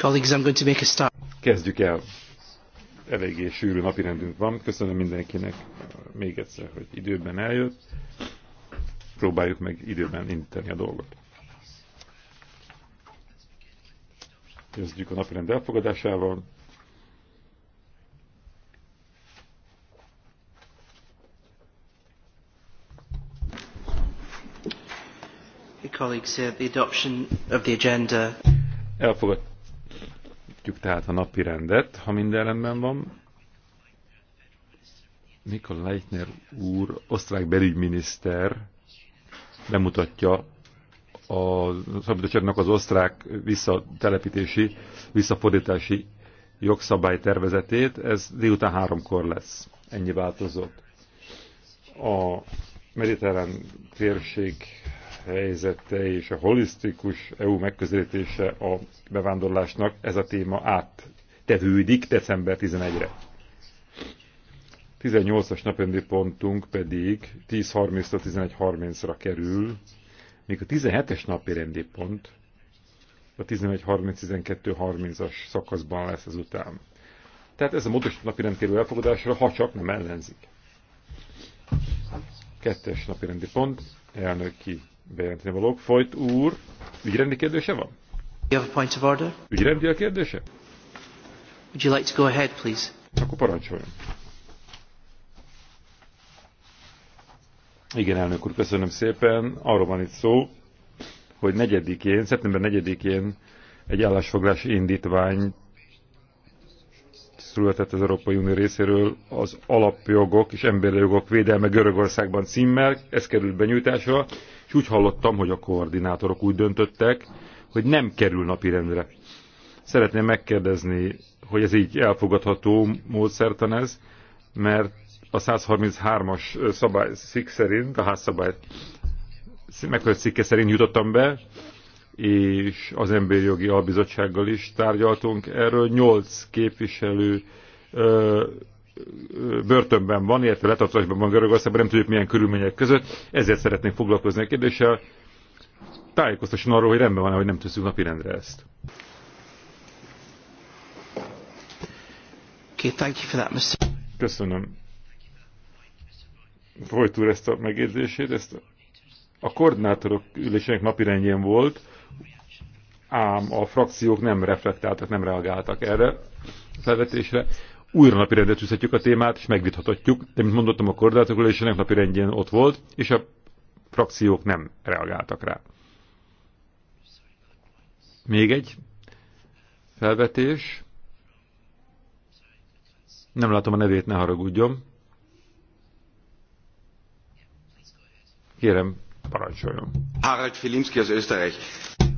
Colleagues, I'm going to make a start. Kezdjük el. Eléggé sűrű napirendünk van. Köszönöm mindenkinek még egyszer, hogy időben eljött. Próbáljuk meg időben indítani a dolgot. Kezdjük a napirend elfogadásával. colleagues uh, the adoption of the agenda. Elfogad Elfogadjuk tehát a napi rendet, ha minden rendben van. Mikor Leitner úr, osztrák belügyminiszter bemutatja a szabadságnak az osztrák visszatelepítési, visszafordítási jogszabálytervezetét. Ez délután háromkor lesz. Ennyi változott. A mediterrán térség helyzete és a holisztikus EU megközelítése a bevándorlásnak ez a téma áttevődik december 11-re. 18-as napendi pontunk pedig 10.30-11.30-ra kerül, míg a 17-es napi rendi pont a 11.30-12.30-as szakaszban lesz ezután. Tehát ez a módos napi rendkerül elfogadásra, ha csak nem ellenzik. Kettes napi rendi pont, elnöki bejelenteni valók. Folyt úr, ügyrendi kérdése van? You have a point of order? Ügyrendi a kérdése? Would you like to go ahead, please? Akkor parancsoljon. Igen, elnök úr, köszönöm szépen. Arról van itt szó, hogy negyedikén, szeptember 4-én egy állásfoglási indítvány született az Európai Unió részéről az alapjogok és emberi jogok védelme Görögországban címmel, ez került benyújtásra és úgy hallottam, hogy a koordinátorok úgy döntöttek, hogy nem kerül napirendre. Szeretném megkérdezni, hogy ez így elfogadható módszertan ez, mert a 133-as szabály szik szerint, a házszabály megfelelő cikke szerint jutottam be, és az Emberi Jogi Albizottsággal is tárgyaltunk erről. Nyolc képviselő ö, börtönben van, illetve letartásban van Görögországban, nem tudjuk milyen körülmények között, ezért szeretnénk foglalkozni a kérdéssel. Tájékoztasson arról, hogy rendben van, hogy nem tűzünk napirendre ezt. Köszönöm. Folyt úr ezt a megérzését, ezt a koordinátorok ülésének napirendjén volt, ám a frakciók nem reflektáltak, nem reagáltak erre a felvetésre újra napirendre tűzhetjük a témát, és megvithatjuk, de mint mondottam, a koordinátorok ülésének napirendjén ott volt, és a frakciók nem reagáltak rá. Még egy felvetés. Nem látom a nevét, ne haragudjon. Kérem, parancsoljon. Harald Filimski az Österreich.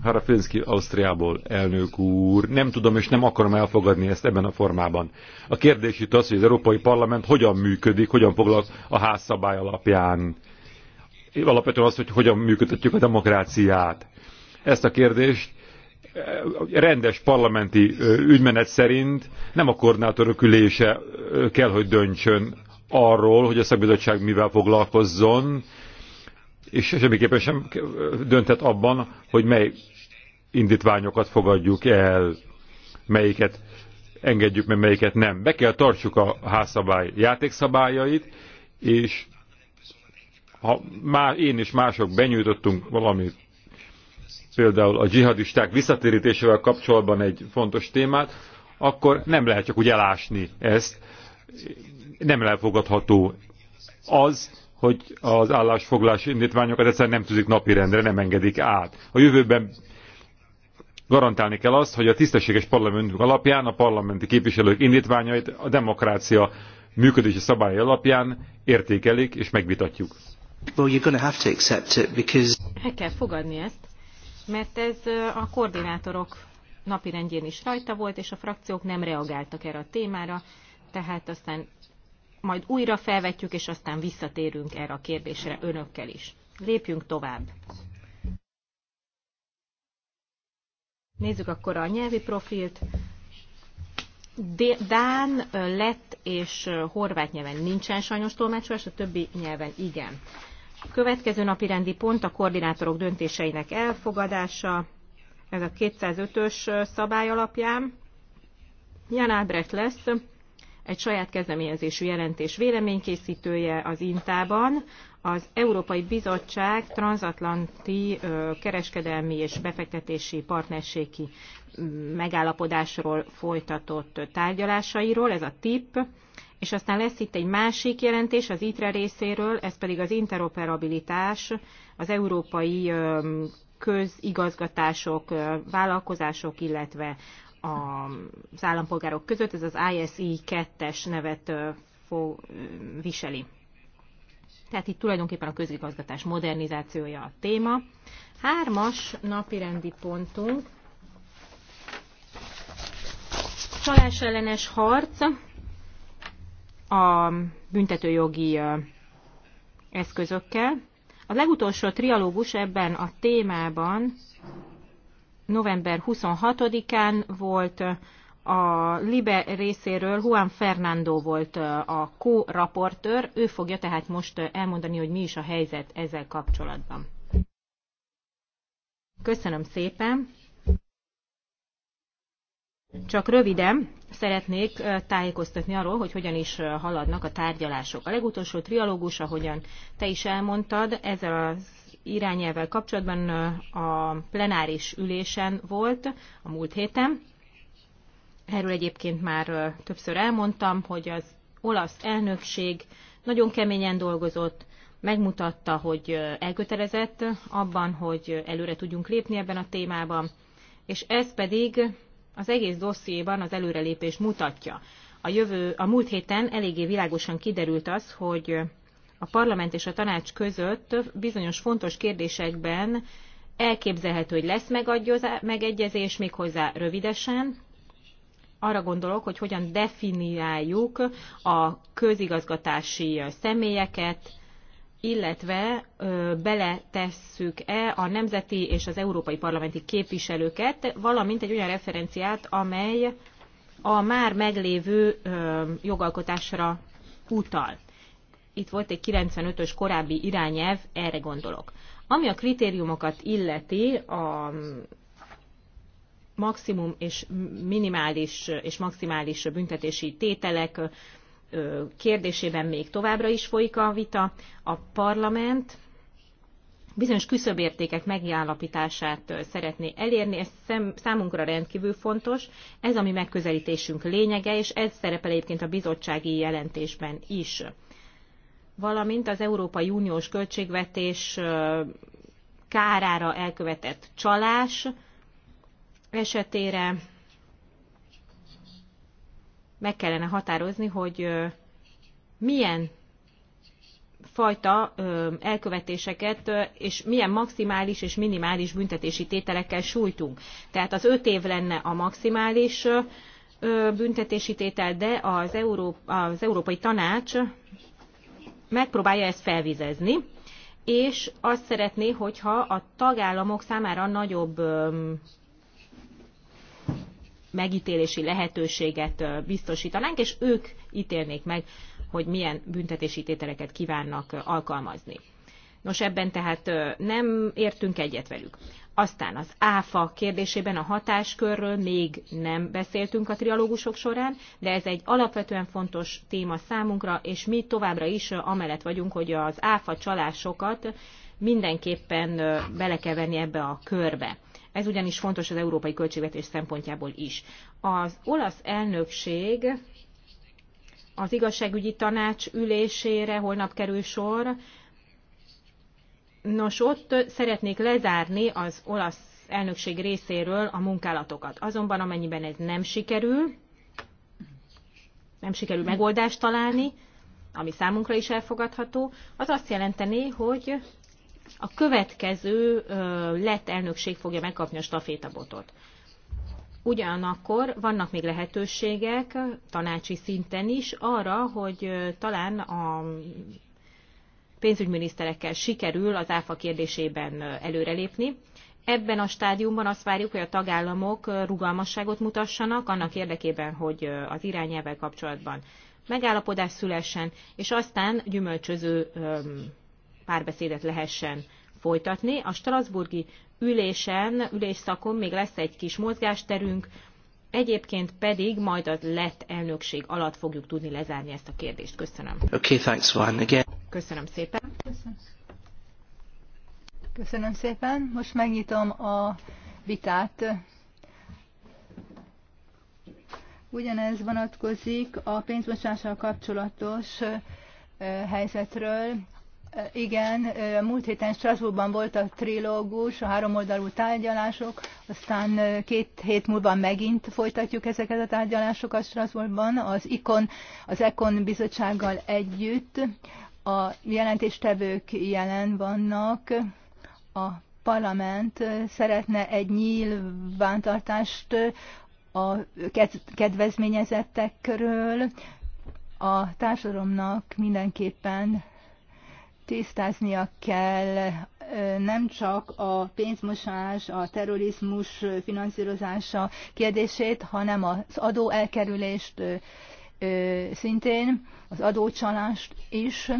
Harafinski Ausztriából, elnök úr, nem tudom és nem akarom elfogadni ezt ebben a formában. A kérdés itt az, hogy az Európai Parlament hogyan működik, hogyan foglal a házszabály alapján. Alapvetően az, hogy hogyan működtetjük a demokráciát. Ezt a kérdést eh, rendes parlamenti eh, ügymenet szerint nem a koordinátorok ülése eh, kell, hogy döntsön arról, hogy a szakbizottság mivel foglalkozzon, és semmiképpen sem dönthet abban, hogy mely indítványokat fogadjuk el, melyiket engedjük mert melyiket nem. Be kell tartsuk a házszabály játékszabályait, és ha már én és mások benyújtottunk valamit, például a dzsihadisták visszatérítésével kapcsolatban egy fontos témát, akkor nem lehet csak úgy elásni ezt. Nem elfogadható az, hogy az állásfoglalási indítványokat egyszerűen nem tűzik napirendre, nem engedik át. A jövőben garantálni kell azt, hogy a tisztességes parlamentünk alapján a parlamenti képviselők indítványait a demokrácia működési szabályai alapján értékelik és megvitatjuk. Well, El kell fogadni ezt, mert ez a koordinátorok napirendjén is rajta volt, és a frakciók nem reagáltak erre a témára, tehát aztán majd újra felvetjük, és aztán visszatérünk erre a kérdésre önökkel is. Lépjünk tovább. Nézzük akkor a nyelvi profilt. Dán, lett és horvát nyelven nincsen sajnos tolmácsolás, a többi nyelven igen. Következő napi rendi pont a koordinátorok döntéseinek elfogadása. Ez a 205-ös szabály alapján. Jan Albrecht lesz egy saját kezdeményezésű jelentés véleménykészítője az Intában az Európai Bizottság transatlanti kereskedelmi és befektetési partnerségi megállapodásról folytatott tárgyalásairól, ez a TIP, és aztán lesz itt egy másik jelentés az ITRE részéről, ez pedig az interoperabilitás, az európai közigazgatások, vállalkozások, illetve az állampolgárok között, ez az ISI 2-es nevet viseli. Tehát itt tulajdonképpen a közigazgatás modernizációja a téma. Hármas napirendi pontunk. Csalás ellenes harc a büntetőjogi eszközökkel. A legutolsó trialógus ebben a témában november 26-án volt, a Libe részéről Juan Fernando volt a co-raportőr, ő fogja tehát most elmondani, hogy mi is a helyzet ezzel kapcsolatban. Köszönöm szépen! Csak röviden szeretnék tájékoztatni arról, hogy hogyan is haladnak a tárgyalások. A legutolsó trialógus, ahogyan te is elmondtad, ezzel az irányelvel kapcsolatban a plenáris ülésen volt a múlt héten, Erről egyébként már többször elmondtam, hogy az olasz elnökség nagyon keményen dolgozott, megmutatta, hogy elkötelezett abban, hogy előre tudjunk lépni ebben a témában, és ez pedig az egész dossziéban az előrelépés mutatja. A, jövő, a múlt héten eléggé világosan kiderült az, hogy a parlament és a tanács között bizonyos fontos kérdésekben elképzelhető, hogy lesz megegyezés méghozzá rövidesen, arra gondolok, hogy hogyan definiáljuk a közigazgatási személyeket, illetve beletesszük-e a nemzeti és az európai parlamenti képviselőket, valamint egy olyan referenciát, amely a már meglévő jogalkotásra utal. Itt volt egy 95-ös korábbi irányelv, erre gondolok. Ami a kritériumokat illeti a maximum és minimális és maximális büntetési tételek kérdésében még továbbra is folyik a vita. A parlament bizonyos küszöbértékek megállapítását szeretné elérni, ez számunkra rendkívül fontos, ez a mi megközelítésünk lényege, és ez szerepel egyébként a bizottsági jelentésben is. Valamint az Európai Uniós költségvetés kárára elkövetett csalás, esetére meg kellene határozni, hogy milyen fajta elkövetéseket, és milyen maximális és minimális büntetési tételekkel sújtunk. Tehát az öt év lenne a maximális büntetési tétel, de az, Euró- az Európai Tanács megpróbálja ezt felvizezni, és azt szeretné, hogyha a tagállamok számára nagyobb megítélési lehetőséget biztosítanánk, és ők ítélnék meg, hogy milyen büntetési tételeket kívánnak alkalmazni. Nos, ebben tehát nem értünk egyet velük. Aztán az ÁFA kérdésében a hatáskörről még nem beszéltünk a trialógusok során, de ez egy alapvetően fontos téma számunkra, és mi továbbra is amellett vagyunk, hogy az ÁFA csalásokat mindenképpen bele kell venni ebbe a körbe. Ez ugyanis fontos az európai költségvetés szempontjából is. Az olasz elnökség az igazságügyi tanács ülésére holnap kerül sor. Nos, ott szeretnék lezárni az olasz elnökség részéről a munkálatokat. Azonban amennyiben ez nem sikerül, nem sikerül megoldást találni, ami számunkra is elfogadható, az azt jelenteni, hogy a következő lett elnökség fogja megkapni a stafétabotot. Ugyanakkor vannak még lehetőségek tanácsi szinten is arra, hogy talán a pénzügyminiszterekkel sikerül az áfa kérdésében előrelépni. Ebben a stádiumban azt várjuk, hogy a tagállamok rugalmasságot mutassanak annak érdekében, hogy az irányelvvel kapcsolatban megállapodás szülessen, és aztán gyümölcsöző párbeszédet lehessen folytatni. A Strasburgi ülésen, ülésszakon még lesz egy kis mozgásterünk, egyébként pedig majd a lett elnökség alatt fogjuk tudni lezárni ezt a kérdést. Köszönöm. Okay, thanks one again. Köszönöm szépen. Köszönöm. Köszönöm szépen. Most megnyitom a vitát. Ugyanez vonatkozik a pénzmosással kapcsolatos eh, helyzetről. Igen, múlt héten Strasbourgban volt a trilógus, a háromoldalú tárgyalások, aztán két hét múlva megint folytatjuk ezeket a tárgyalásokat Strasbourgban, az ICON, az ECON bizottsággal együtt. A jelentéstevők jelen vannak, a parlament szeretne egy nyilvántartást a kedvezményezettek körül, a társadalomnak mindenképpen tisztáznia kell nem csak a pénzmosás, a terrorizmus finanszírozása kérdését, hanem az adó elkerülést szintén, az adócsalást is.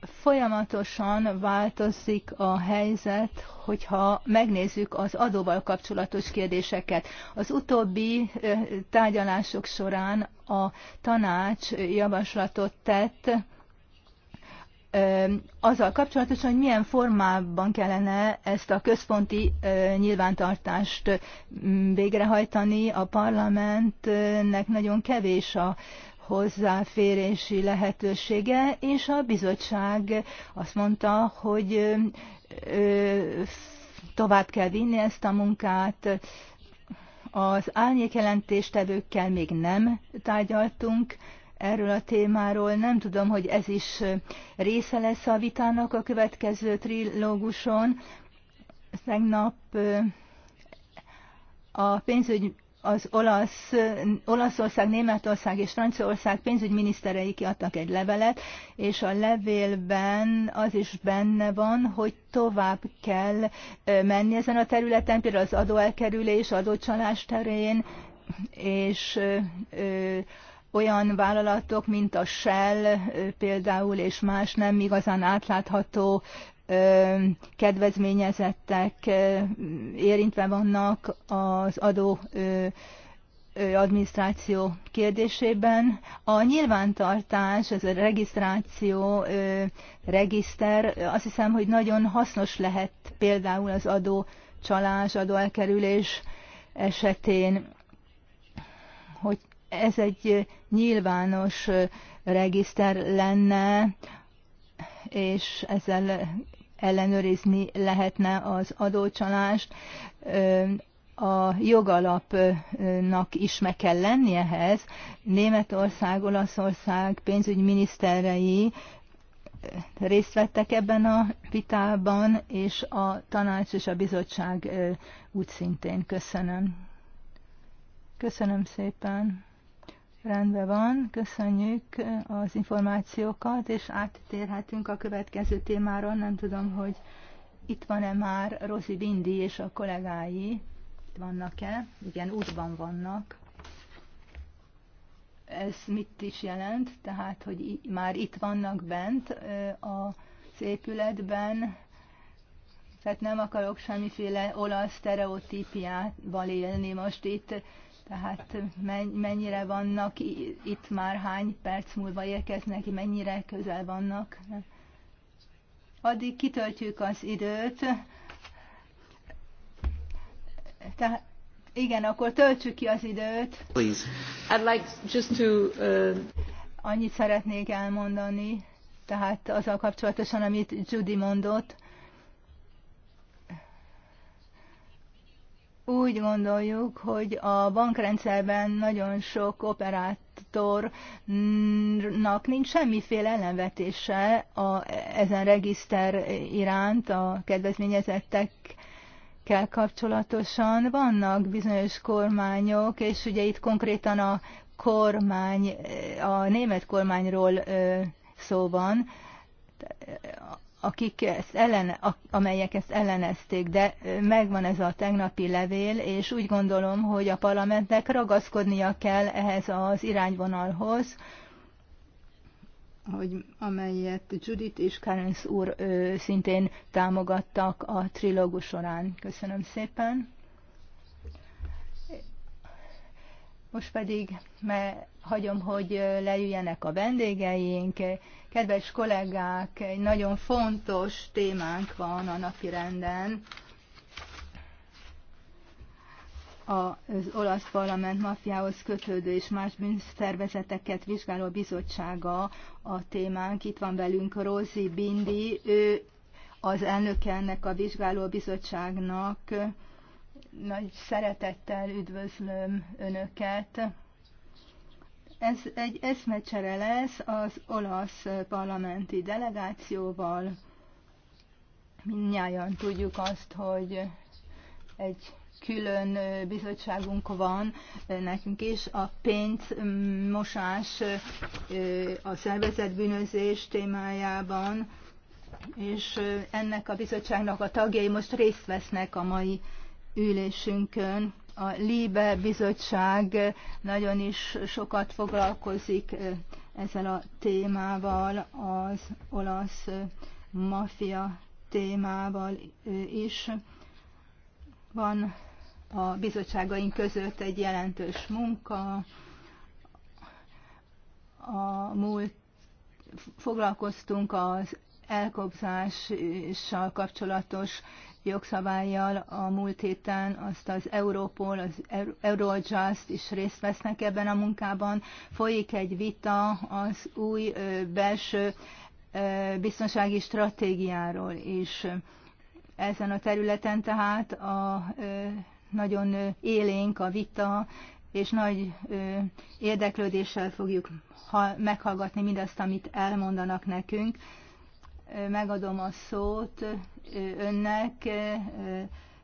Folyamatosan változik a helyzet, hogyha megnézzük az adóval kapcsolatos kérdéseket. Az utóbbi tárgyalások során a tanács javaslatot tett azzal kapcsolatosan, hogy milyen formában kellene ezt a központi nyilvántartást mm, végrehajtani. A parlamentnek nagyon kevés a hozzáférési lehetősége, és a bizottság azt mondta, hogy tovább kell vinni ezt a munkát. Az árnyékjelentéstevőkkel még nem tárgyaltunk, erről a témáról. Nem tudom, hogy ez is része lesz a vitának a következő trilóguson. Tegnap a pénzügy az olasz, Olaszország, Németország és Franciaország pénzügyminiszterei kiadtak egy levelet, és a levélben az is benne van, hogy tovább kell menni ezen a területen, például az adóelkerülés, adócsalás terén, és olyan vállalatok, mint a Shell például, és más nem igazán átlátható kedvezményezettek érintve vannak az adó adminisztráció kérdésében. A nyilvántartás, ez a regisztráció, regiszter, azt hiszem, hogy nagyon hasznos lehet például az adó csalás, adóelkerülés esetén ez egy nyilvános regiszter lenne, és ezzel ellenőrizni lehetne az adócsalást. A jogalapnak is meg kell lenni ehhez. Németország, Olaszország pénzügyminiszterei részt vettek ebben a vitában, és a tanács és a bizottság úgy szintén. Köszönöm. Köszönöm szépen. Rendben van, köszönjük az információkat, és áttérhetünk a következő témára. Nem tudom, hogy itt van-e már Rozi Bindi és a kollégái. Itt vannak-e? Igen, útban vannak. Ez mit is jelent? Tehát, hogy már itt vannak bent az épületben, tehát nem akarok semmiféle olasz sztereotípiával élni most itt tehát mennyire vannak itt már, hány perc múlva érkeznek, mennyire közel vannak. Addig kitöltjük az időt. Tehát igen, akkor töltsük ki az időt. I'd like just to, uh... Annyit szeretnék elmondani, tehát azzal kapcsolatosan, amit Judy mondott, úgy gondoljuk, hogy a bankrendszerben nagyon sok operátornak nincs semmiféle ellenvetése a, ezen regiszter iránt a kedvezményezettekkel kapcsolatosan. Vannak bizonyos kormányok, és ugye itt konkrétan a kormány, a német kormányról szó van, akik ezt ellen, amelyek ezt ellenezték, de megvan ez a tegnapi levél, és úgy gondolom, hogy a parlamentnek ragaszkodnia kell ehhez az irányvonalhoz, hogy amelyet Judith és Karens úr ö, szintén támogattak a trilógus során. Köszönöm szépen. Most pedig me, hagyom, hogy leüljenek a vendégeink. Kedves kollégák, egy nagyon fontos témánk van a napi renden. Az olasz parlament mafiához kötődő és más bűnszervezeteket vizsgáló bizottsága a témánk. Itt van velünk Rózi Bindi, ő az elnöke ennek a vizsgáló bizottságnak nagy szeretettel üdvözlöm Önöket. Ez egy eszmecsere lesz az olasz parlamenti delegációval. Mindnyájan tudjuk azt, hogy egy külön bizottságunk van nekünk is, a pénzmosás, a szervezetbűnözés témájában, és ennek a bizottságnak a tagjai most részt vesznek a mai ülésünkön a líbe bizottság nagyon is sokat foglalkozik ezzel a témával, az olasz mafia témával is. Van a bizottságaink között egy jelentős munka, a múlt foglalkoztunk az elkobzással kapcsolatos jogszabályjal a múlt héten, azt az Europol, az Eurojust is részt vesznek ebben a munkában. Folyik egy vita az új belső biztonsági stratégiáról, és ezen a területen tehát a nagyon élénk a vita, és nagy ö, érdeklődéssel fogjuk ha, meghallgatni mindazt, amit elmondanak nekünk megadom a szót önnek,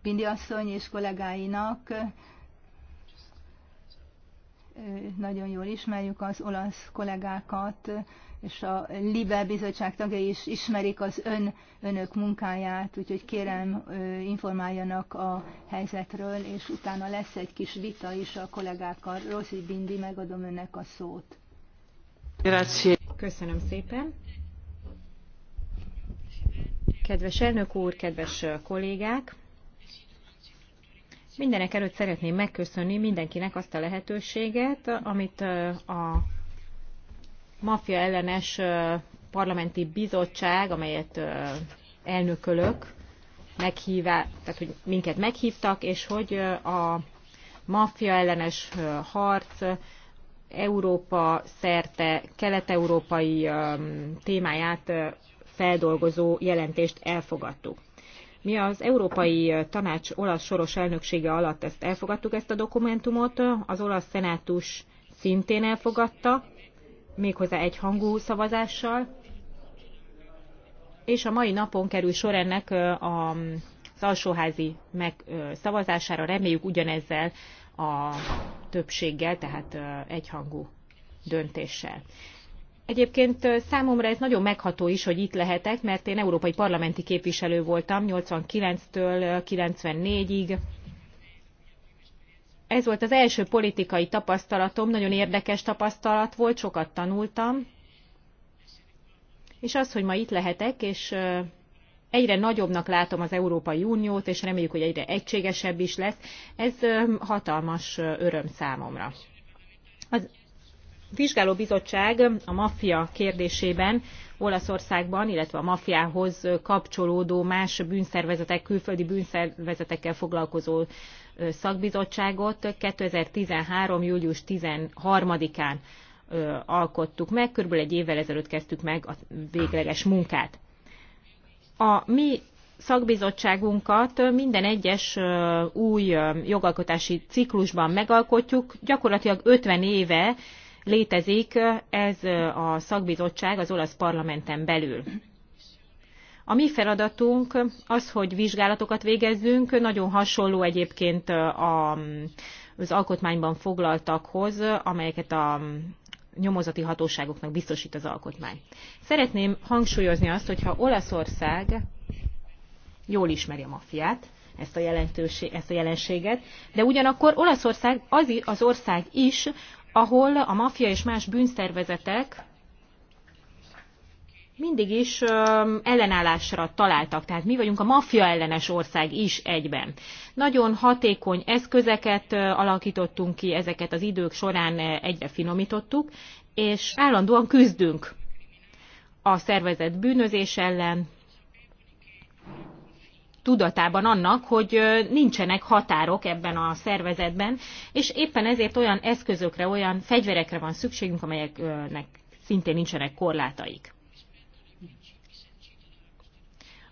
Bindi asszony és kollégáinak. Nagyon jól ismerjük az olasz kollégákat, és a LIBE bizottság tagjai is ismerik az ön, önök munkáját, úgyhogy kérem informáljanak a helyzetről, és utána lesz egy kis vita is a kollégákkal. Rosi Bindi, megadom önnek a szót. Köszönöm szépen. Kedves elnök úr, kedves kollégák! Mindenek előtt szeretném megköszönni mindenkinek azt a lehetőséget, amit a maffia ellenes parlamenti bizottság, amelyet elnökölök, meghívá, tehát hogy minket meghívtak, és hogy a maffia ellenes harc Európa szerte kelet-európai témáját feldolgozó jelentést elfogadtuk. Mi az Európai Tanács olasz soros elnöksége alatt ezt elfogadtuk, ezt a dokumentumot, az olasz szenátus szintén elfogadta, méghozzá egy hangú szavazással, és a mai napon kerül sor ennek a az alsóházi meg, szavazására reméljük ugyanezzel a többséggel, tehát egyhangú döntéssel. Egyébként számomra ez nagyon megható is, hogy itt lehetek, mert én európai parlamenti képviselő voltam 89-től 94-ig. Ez volt az első politikai tapasztalatom, nagyon érdekes tapasztalat volt, sokat tanultam. És az, hogy ma itt lehetek, és egyre nagyobbnak látom az Európai Uniót, és reméljük, hogy egyre egységesebb is lesz, ez hatalmas öröm számomra. Az bizottság a maffia kérdésében Olaszországban, illetve a maffiához kapcsolódó más bűnszervezetek, külföldi bűnszervezetekkel foglalkozó szakbizottságot 2013. július 13-án alkottuk meg, körülbelül egy évvel ezelőtt kezdtük meg a végleges munkát. A mi szakbizottságunkat minden egyes új jogalkotási ciklusban megalkotjuk, gyakorlatilag 50 éve létezik ez a szakbizottság az olasz parlamenten belül. A mi feladatunk az, hogy vizsgálatokat végezzünk, nagyon hasonló egyébként az alkotmányban foglaltakhoz, amelyeket a nyomozati hatóságoknak biztosít az alkotmány. Szeretném hangsúlyozni azt, hogyha Olaszország jól ismeri a maffiát, ezt a, ezt a jelenséget, de ugyanakkor Olaszország az az ország is, ahol a maffia és más bűnszervezetek mindig is ellenállásra találtak. Tehát mi vagyunk a maffia ellenes ország is egyben. Nagyon hatékony eszközeket alakítottunk ki, ezeket az idők során egyre finomítottuk, és állandóan küzdünk a szervezett bűnözés ellen, tudatában annak, hogy nincsenek határok ebben a szervezetben, és éppen ezért olyan eszközökre, olyan fegyverekre van szükségünk, amelyeknek szintén nincsenek korlátaik.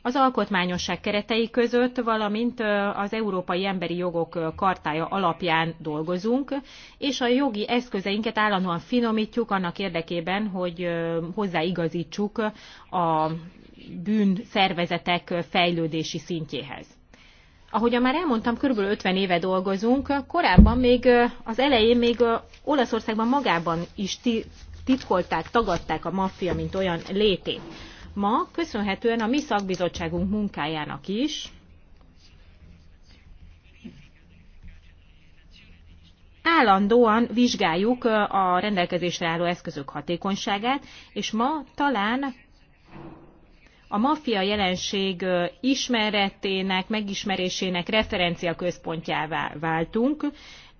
Az alkotmányosság keretei között, valamint az Európai Emberi Jogok kartája alapján dolgozunk, és a jogi eszközeinket állandóan finomítjuk annak érdekében, hogy hozzáigazítsuk a bűnszervezetek fejlődési szintjéhez. Ahogyan már elmondtam, kb. 50 éve dolgozunk, korábban még az elején még Olaszországban magában is titkolták, tagadták a maffia, mint olyan létét. Ma köszönhetően a mi szakbizottságunk munkájának is állandóan vizsgáljuk a rendelkezésre álló eszközök hatékonyságát, és ma talán a maffia jelenség ismeretének, megismerésének referencia központjává váltunk,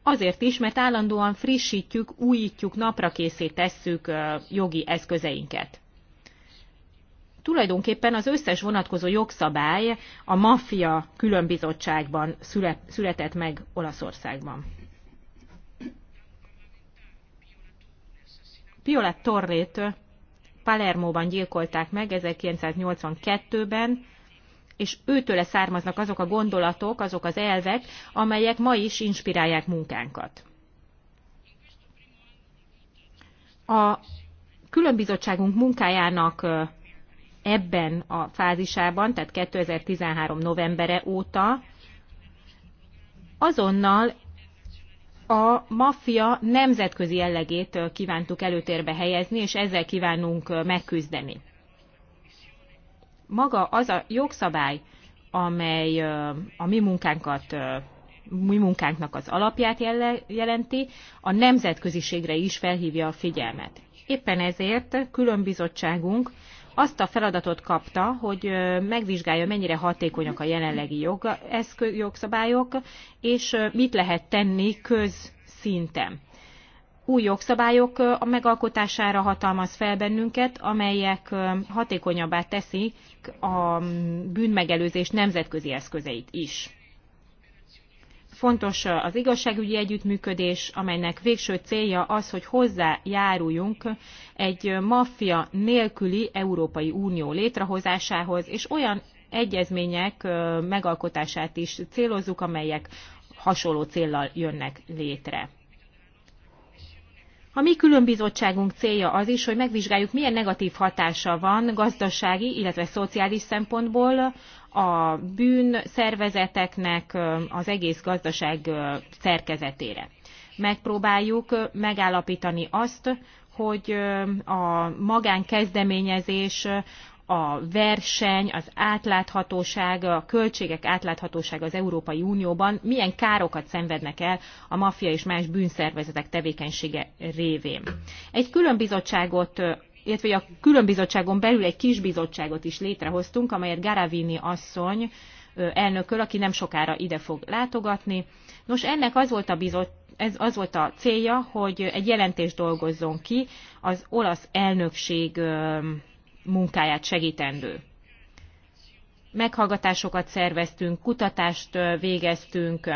azért is, mert állandóan frissítjük, újítjuk, naprakészé tesszük jogi eszközeinket. Tulajdonképpen az összes vonatkozó jogszabály a maffia különbizottságban született meg Olaszországban. Piola Torrét Palermóban gyilkolták meg 1982-ben, és őtőle származnak azok a gondolatok, azok az elvek, amelyek ma is inspirálják munkánkat. A különbizottságunk munkájának ebben a fázisában, tehát 2013. novembere óta azonnal a maffia nemzetközi jellegét kívántuk előtérbe helyezni, és ezzel kívánunk megküzdeni. Maga az a jogszabály, amely a mi munkánkat mi munkánknak az alapját jelenti, a nemzetköziségre is felhívja a figyelmet. Éppen ezért bizottságunk azt a feladatot kapta, hogy megvizsgálja, mennyire hatékonyak a jelenlegi jog, eszkö, jogszabályok, és mit lehet tenni közszinten. Új jogszabályok a megalkotására hatalmaz fel bennünket, amelyek hatékonyabbá teszik a bűnmegelőzés nemzetközi eszközeit is. Fontos az igazságügyi együttműködés, amelynek végső célja az, hogy hozzájáruljunk egy maffia nélküli Európai Unió létrehozásához, és olyan egyezmények megalkotását is célozzuk, amelyek hasonló céllal jönnek létre. A mi különbizottságunk célja az is, hogy megvizsgáljuk, milyen negatív hatása van gazdasági, illetve szociális szempontból a bűn szervezeteknek az egész gazdaság szerkezetére. Megpróbáljuk megállapítani azt, hogy a magánkezdeményezés, a verseny, az átláthatóság, a költségek átláthatósága az Európai Unióban milyen károkat szenvednek el a maffia és más bűnszervezetek tevékenysége révén. Egy külön bizottságot illetve a különbizottságon belül egy kis bizottságot is létrehoztunk, amelyet Garavini asszony elnököl, aki nem sokára ide fog látogatni. Nos, ennek az volt a bizot, ez az volt a célja, hogy egy jelentést dolgozzon ki az olasz elnökség munkáját segítendő. Meghallgatásokat szerveztünk, kutatást végeztünk,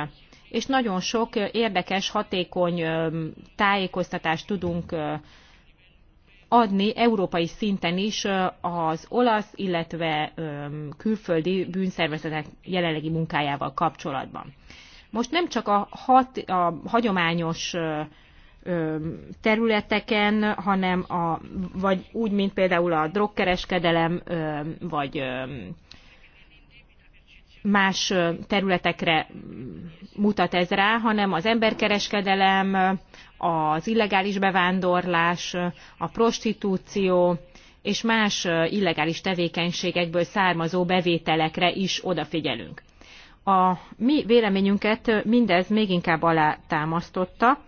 és nagyon sok érdekes, hatékony tájékoztatást tudunk adni európai szinten is az olasz, illetve külföldi bűnszervezetek jelenlegi munkájával kapcsolatban. Most nem csak a, hat, a hagyományos területeken, hanem a, vagy úgy, mint például a drogkereskedelem, vagy más területekre mutat ez rá, hanem az emberkereskedelem, az illegális bevándorlás, a prostitúció és más illegális tevékenységekből származó bevételekre is odafigyelünk. A mi véleményünket mindez még inkább alátámasztotta.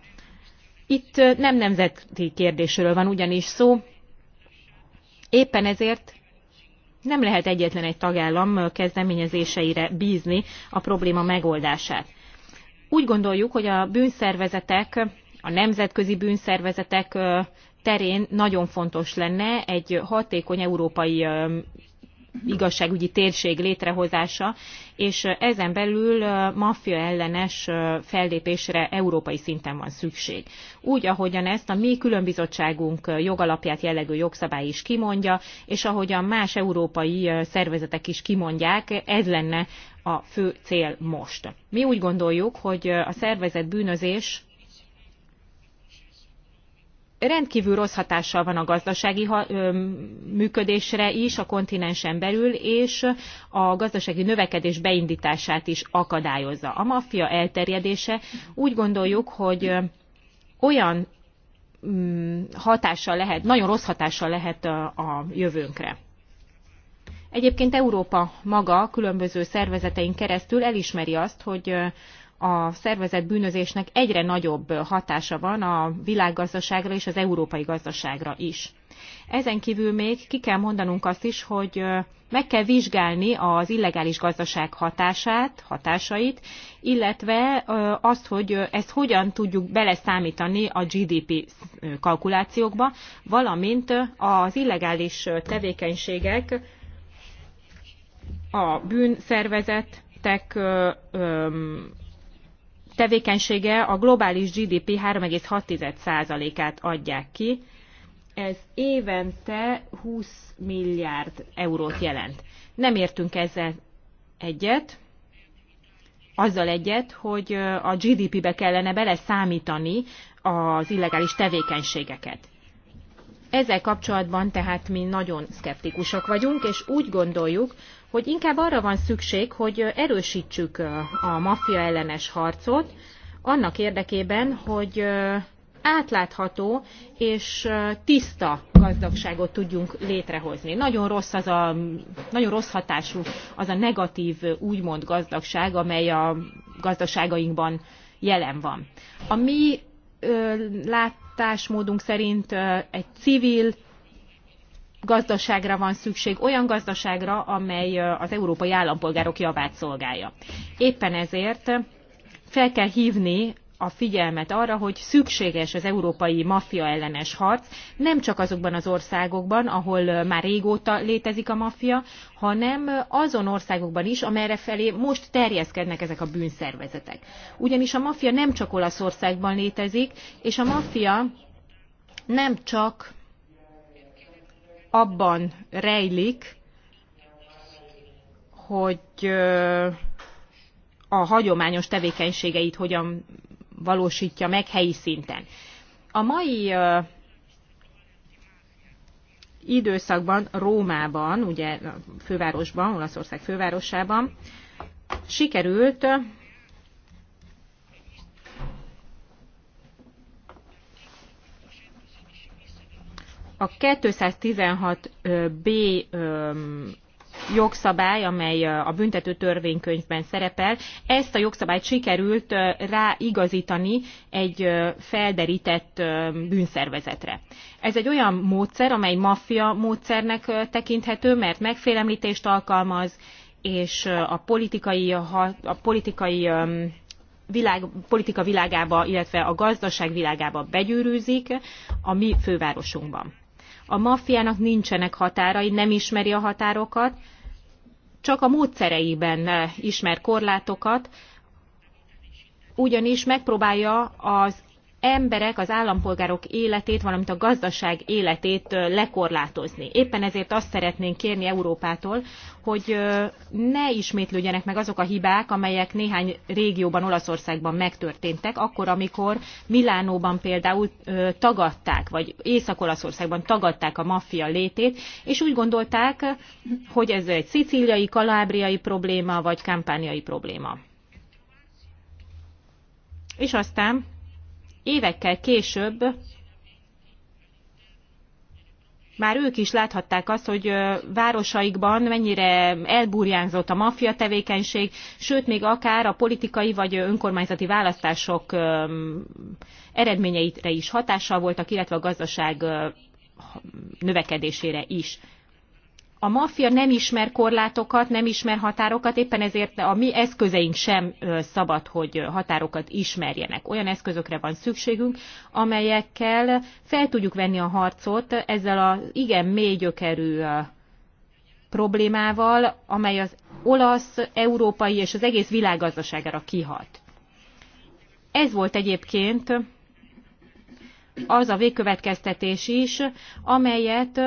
Itt nem nemzeti kérdésről van ugyanis szó, éppen ezért nem lehet egyetlen egy tagállam kezdeményezéseire bízni a probléma megoldását. Úgy gondoljuk, hogy a bűnszervezetek a nemzetközi bűnszervezetek terén nagyon fontos lenne egy hatékony európai igazságügyi térség létrehozása, és ezen belül maffia ellenes fellépésre európai szinten van szükség. Úgy, ahogyan ezt a mi különbizottságunk jogalapját jellegű jogszabály is kimondja, és ahogyan más európai szervezetek is kimondják, ez lenne a fő cél most. Mi úgy gondoljuk, hogy a szervezet bűnözés rendkívül rossz hatással van a gazdasági működésre is a kontinensen belül, és a gazdasági növekedés beindítását is akadályozza. A maffia elterjedése úgy gondoljuk, hogy olyan mm, hatással lehet, nagyon rossz hatással lehet a jövőnkre. Egyébként Európa maga különböző szervezetein keresztül elismeri azt, hogy a szervezett bűnözésnek egyre nagyobb hatása van a világgazdaságra és az európai gazdaságra is. Ezen kívül még ki kell mondanunk azt is, hogy meg kell vizsgálni az illegális gazdaság hatását, hatásait, illetve azt, hogy ezt hogyan tudjuk beleszámítani a GDP kalkulációkba, valamint az illegális tevékenységek a bűnszervezetek tevékenysége a globális GDP 3,6%-át adják ki. Ez évente 20 milliárd eurót jelent. Nem értünk ezzel egyet, azzal egyet, hogy a GDP-be kellene beleszámítani az illegális tevékenységeket. Ezzel kapcsolatban tehát mi nagyon szkeptikusak vagyunk, és úgy gondoljuk, hogy inkább arra van szükség, hogy erősítsük a maffia ellenes harcot, annak érdekében, hogy átlátható és tiszta gazdagságot tudjunk létrehozni. Nagyon rossz, az a, nagyon rossz hatású az a negatív úgymond gazdagság, amely a gazdaságainkban jelen van. A mi lát, látásmódunk szerint egy civil gazdaságra van szükség, olyan gazdaságra, amely az európai állampolgárok javát szolgálja. Éppen ezért fel kell hívni a figyelmet arra, hogy szükséges az európai maffia ellenes harc, nem csak azokban az országokban, ahol már régóta létezik a maffia, hanem azon országokban is, amelyre felé most terjeszkednek ezek a bűnszervezetek. Ugyanis a maffia nem csak Olaszországban létezik, és a maffia nem csak abban rejlik, hogy a hagyományos tevékenységeit hogyan valósítja meg helyi szinten. A mai időszakban Rómában, ugye fővárosban, Olaszország fővárosában sikerült a 216b jogszabály, amely a büntető törvénykönyvben szerepel, ezt a jogszabályt sikerült ráigazítani egy felderített bűnszervezetre. Ez egy olyan módszer, amely maffia módszernek tekinthető, mert megfélemlítést alkalmaz, és a politikai, a politikai világ, politika világába, illetve a gazdaság világába begyűrűzik a mi fővárosunkban. A maffiának nincsenek határai, nem ismeri a határokat, csak a módszereiben eh, ismer korlátokat, ugyanis megpróbálja az emberek, az állampolgárok életét, valamint a gazdaság életét lekorlátozni. Éppen ezért azt szeretnénk kérni Európától, hogy ne ismétlődjenek meg azok a hibák, amelyek néhány régióban, Olaszországban megtörténtek, akkor, amikor Milánóban például tagadták, vagy Észak-Olaszországban tagadták a maffia létét, és úgy gondolták, hogy ez egy szicíliai, kalábriai probléma, vagy kampániai probléma. És aztán évekkel később már ők is láthatták azt, hogy városaikban mennyire elburjánzott a maffia tevékenység, sőt még akár a politikai vagy önkormányzati választások eredményeitre is hatással voltak, illetve a gazdaság növekedésére is. A maffia nem ismer korlátokat, nem ismer határokat, éppen ezért a mi eszközeink sem szabad, hogy határokat ismerjenek. Olyan eszközökre van szükségünk, amelyekkel fel tudjuk venni a harcot ezzel az igen mély gyökerű problémával, amely az olasz, európai és az egész világgazdaságára kihat. Ez volt egyébként az a végkövetkeztetés is, amelyet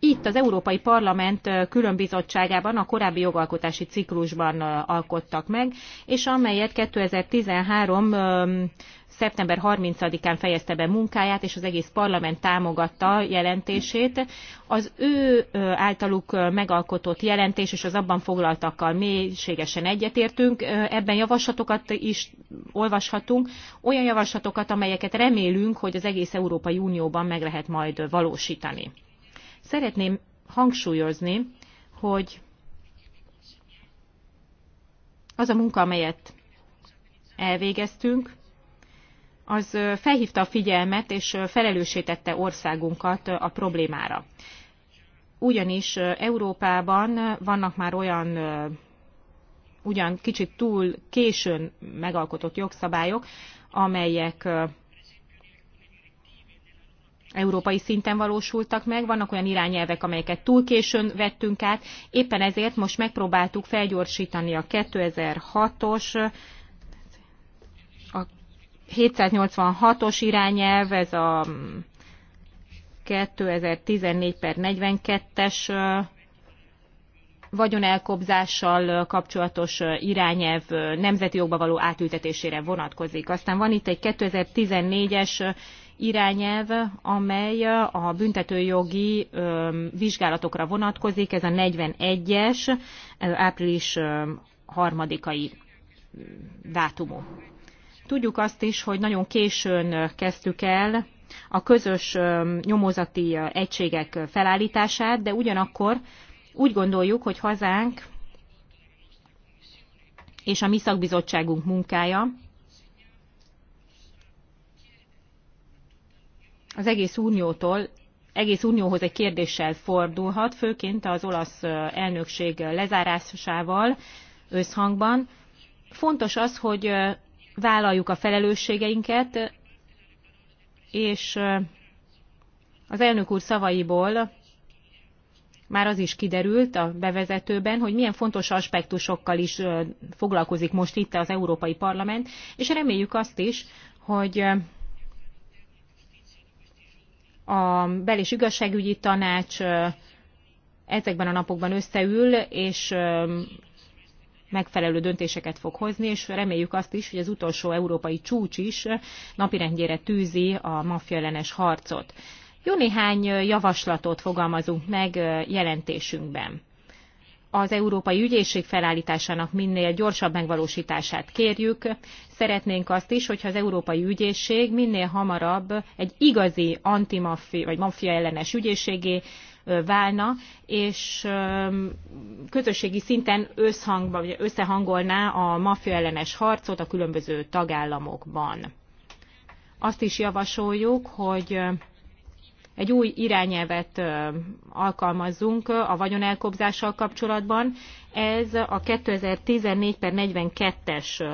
itt az Európai Parlament különbizottságában a korábbi jogalkotási ciklusban alkottak meg, és amelyet 2013 szeptember 30-án fejezte be munkáját, és az egész parlament támogatta jelentését. Az ő általuk megalkotott jelentés és az abban foglaltakkal mélységesen egyetértünk. Ebben javaslatokat is olvashatunk, olyan javaslatokat, amelyeket remélünk, hogy az egész Európai Unióban meg lehet majd valósítani. Szeretném hangsúlyozni, hogy az a munka, amelyet elvégeztünk, az felhívta a figyelmet és felelősítette országunkat a problémára. Ugyanis Európában vannak már olyan ugyan kicsit túl későn megalkotott jogszabályok, amelyek európai szinten valósultak meg, vannak olyan irányelvek, amelyeket túl későn vettünk át, éppen ezért most megpróbáltuk felgyorsítani a 2006-os, a 786-os irányelv, ez a 2014 per 42-es vagyonelkobzással kapcsolatos irányelv nemzeti jogba való átültetésére vonatkozik. Aztán van itt egy 2014-es irányelv, amely a büntetőjogi vizsgálatokra vonatkozik, ez a 41-es április harmadikai dátumú. Tudjuk azt is, hogy nagyon későn kezdtük el a közös nyomozati egységek felállítását, de ugyanakkor úgy gondoljuk, hogy hazánk és a mi szakbizottságunk munkája az egész uniótól egész unióhoz egy kérdéssel fordulhat, főként az olasz elnökség lezárásával összhangban. Fontos az, hogy vállaljuk a felelősségeinket, és az elnök úr szavaiból már az is kiderült a bevezetőben, hogy milyen fontos aspektusokkal is foglalkozik most itt az Európai Parlament, és reméljük azt is, hogy a bel- és igazságügyi tanács ezekben a napokban összeül, és megfelelő döntéseket fog hozni, és reméljük azt is, hogy az utolsó európai csúcs is napirendjére tűzi a maffia ellenes harcot. Jó néhány javaslatot fogalmazunk meg jelentésünkben az Európai Ügyészség felállításának minél gyorsabb megvalósítását kérjük. Szeretnénk azt is, hogyha az Európai Ügyészség minél hamarabb egy igazi antimafia vagy maffia ellenes ügyészségé válna, és közösségi szinten összhangba, vagy összehangolná a maffia ellenes harcot a különböző tagállamokban. Azt is javasoljuk, hogy egy új irányelvet alkalmazzunk a vagyonelkobzással kapcsolatban. Ez a 2014 per 42-es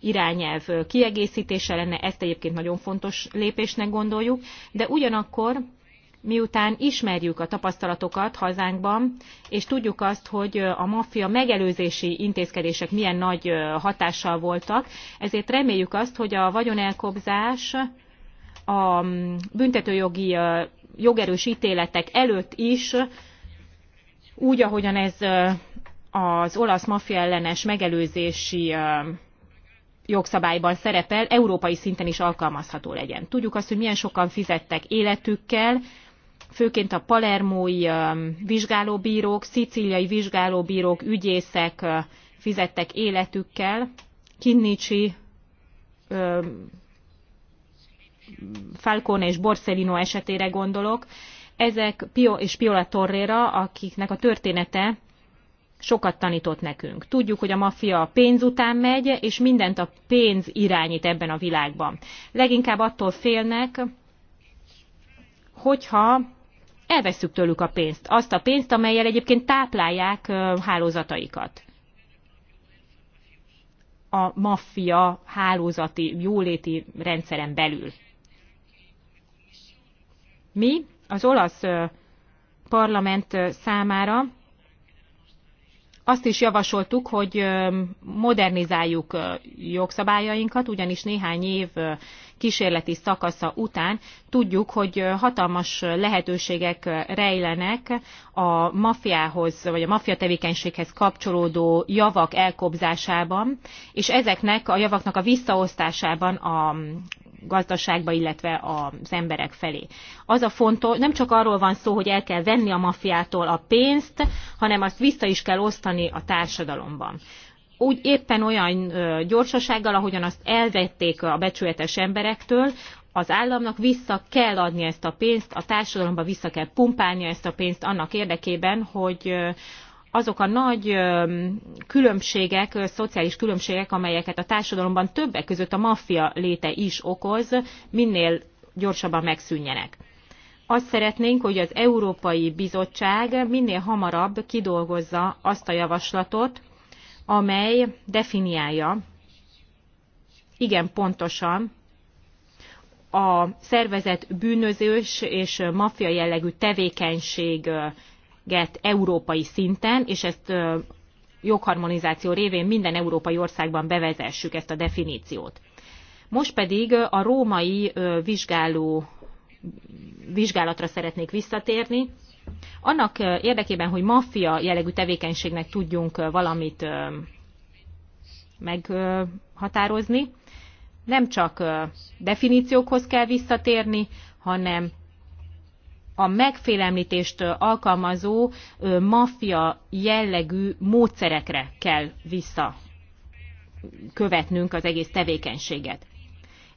irányelv kiegészítése lenne, ezt egyébként nagyon fontos lépésnek gondoljuk, de ugyanakkor miután ismerjük a tapasztalatokat hazánkban, és tudjuk azt, hogy a maffia megelőzési intézkedések milyen nagy hatással voltak, ezért reméljük azt, hogy a vagyonelkobzás a büntetőjogi jogerős ítéletek előtt is, úgy, ahogyan ez az olasz maffia ellenes megelőzési jogszabályban szerepel, európai szinten is alkalmazható legyen. Tudjuk azt, hogy milyen sokan fizettek életükkel, főként a palermói vizsgálóbírók, szicíliai vizsgálóbírók, ügyészek fizettek életükkel, Kinnicsi Falcone és Borsellino esetére gondolok, ezek Pio és Piola Torrera, akiknek a története sokat tanított nekünk. Tudjuk, hogy a maffia a pénz után megy, és mindent a pénz irányít ebben a világban. Leginkább attól félnek, hogyha elveszük tőlük a pénzt. Azt a pénzt, amelyel egyébként táplálják hálózataikat. A maffia hálózati, jóléti rendszeren belül. Mi az olasz parlament számára azt is javasoltuk, hogy modernizáljuk jogszabályainkat, ugyanis néhány év kísérleti szakasza után tudjuk, hogy hatalmas lehetőségek rejlenek a mafiához, vagy a mafia tevékenységhez kapcsolódó javak elkobzásában, és ezeknek a javaknak a visszaosztásában a gazdaságba, illetve az emberek felé. Az a fontos, nem csak arról van szó, hogy el kell venni a mafiától a pénzt, hanem azt vissza is kell osztani a társadalomban úgy éppen olyan gyorsasággal, ahogyan azt elvették a becsületes emberektől, az államnak vissza kell adni ezt a pénzt, a társadalomba vissza kell pumpálni ezt a pénzt annak érdekében, hogy azok a nagy különbségek, szociális különbségek, amelyeket a társadalomban többek között a maffia léte is okoz, minél gyorsabban megszűnjenek. Azt szeretnénk, hogy az Európai Bizottság minél hamarabb kidolgozza azt a javaslatot, amely definiálja igen pontosan a szervezet bűnözős és maffia jellegű tevékenység get európai szinten, és ezt jogharmonizáció révén minden európai országban bevezessük ezt a definíciót. Most pedig a római vizsgáló vizsgálatra szeretnék visszatérni. Annak érdekében, hogy maffia jellegű tevékenységnek tudjunk valamit meghatározni, nem csak definíciókhoz kell visszatérni, hanem a megfélemlítést alkalmazó maffia jellegű módszerekre kell vissza követnünk az egész tevékenységet.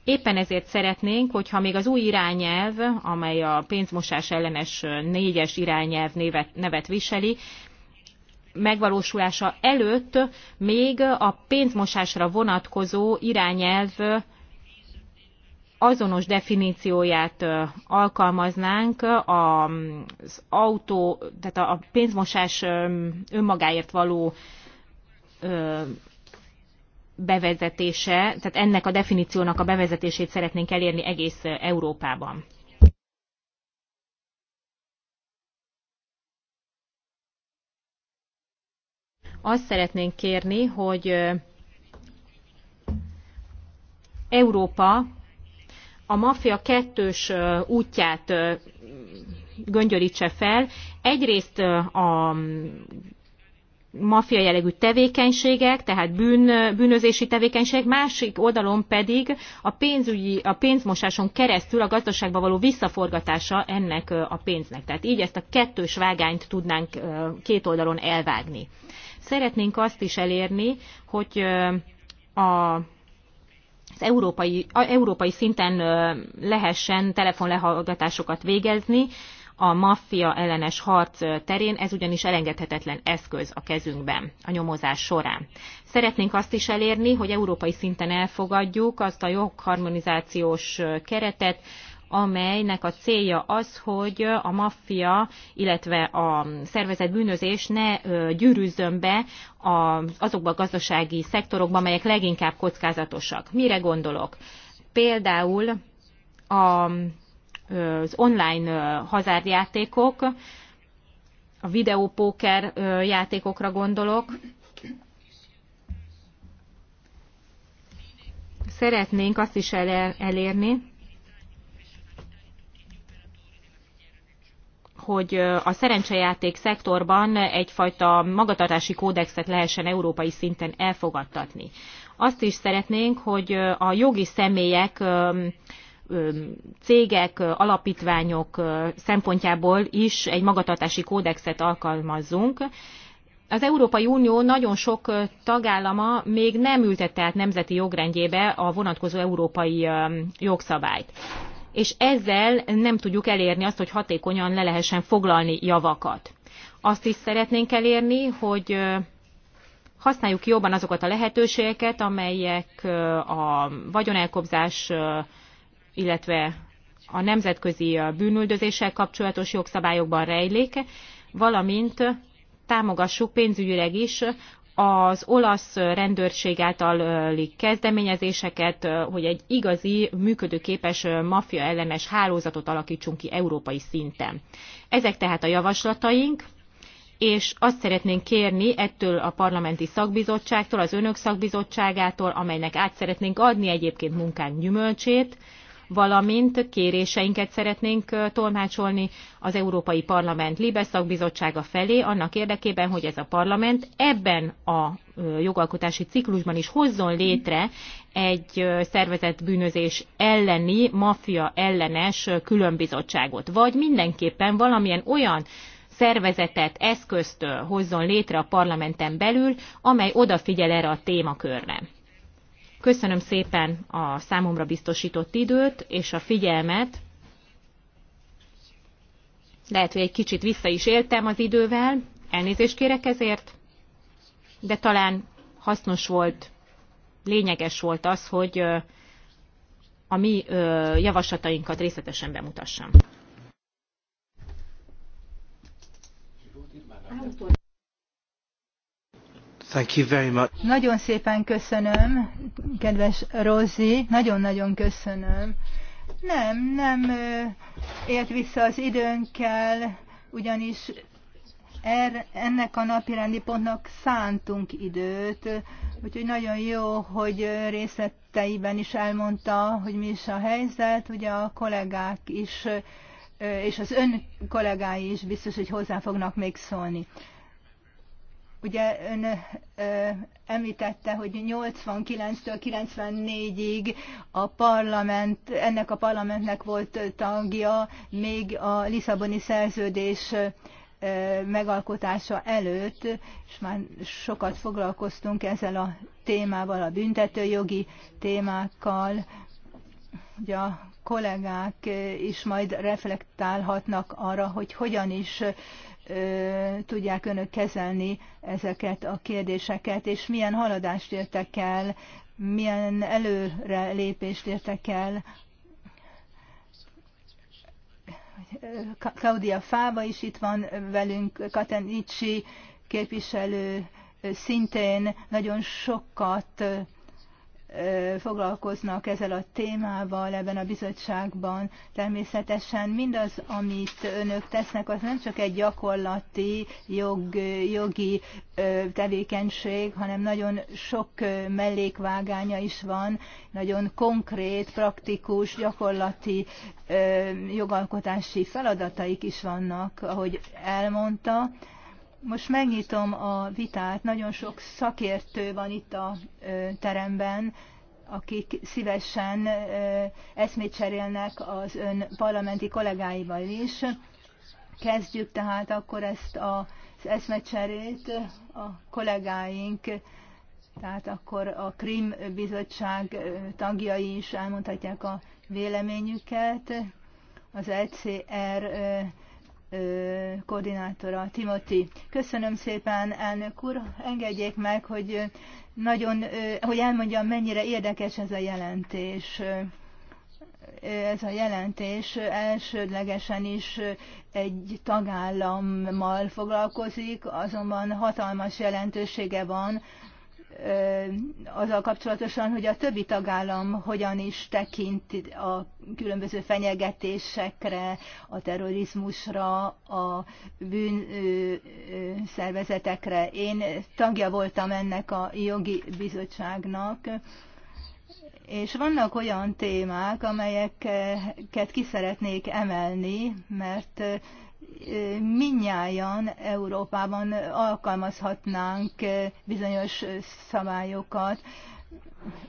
Éppen ezért szeretnénk, hogyha még az új irányelv, amely a pénzmosás ellenes négyes irányelv nevet, nevet viseli, megvalósulása előtt még a pénzmosásra vonatkozó irányelv azonos definícióját alkalmaznánk az autó, tehát a pénzmosás önmagáért való bevezetése, tehát ennek a definíciónak a bevezetését szeretnénk elérni egész Európában. Azt szeretnénk kérni, hogy Európa a maffia kettős útját göngyörítse fel. Egyrészt a maffia jellegű tevékenységek, tehát bűn, bűnözési tevékenységek, másik oldalon pedig a, pénzügyi, a pénzmosáson keresztül a gazdaságba való visszaforgatása ennek a pénznek. Tehát így ezt a kettős vágányt tudnánk két oldalon elvágni. Szeretnénk azt is elérni, hogy a az európai, a európai szinten lehessen telefonlehallgatásokat végezni a maffia ellenes harc terén, ez ugyanis elengedhetetlen eszköz a kezünkben a nyomozás során. Szeretnénk azt is elérni, hogy európai szinten elfogadjuk azt a jogharmonizációs keretet, amelynek a célja az, hogy a maffia, illetve a szervezet bűnözés ne gyűrűzzön be azokba a gazdasági szektorokba, amelyek leginkább kockázatosak. Mire gondolok? Például a, az online hazárjátékok, a videópóker játékokra gondolok, szeretnénk azt is elérni, hogy a szerencsejáték szektorban egyfajta magatartási kódexet lehessen európai szinten elfogadtatni. Azt is szeretnénk, hogy a jogi személyek cégek, alapítványok szempontjából is egy magatartási kódexet alkalmazzunk. Az Európai Unió nagyon sok tagállama még nem ültette át nemzeti jogrendjébe a vonatkozó európai jogszabályt és ezzel nem tudjuk elérni azt, hogy hatékonyan le lehessen foglalni javakat. Azt is szeretnénk elérni, hogy használjuk jobban azokat a lehetőségeket, amelyek a vagyonelkobzás, illetve a nemzetközi bűnüldözéssel kapcsolatos jogszabályokban rejléke, valamint támogassuk pénzügyileg is az olasz rendőrség általi kezdeményezéseket, hogy egy igazi, működőképes mafia ellenes hálózatot alakítsunk ki európai szinten. Ezek tehát a javaslataink, és azt szeretnénk kérni ettől a parlamenti szakbizottságtól, az önök szakbizottságától, amelynek át szeretnénk adni egyébként munkánk gyümölcsét, valamint kéréseinket szeretnénk tolmácsolni az Európai Parlament Libe szakbizottsága felé, annak érdekében, hogy ez a parlament ebben a jogalkotási ciklusban is hozzon létre egy szervezett bűnözés elleni, maffia ellenes különbizottságot, vagy mindenképpen valamilyen olyan szervezetet, eszközt hozzon létre a parlamenten belül, amely odafigyel erre a témakörre. Köszönöm szépen a számomra biztosított időt és a figyelmet. Lehet, hogy egy kicsit vissza is éltem az idővel, elnézést kérek ezért, de talán hasznos volt, lényeges volt az, hogy a mi javaslatainkat részletesen bemutassam. Thank you very much. Nagyon szépen köszönöm, kedves Rozi, nagyon-nagyon köszönöm. Nem, nem élt vissza az időnkkel, ugyanis er, ennek a napirendi pontnak szántunk időt, úgyhogy nagyon jó, hogy részleteiben is elmondta, hogy mi is a helyzet, ugye a kollégák is, és az ön kollégái is biztos, hogy hozzá fognak még szólni. Ugye ön ö, említette, hogy 89-től 94-ig a parlament, ennek a parlamentnek volt tagja még a Lisszaboni szerződés ö, megalkotása előtt, és már sokat foglalkoztunk ezzel a témával, a büntetőjogi témákkal. Ugye a kollégák is majd reflektálhatnak arra, hogy hogyan is tudják önök kezelni ezeket a kérdéseket, és milyen haladást értek el, milyen előre lépést értek el. Claudia Fába is itt van velünk, Katenicsi képviselő szintén nagyon sokat foglalkoznak ezzel a témával ebben a bizottságban. Természetesen mindaz, amit önök tesznek, az nem csak egy gyakorlati jog, jogi tevékenység, hanem nagyon sok mellékvágánya is van, nagyon konkrét, praktikus, gyakorlati jogalkotási feladataik is vannak, ahogy elmondta most megnyitom a vitát. Nagyon sok szakértő van itt a teremben, akik szívesen eszmét cserélnek az ön parlamenti kollégáival is. Kezdjük tehát akkor ezt az eszmecserét a kollégáink, tehát akkor a Krim bizottság tagjai is elmondhatják a véleményüket. Az ECR koordinátora, Timothy. Köszönöm szépen, elnök úr. Engedjék meg, hogy nagyon, hogy elmondjam, mennyire érdekes ez a jelentés. Ez a jelentés elsődlegesen is egy tagállammal foglalkozik, azonban hatalmas jelentősége van azzal kapcsolatosan, hogy a többi tagállam hogyan is tekint a különböző fenyegetésekre, a terrorizmusra, a bűnszervezetekre. Én tagja voltam ennek a jogi bizottságnak, és vannak olyan témák, amelyeket ki szeretnék emelni, mert minnyáján Európában alkalmazhatnánk eh, bizonyos eh, szabályokat,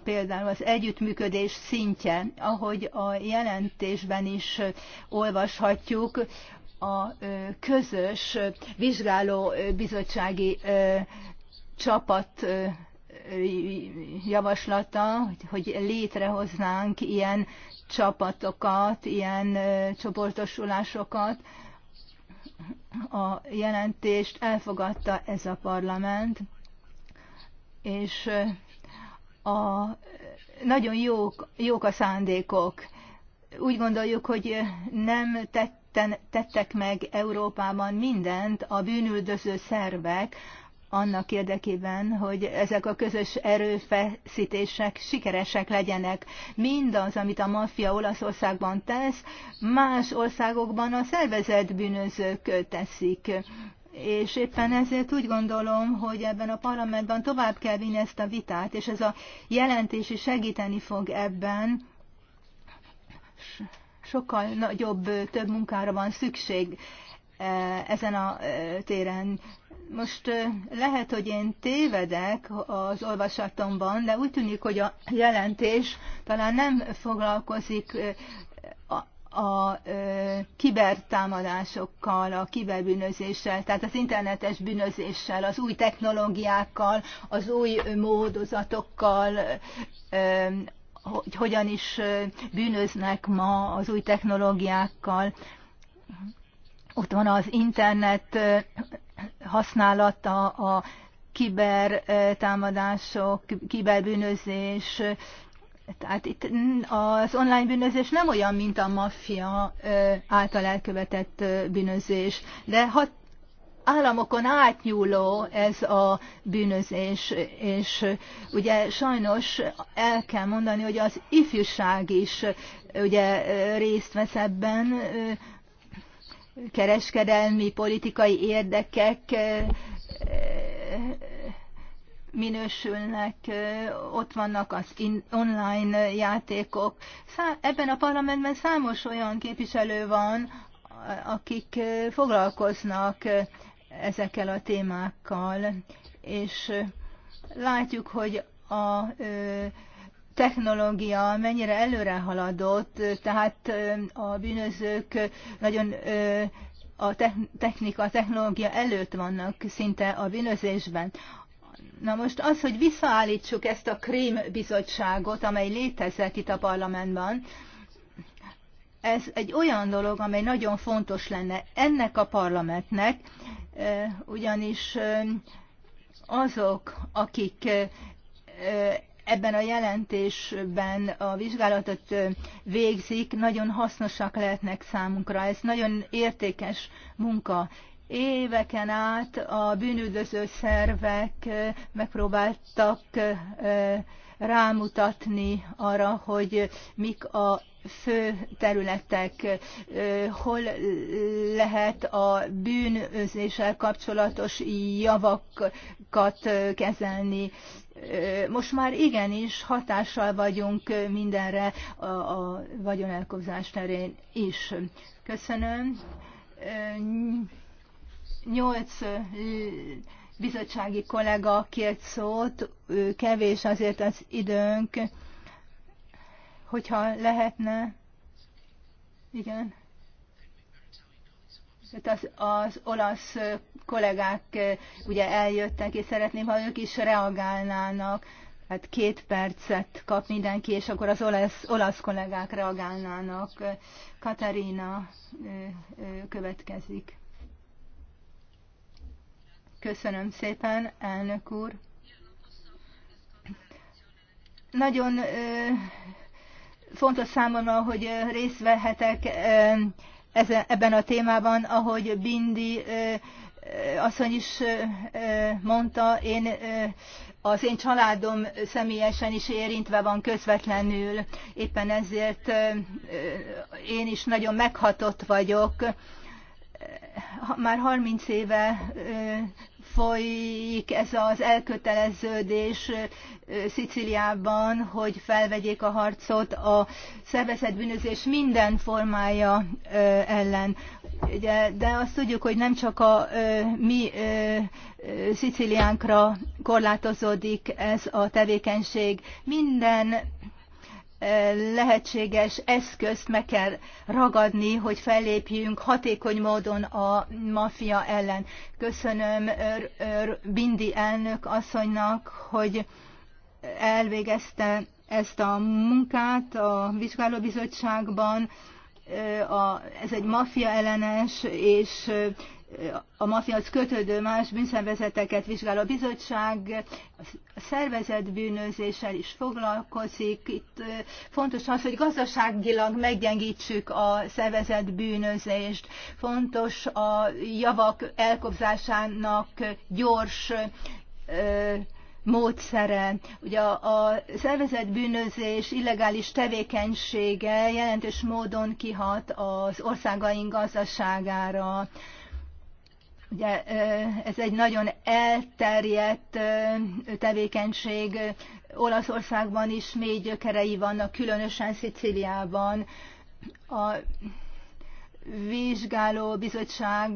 például az együttműködés szintje, ahogy a jelentésben is eh, olvashatjuk, a közös vizsgáló bizottsági csapat javaslata, hogy létrehoznánk ilyen csapatokat, ilyen csoportosulásokat, a jelentést elfogadta ez a parlament, és a, nagyon jók, jók a szándékok. Úgy gondoljuk, hogy nem tetten, tettek meg Európában mindent a bűnüldöző szervek, annak érdekében, hogy ezek a közös erőfeszítések sikeresek legyenek. Mindaz, amit a maffia Olaszországban tesz, más országokban a szervezett bűnözők teszik és éppen ezért úgy gondolom, hogy ebben a parlamentben tovább kell vinni ezt a vitát, és ez a jelentés is segíteni fog ebben. Sokkal nagyobb, több munkára van szükség eh, ezen a eh, téren. Most lehet, hogy én tévedek az olvasatomban, de úgy tűnik, hogy a jelentés talán nem foglalkozik a, kibertámadásokkal, a kiberbűnözéssel, tehát az internetes bűnözéssel, az új technológiákkal, az új módozatokkal, hogy hogyan is bűnöznek ma az új technológiákkal. Ott van az internet használata, a kiber támadások, kiberbűnözés, tehát itt az online bűnözés nem olyan, mint a maffia által elkövetett bűnözés, de hat, államokon átnyúló ez a bűnözés, és ugye sajnos el kell mondani, hogy az ifjúság is ugye részt vesz ebben, kereskedelmi, politikai érdekek minősülnek, ott vannak az online játékok. Ebben a parlamentben számos olyan képviselő van, akik foglalkoznak ezekkel a témákkal, és látjuk, hogy a technológia mennyire előre haladott, tehát a bűnözők nagyon a technika, a technológia előtt vannak szinte a bűnözésben. Na most az, hogy visszaállítsuk ezt a Krém bizottságot, amely létezett itt a parlamentben, ez egy olyan dolog, amely nagyon fontos lenne ennek a parlamentnek, ugyanis azok, akik ebben a jelentésben a vizsgálatot végzik, nagyon hasznosak lehetnek számunkra. Ez nagyon értékes munka. Éveken át a bűnüldöző szervek megpróbáltak rámutatni arra, hogy mik a fő területek, hol lehet a bűnözéssel kapcsolatos javakat kezelni, most már igenis hatással vagyunk mindenre a, a vagyonelkobzás terén is. Köszönöm. Nyolc bizottsági kollega kért szót, kevés azért az időnk, hogyha lehetne. Igen az, az olasz kollégák ugye eljöttek, és szeretném, ha ők is reagálnának. Hát két percet kap mindenki, és akkor az olasz, olasz kollégák reagálnának. Katarina következik. Köszönöm szépen, elnök úr. Nagyon fontos számomra, hogy részt vehetek ebben a témában, ahogy Bindi asszony is mondta, én az én családom személyesen is érintve van közvetlenül, éppen ezért én is nagyon meghatott vagyok. Már 30 éve folyik ez az elköteleződés Sziciliában, hogy felvegyék a harcot a szervezett bűnözés minden formája ellen. Ugye, de azt tudjuk, hogy nem csak a mi Sziciliánkra korlátozódik ez a tevékenység. Minden lehetséges eszközt meg kell ragadni, hogy fellépjünk hatékony módon a maffia ellen. Köszönöm Bindi elnök asszonynak, hogy elvégezte ezt a munkát a vizsgálóbizottságban. ez egy maffia ellenes és a mafiahoz kötődő más bűnszervezeteket vizsgál a bizottság, a szervezetbűnözéssel is foglalkozik. Itt fontos az, hogy gazdaságilag meggyengítsük a szervezetbűnözést, fontos a javak elkobzásának gyors módszere. Ugye a szervezetbűnözés illegális tevékenysége jelentős módon kihat az országaink gazdaságára. Ugye ez egy nagyon elterjedt tevékenység, Olaszországban is mély gyökerei vannak, különösen Szicíliában. A vizsgáló bizottság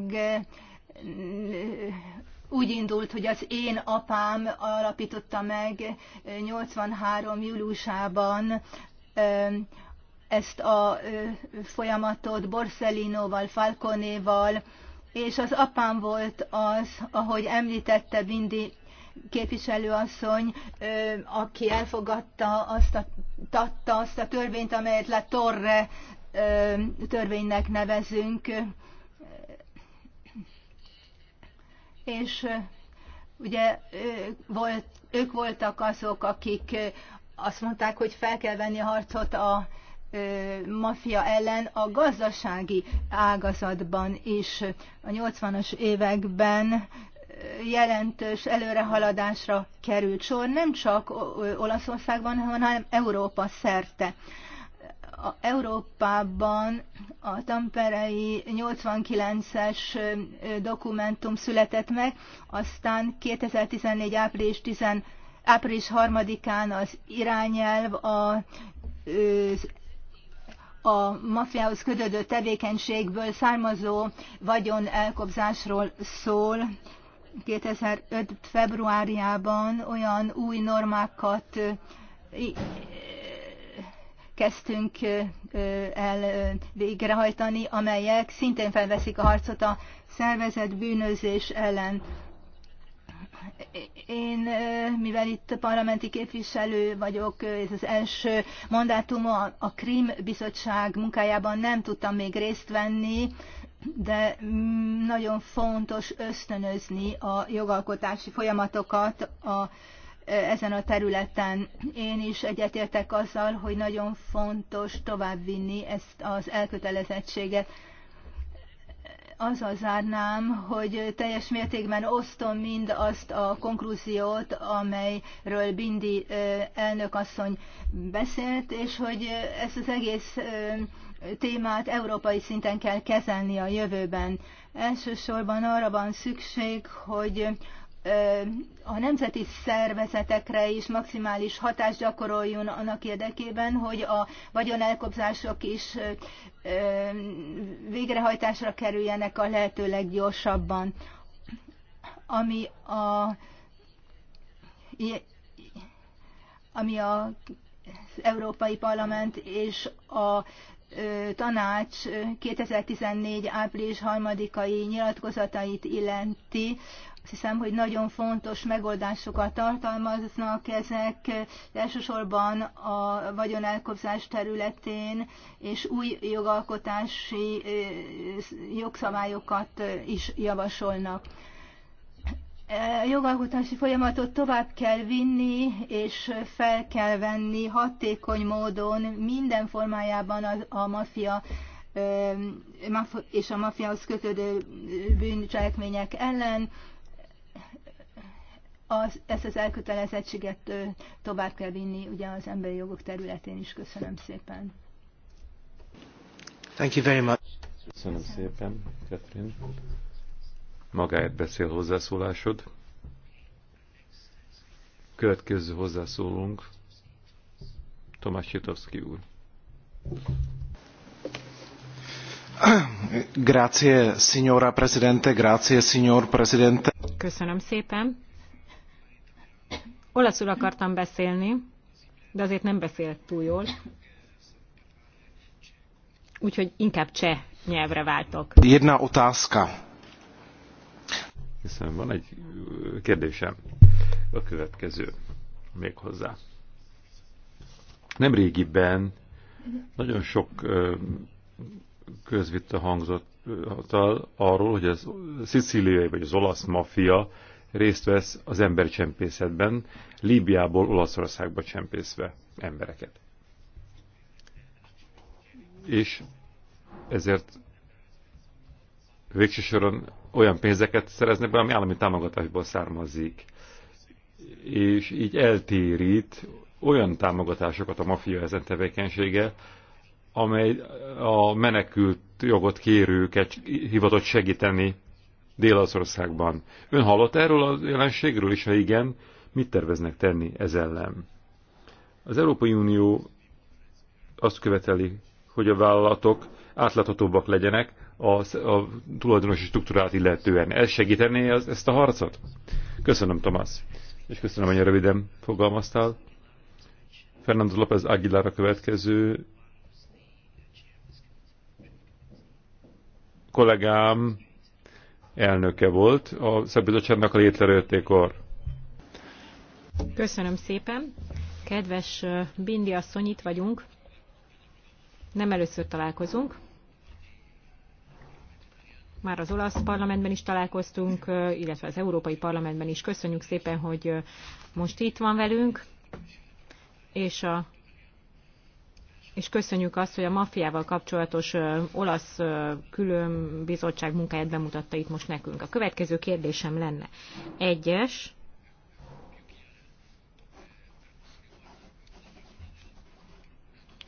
úgy indult, hogy az én apám alapította meg 83. júliusában ezt a folyamatot Borsellinoval, Falconéval, és az apám volt az, ahogy említette Bindi képviselőasszony, aki elfogadta azt a, tatta azt a törvényt, amelyet Le Torre törvénynek nevezünk. És ugye volt, ők voltak azok, akik azt mondták, hogy fel kell venni a harcot a mafia ellen a gazdasági ágazatban is. A 80-as években jelentős előrehaladásra került sor, nem csak Olaszországban, hanem Európa szerte. A Európában a Tamperei 89-es dokumentum született meg, aztán 2014. április 10 április 3-án az irányelv az a mafiához kötődő tevékenységből származó vagyon elkobzásról szól. 2005. februárjában olyan új normákat kezdtünk el végrehajtani, amelyek szintén felveszik a harcot a szervezett bűnözés ellen én, mivel itt parlamenti képviselő vagyok, ez az első mandátuma a Krím bizottság munkájában nem tudtam még részt venni, de mm, nagyon fontos ösztönözni a jogalkotási folyamatokat a, ezen a területen. Én is egyetértek azzal, hogy nagyon fontos továbbvinni ezt az elkötelezettséget azzal zárnám, hogy teljes mértékben osztom mind azt a konklúziót, amelyről Bindi elnökasszony beszélt, és hogy ezt az egész témát európai szinten kell kezelni a jövőben. Elsősorban arra van szükség, hogy a nemzeti szervezetekre is maximális hatást gyakoroljon annak érdekében, hogy a vagyonelkobzások is végrehajtásra kerüljenek a lehető leggyorsabban. Ami a ami a az Európai Parlament és a tanács 2014. április 3-ai nyilatkozatait illeti, azt hiszem, hogy nagyon fontos megoldásokat tartalmaznak ezek, eh, elsősorban a vagyonelkobzás területén, és új jogalkotási eh, jogszabályokat eh, is javasolnak. A jogalkotási folyamatot tovább kell vinni, és fel kell venni hatékony módon minden formájában a, a mafia és a mafiahoz kötődő bűncselekmények ellen, az, ezt az elkötelezettséget tovább kell vinni ugye az emberi jogok területén is. Köszönöm szépen. Thank you very much. Köszönöm szépen, Catherine. Magáért beszél hozzászólásod. Következő hozzászólunk, Tomás Jutovszki úr. Grazie, signora presidente, grazie, signor presidente. Köszönöm szépen. Olaszul akartam beszélni, de azért nem beszélt túl jól. Úgyhogy inkább cseh nyelvre váltok. Jedna otázka. Hiszem, van egy kérdésem. A következő még hozzá. Nem régiben nagyon sok közvita hangzott arról, hogy az szicíliai vagy az olasz mafia részt vesz az embercsempészetben, Líbiából Olaszországba csempészve embereket. És ezért végső soron olyan pénzeket szerezne be, ami állami támogatásból származik. És így eltérít olyan támogatásokat a mafia ezen tevékenysége, amely a menekült jogot kérőket hivatott segíteni Dél-Azországban. Ön hallott erről a jelenségről, és ha igen, mit terveznek tenni ez ellen? Az Európai Unió azt követeli, hogy a vállalatok átláthatóbbak legyenek a, a tulajdonosi struktúrát illetően. Ez segítené az, ezt a harcot? Köszönöm, Tomás. És köszönöm, hogy röviden fogalmaztál. Fernando López Aguilar a következő kollégám elnöke volt a szakbizottságnak a létrejöttékor. Köszönöm szépen. Kedves Bindi asszony, itt vagyunk. Nem először találkozunk. Már az olasz parlamentben is találkoztunk, illetve az európai parlamentben is. Köszönjük szépen, hogy most itt van velünk, és a és köszönjük azt, hogy a maffiával kapcsolatos olasz különbizottság munkáját bemutatta itt most nekünk. A következő kérdésem lenne. Egyes.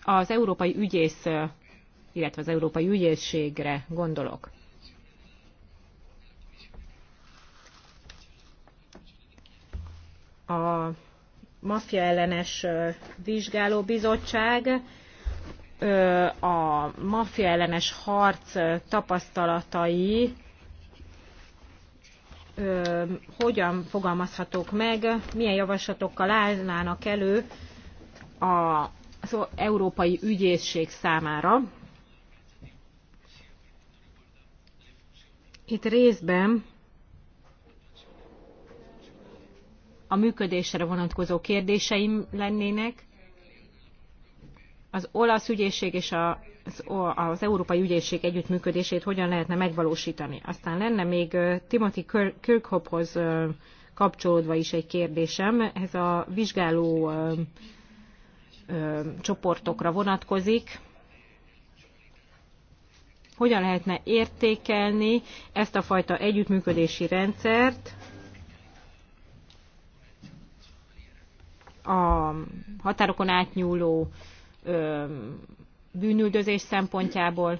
Az európai ügyész, illetve az európai ügyészségre gondolok. A maffia ellenes vizsgálóbizottság a maffia ellenes harc tapasztalatai hogyan fogalmazhatók meg, milyen javaslatokkal állnának elő az Európai Ügyészség számára. Itt részben a működésre vonatkozó kérdéseim lennének, az olasz ügyészség és az, az európai ügyészség együttműködését hogyan lehetne megvalósítani. Aztán lenne még Timothy Kirkhophoz kapcsolódva is egy kérdésem. Ez a vizsgáló ö, ö, csoportokra vonatkozik. Hogyan lehetne értékelni ezt a fajta együttműködési rendszert a határokon átnyúló bűnüldözés szempontjából,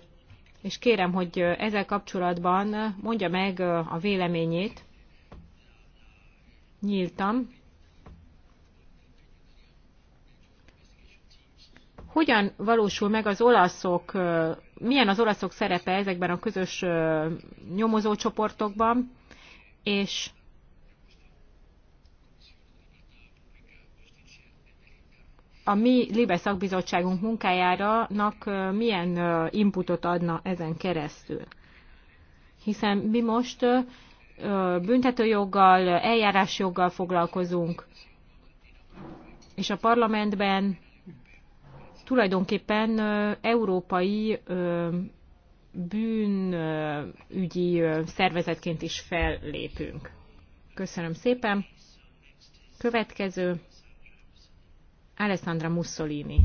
és kérem, hogy ezzel kapcsolatban mondja meg a véleményét. Nyíltam. Hogyan valósul meg az olaszok, milyen az olaszok szerepe ezekben a közös nyomozócsoportokban, és a mi Libe szakbizottságunk munkájának milyen inputot adna ezen keresztül. Hiszen mi most büntetőjoggal, eljárásjoggal foglalkozunk, és a parlamentben tulajdonképpen európai bűnügyi szervezetként is fellépünk. Köszönöm szépen. Következő Alessandra Mussolini.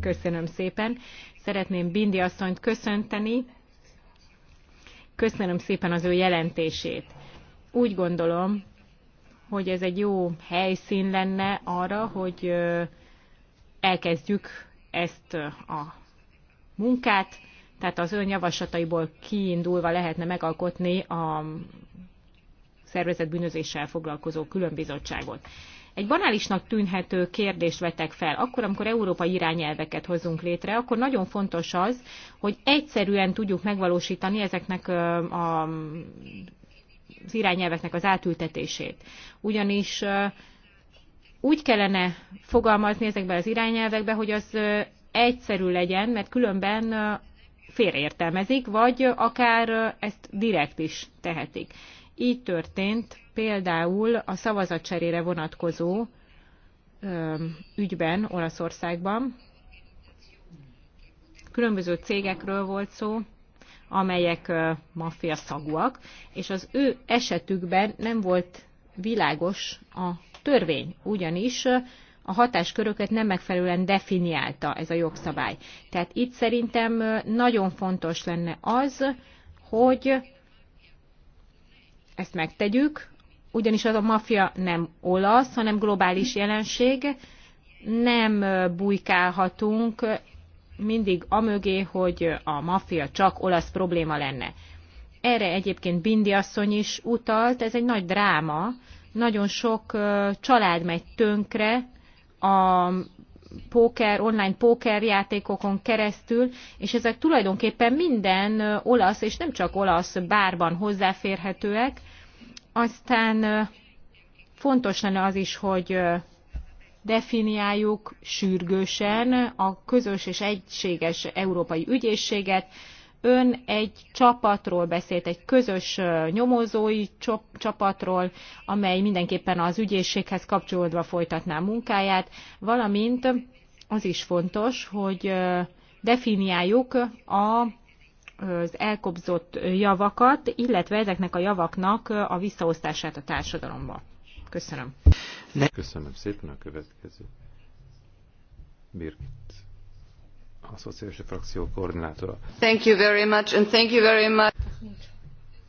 Köszönöm szépen. Szeretném Bindi asszonyt köszönteni. Köszönöm szépen az ő jelentését. Úgy gondolom, hogy ez egy jó helyszín lenne arra, hogy elkezdjük ezt a munkát, tehát az ön javaslataiból kiindulva lehetne megalkotni a szervezet bűnözéssel foglalkozó különbizottságot. Egy banálisnak tűnhető kérdést vetek fel. Akkor, amikor európai irányelveket hozunk létre, akkor nagyon fontos az, hogy egyszerűen tudjuk megvalósítani ezeknek a, az irányelveknek az átültetését. Ugyanis úgy kellene fogalmazni ezekben az irányelvekben, hogy az egyszerű legyen, mert különben félreértelmezik, vagy akár ezt direkt is tehetik. Így történt például a szavazatcserére vonatkozó ügyben Olaszországban. Különböző cégekről volt szó, amelyek maffia szagúak, és az ő esetükben nem volt világos a törvény, ugyanis a hatásköröket nem megfelelően definiálta ez a jogszabály. Tehát itt szerintem nagyon fontos lenne az, hogy ezt megtegyük, ugyanis az a maffia nem olasz, hanem globális jelenség. Nem bujkálhatunk mindig amögé, hogy a maffia csak olasz probléma lenne. Erre egyébként Bindi asszony is utalt, ez egy nagy dráma, nagyon sok család megy tönkre a póker, online póker játékokon keresztül, és ezek tulajdonképpen minden olasz, és nem csak olasz bárban hozzáférhetőek, aztán fontos lenne az is, hogy definiáljuk sürgősen a közös és egységes európai ügyészséget. Ön egy csapatról beszélt, egy közös nyomozói csapatról, amely mindenképpen az ügyészséghez kapcsolódva folytatná munkáját, valamint az is fontos, hogy definiáljuk a az elkobzott javakat, illetve ezeknek a javaknak a visszaosztását a társadalomba. Köszönöm. Ne. Köszönöm szépen a következő. Birgit, a szociális frakció koordinátora. Thank you very much, and thank you very much.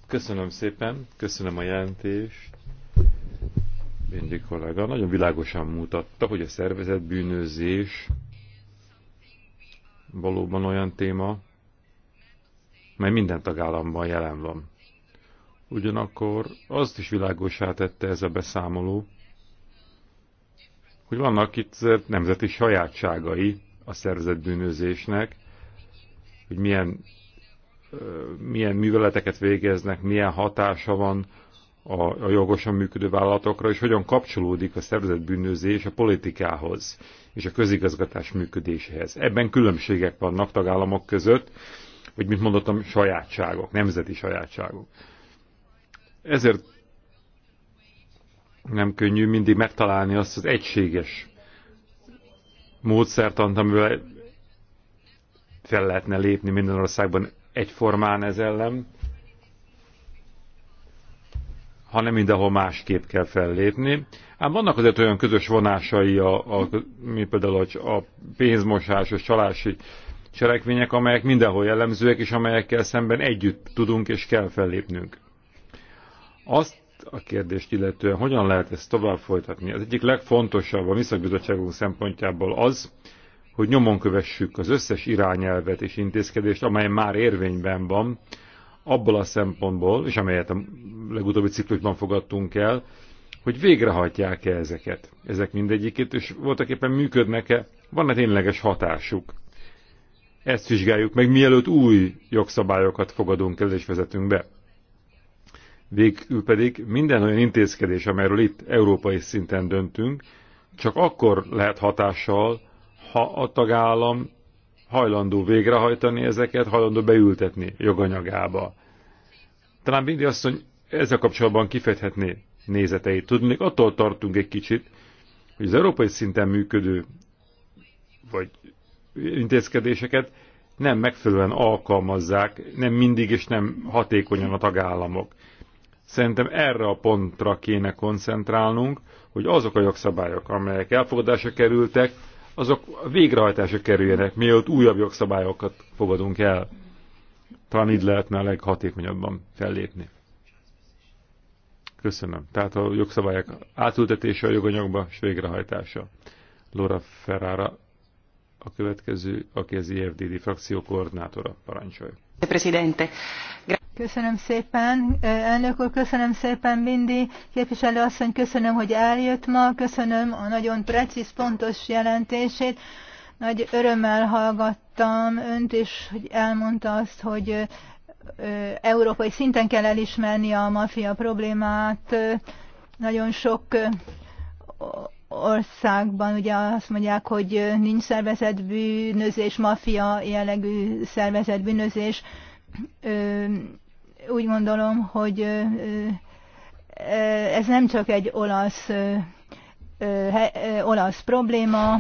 Köszönöm szépen, köszönöm a jelentést. Bindi kollega nagyon világosan mutatta, hogy a szervezet bűnözés valóban olyan téma, mely minden tagállamban jelen van. Ugyanakkor azt is világosá tette ez a beszámoló, hogy vannak itt nemzeti sajátságai a bűnözésnek, hogy milyen, milyen műveleteket végeznek, milyen hatása van a, a jogosan működő vállalatokra, és hogyan kapcsolódik a bűnözés a politikához és a közigazgatás működéséhez. Ebben különbségek vannak tagállamok között, vagy mint mondottam, sajátságok, nemzeti sajátságok. Ezért nem könnyű mindig megtalálni azt az egységes módszertant, amivel fel lehetne lépni minden országban egyformán ez ellen, hanem mindenhol másképp kell fellépni. Ám vannak azért olyan közös vonásai, a, a, mint például a, a pénzmosásos, csalási cselekvények, amelyek mindenhol jellemzőek, és amelyekkel szemben együtt tudunk és kell fellépnünk. Azt a kérdést illetően, hogyan lehet ezt tovább folytatni? Az egyik legfontosabb a visszakbizottságunk szempontjából az, hogy nyomon kövessük az összes irányelvet és intézkedést, amely már érvényben van, abból a szempontból, és amelyet a legutóbbi ciklusban fogadtunk el, hogy végrehajtják-e ezeket. Ezek mindegyikét, és voltak éppen működnek-e, van-e tényleges hatásuk. Ezt vizsgáljuk meg, mielőtt új jogszabályokat fogadunk el és vezetünk be. Végül pedig minden olyan intézkedés, amelyről itt európai szinten döntünk, csak akkor lehet hatással, ha a tagállam hajlandó végrehajtani ezeket, hajlandó beültetni joganyagába. Talán azt asszony ezzel kapcsolatban kifejthetné nézeteit. Tudni, attól tartunk egy kicsit, hogy az európai szinten működő, vagy intézkedéseket nem megfelelően alkalmazzák, nem mindig és nem hatékonyan a tagállamok. Szerintem erre a pontra kéne koncentrálnunk, hogy azok a jogszabályok, amelyek elfogadásra kerültek, azok végrehajtásra kerüljenek, mielőtt újabb jogszabályokat fogadunk el. Talán így lehetne a leghatékonyabban fellépni. Köszönöm. Tehát a jogszabályok átültetése a joganyagba és végrehajtása. Laura Ferrara a következő, aki az IFDD frakció koordinátora. Parancsolj. Köszönöm szépen, elnök úr, köszönöm szépen Bindi, képviselő asszony, köszönöm, hogy eljött ma, köszönöm a nagyon precíz, pontos jelentését. Nagy örömmel hallgattam önt, és hogy elmondta azt, hogy európai szinten kell elismerni a mafia problémát. Nagyon sok országban ugye azt mondják, hogy nincs szervezett bűnözés, mafia jellegű szervezett bűnözés. Úgy gondolom, hogy ez nem csak egy olasz olasz probléma,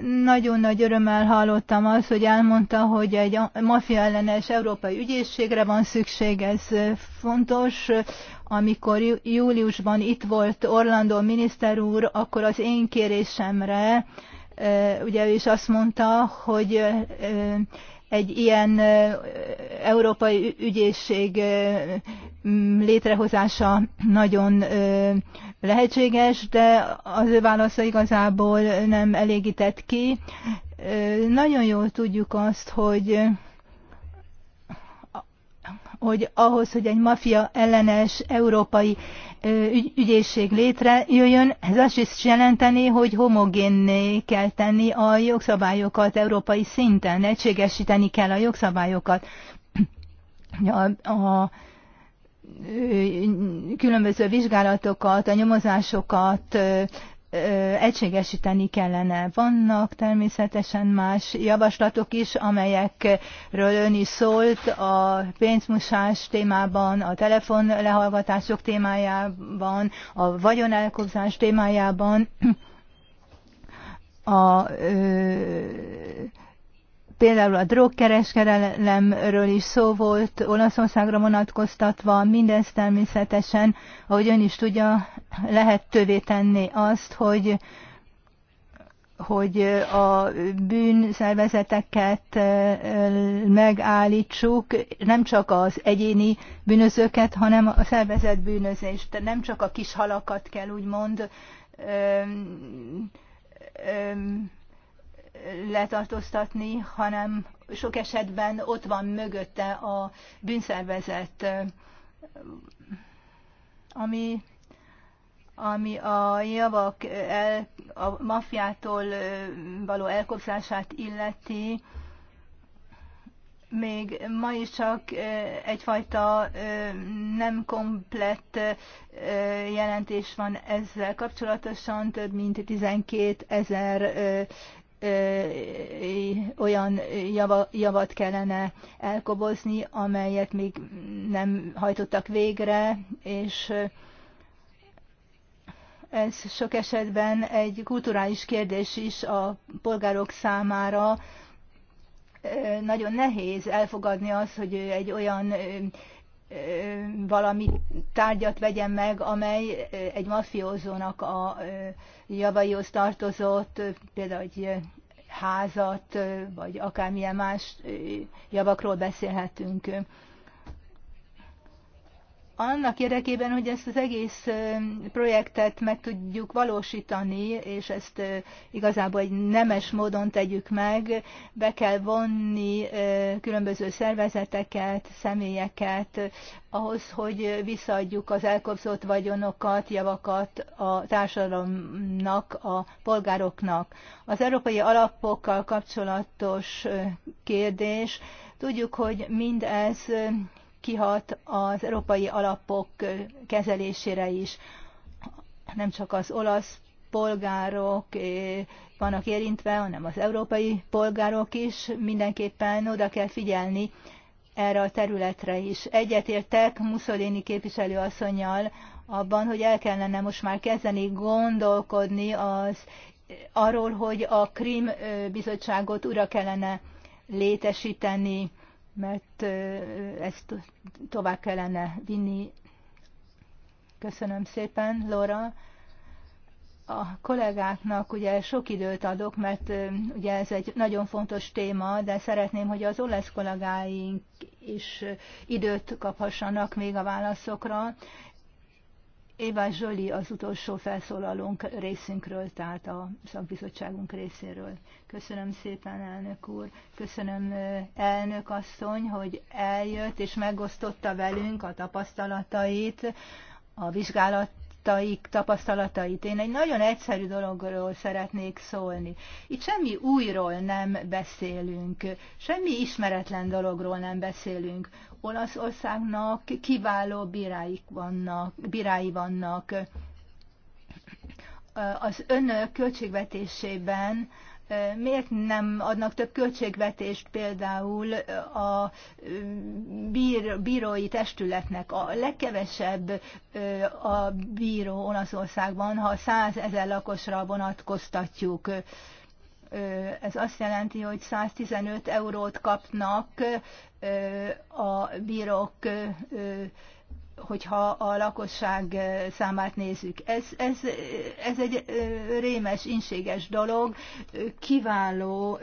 nagyon nagy örömmel hallottam azt, hogy elmondta, hogy egy mafia ellenes európai ügyészségre van szükség, ez fontos. Amikor júliusban itt volt Orlandó miniszter úr, akkor az én kérésemre, ugye ő is azt mondta, hogy egy ilyen európai ügyészség létrehozása nagyon lehetséges, de az ő válasza igazából nem elégített ki. Nagyon jól tudjuk azt, hogy hogy ahhoz, hogy egy mafia ellenes európai ügy, ügyészség létrejöjjön, ez azt is jelenteni, hogy homogénné kell tenni a jogszabályokat európai szinten, egységesíteni kell a jogszabályokat. A, a különböző vizsgálatokat, a nyomozásokat, egységesíteni kellene. Vannak természetesen más javaslatok is, amelyekről ön is szólt a pénzmusás témában, a telefonlehallgatások témájában, a vagyonelkobzás témájában, a ö, például a drogkereskedelemről is szó volt, Olaszországra vonatkoztatva, mindez természetesen, ahogy ön is tudja, tövé tenni azt, hogy hogy a bűnszervezeteket megállítsuk, nem csak az egyéni bűnözőket, hanem a szervezet bűnözést. Nem csak a kis halakat kell úgymond öm, öm, letartóztatni, hanem sok esetben ott van mögötte a bűnszervezet, ami, ami a javak el, a mafiától való elkobzását illeti, még ma is csak egyfajta nem komplett jelentés van ezzel kapcsolatosan, több mint 12 ezer olyan javat kellene elkobozni, amelyet még nem hajtottak végre, és ez sok esetben egy kulturális kérdés is a polgárok számára. Nagyon nehéz elfogadni azt, hogy egy olyan valami tárgyat vegyen meg, amely egy mafiózónak a javaihoz tartozott, például egy házat, vagy akármilyen más javakról beszélhetünk annak érdekében, hogy ezt az egész projektet meg tudjuk valósítani, és ezt igazából egy nemes módon tegyük meg, be kell vonni különböző szervezeteket, személyeket, ahhoz, hogy visszaadjuk az elkobzott vagyonokat, javakat a társadalomnak, a polgároknak. Az európai alapokkal kapcsolatos kérdés, tudjuk, hogy mindez kihat az európai alapok kezelésére is. Nem csak az olasz polgárok eh, vannak érintve, hanem az európai polgárok is. Mindenképpen oda kell figyelni erre a területre is. Egyetértek Mussolini képviselőasszonynal abban, hogy el kellene most már kezdeni gondolkodni az arról, hogy a Krim eh, bizottságot újra kellene létesíteni mert ezt tovább kellene vinni. Köszönöm szépen, Laura. A kollégáknak ugye sok időt adok, mert ugye ez egy nagyon fontos téma, de szeretném, hogy az olasz kollégáink is időt kaphassanak még a válaszokra, Éva Zsoli az utolsó felszólalónk részünkről, tehát a szakbizottságunk részéről. Köszönöm szépen, elnök úr. Köszönöm, elnök asszony, hogy eljött és megosztotta velünk a tapasztalatait a vizsgálat tapasztalataik, tapasztalatait. Én egy nagyon egyszerű dologról szeretnék szólni. Itt semmi újról nem beszélünk, semmi ismeretlen dologról nem beszélünk. Olaszországnak kiváló bíráik vannak, bírái vannak. Az önök költségvetésében miért nem adnak több költségvetést például a bír, bírói testületnek? A legkevesebb a bíró Olaszországban, ha 100 ezer lakosra vonatkoztatjuk. Ez azt jelenti, hogy 115 eurót kapnak a bírók hogyha a lakosság számát nézzük. Ez, ez, ez egy rémes, inséges dolog, kiváló,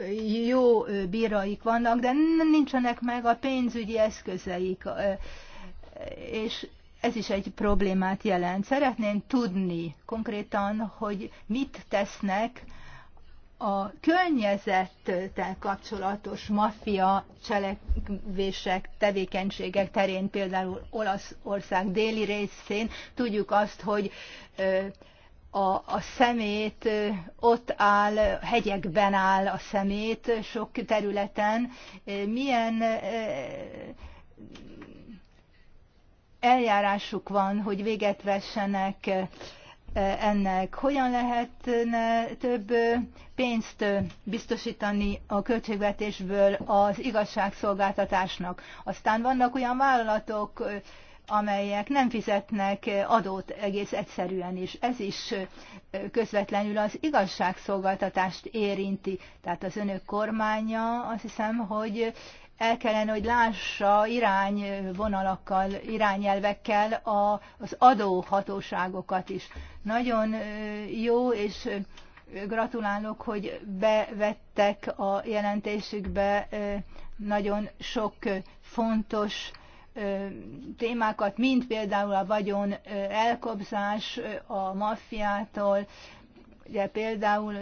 jó bíraik vannak, de nincsenek meg a pénzügyi eszközeik, és ez is egy problémát jelent. Szeretném tudni konkrétan, hogy mit tesznek a környezettel kapcsolatos maffia cselekvések, tevékenységek terén, például Olaszország déli részén tudjuk azt, hogy a, a szemét ott áll, hegyekben áll a szemét sok területen. Milyen eljárásuk van, hogy véget vessenek Eh, ennek? Hogyan lehetne több eh, pénzt eh, biztosítani a költségvetésből az igazságszolgáltatásnak? Aztán vannak olyan vállalatok, amelyek nem fizetnek adót egész egyszerűen is. Ez is közvetlenül az igazságszolgáltatást érinti. Tehát az önök kormánya azt hiszem, hogy el kellene, hogy lássa irányvonalakkal, irányelvekkel a, az adóhatóságokat is. Nagyon jó, és gratulálok, hogy bevettek a jelentésükbe nagyon sok fontos témákat, mint például a vagyon elkobzás a maffiától, Ugye például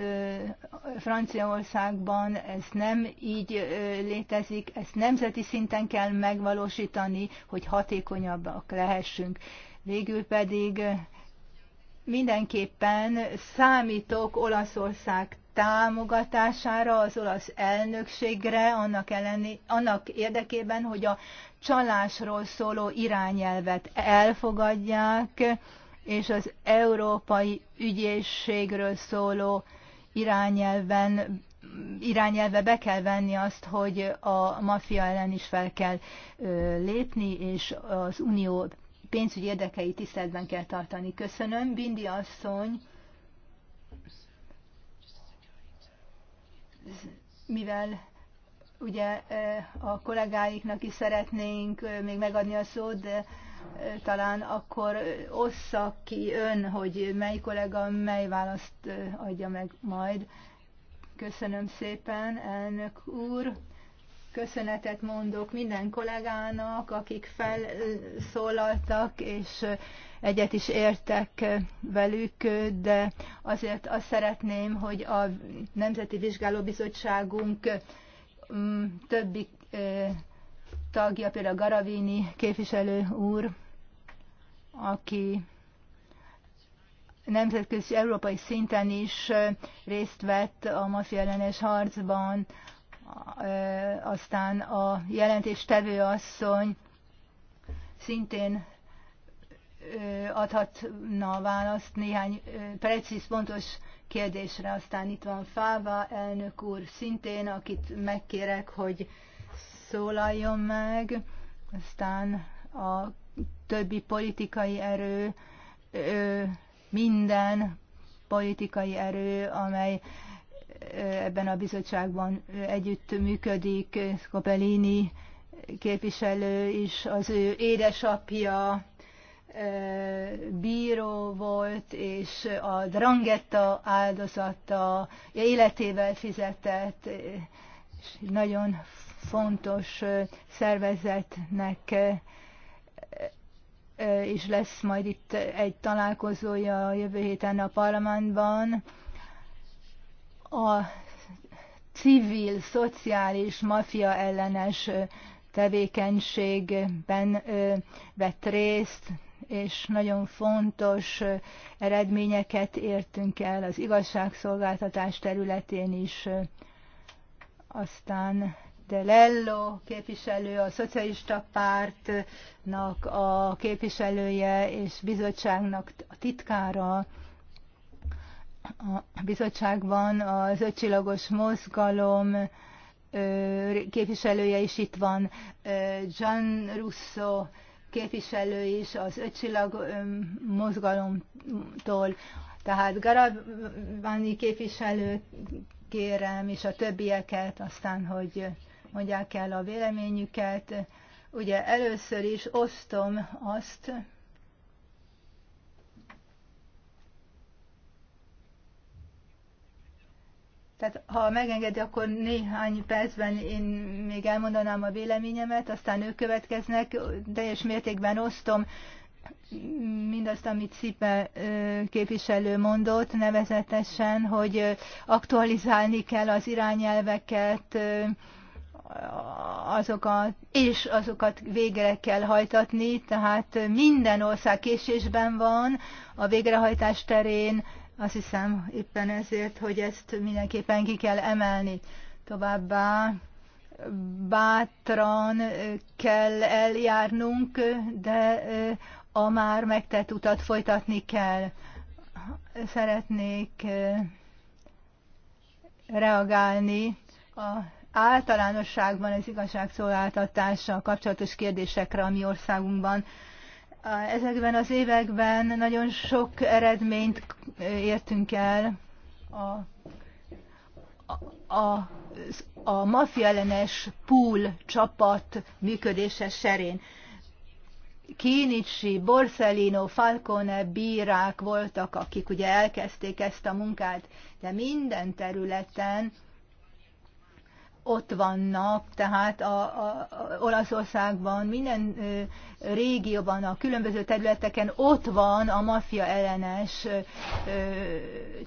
Franciaországban ez nem így létezik, ezt nemzeti szinten kell megvalósítani, hogy hatékonyabbak lehessünk. Végül pedig mindenképpen számítok Olaszország támogatására, az olasz elnökségre, annak, elleni, annak érdekében, hogy a csalásról szóló irányelvet elfogadják, és az Európai Ügyészségről szóló irányelven irányelve be kell venni azt, hogy a mafia ellen is fel kell lépni, és az unió pénzügyi érdekeit tiszteletben kell tartani. Köszönöm. Bindi asszony, mivel ugye a kollégáiknak is szeretnénk még megadni a szót, de talán akkor ossza ki ön, hogy mely kollega mely választ adja meg majd. Köszönöm szépen, elnök úr. Köszönetet mondok minden kollégának, akik felszólaltak, és egyet is értek velük, de azért azt szeretném, hogy a Nemzeti Vizsgálóbizottságunk többi tagja, például Garavini képviselő úr, aki nemzetközi európai szinten is részt vett a mafia ellenes harcban, aztán a jelentéstevő asszony szintén adhatna választ néhány precíz, pontos kérdésre. Aztán itt van Fáva elnök úr szintén, akit megkérek, hogy szólaljon meg, aztán a többi politikai erő, minden politikai erő, amely ebben a bizottságban együtt működik, Skopelini képviselő is, az ő édesapja bíró volt, és a drangetta áldozata életével fizetett, és nagyon fontos szervezetnek és lesz majd itt egy találkozója a jövő héten a parlamentban. A civil, szociális, mafia ellenes tevékenységben vett részt, és nagyon fontos eredményeket értünk el az igazságszolgáltatás területén is. Aztán Lello képviselő, a Szocialista Pártnak a képviselője és bizottságnak a titkára a bizottságban, az öcsilagos mozgalom képviselője is itt van, Gian Russo képviselő is az öcsillag mozgalomtól, tehát Garabani képviselő kérem, és a többieket, aztán, hogy mondják el a véleményüket. Ugye először is osztom azt, Tehát ha megengedi, akkor néhány percben én még elmondanám a véleményemet, aztán ők következnek, teljes mértékben osztom mindazt, amit Szipe képviselő mondott, nevezetesen, hogy aktualizálni kell az irányelveket, azokat, és azokat végre kell hajtatni, tehát minden ország késésben van a végrehajtás terén, azt hiszem éppen ezért, hogy ezt mindenképpen ki kell emelni. Továbbá bátran kell eljárnunk, de a már megtett utat folytatni kell. Szeretnék eh, reagálni a általánosságban az igazságszolgáltatással kapcsolatos kérdésekre a mi országunkban. Ezekben az években nagyon sok eredményt értünk el a, a, a, a mafia ellenes pool csapat működése serén. Kínicsi, Borsellino, Falcone bírák voltak, akik ugye elkezdték ezt a munkát, de minden területen ott vannak, tehát a, a, a Olaszországban, minden ö, régióban, a különböző területeken ott van a maffia ellenes ö,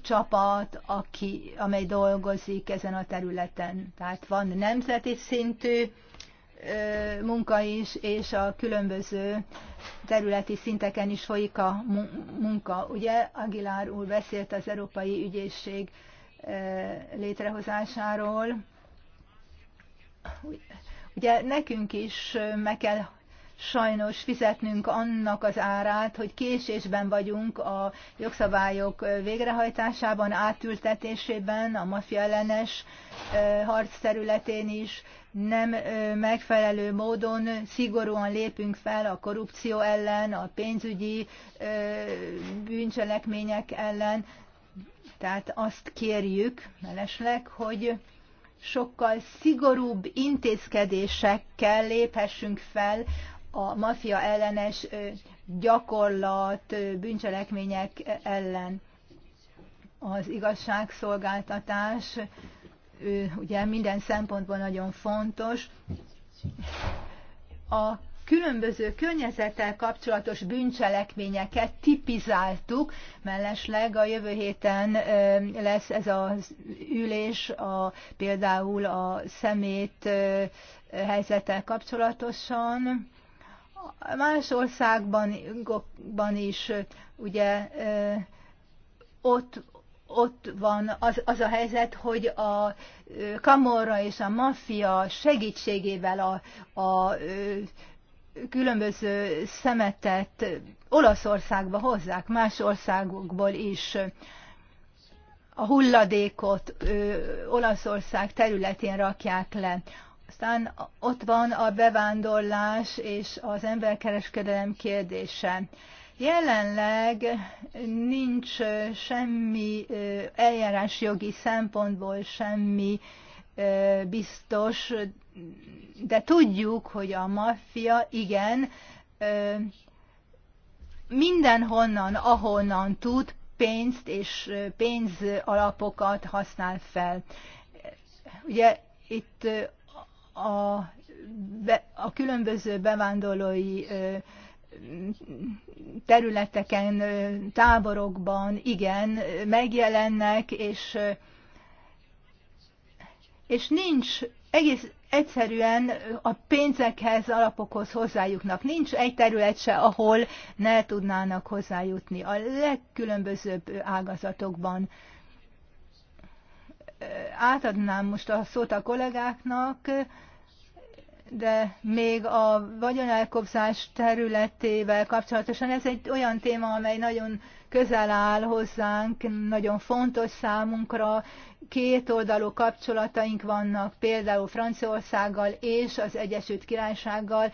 csapat, aki, amely dolgozik ezen a területen. Tehát van nemzeti szintű ö, munka is, és a különböző területi szinteken is folyik a munka. Ugye Aguilar úr beszélt az Európai Ügyészség létrehozásáról, Ugye nekünk is meg kell sajnos fizetnünk annak az árát, hogy késésben vagyunk a jogszabályok végrehajtásában, átültetésében, a mafia ellenes harc területén is nem megfelelő módon szigorúan lépünk fel a korrupció ellen, a pénzügyi bűncselekmények ellen. Tehát azt kérjük, mellesleg, hogy sokkal szigorúbb intézkedésekkel léphessünk fel a mafia ellenes gyakorlat, bűncselekmények ellen. Az igazságszolgáltatás ugye minden szempontból nagyon fontos. A különböző környezettel kapcsolatos bűncselekményeket tipizáltuk, mellesleg a jövő héten lesz ez az ülés a, például a szemét helyzettel kapcsolatosan. Más országban is ugye ott ott van az, az a helyzet, hogy a kamorra és a maffia segítségével a, a különböző szemetet Olaszországba hozzák, más országokból is. A hulladékot ö, Olaszország területén rakják le. Aztán ott van a bevándorlás és az emberkereskedelem kérdése. Jelenleg nincs semmi eljárásjogi szempontból semmi biztos, de tudjuk, hogy a maffia igen, mindenhonnan, ahonnan tud, pénzt és pénzalapokat használ fel. Ugye itt a, a különböző bevándorlói területeken, táborokban igen, megjelennek, és és nincs egész egyszerűen a pénzekhez, alapokhoz hozzájuknak. Nincs egy terület se, ahol ne tudnának hozzájutni a legkülönbözőbb ágazatokban. Átadnám most a szót a kollégáknak, de még a vagyonelkobzás területével kapcsolatosan ez egy olyan téma, amely nagyon közel áll hozzánk, nagyon fontos számunkra. Két oldalú kapcsolataink vannak, például Franciaországgal és az Egyesült Királysággal,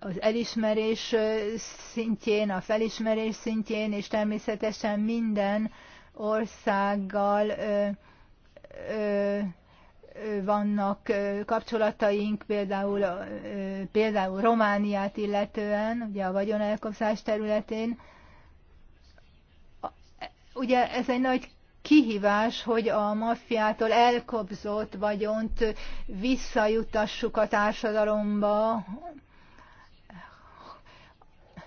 az elismerés szintjén, a felismerés szintjén, és természetesen minden országgal ö, ö, vannak kapcsolataink például, például Romániát illetően, ugye a vagyonelkobzás területén. Ugye ez egy nagy kihívás, hogy a maffiától elkobzott vagyont visszajutassuk a társadalomba.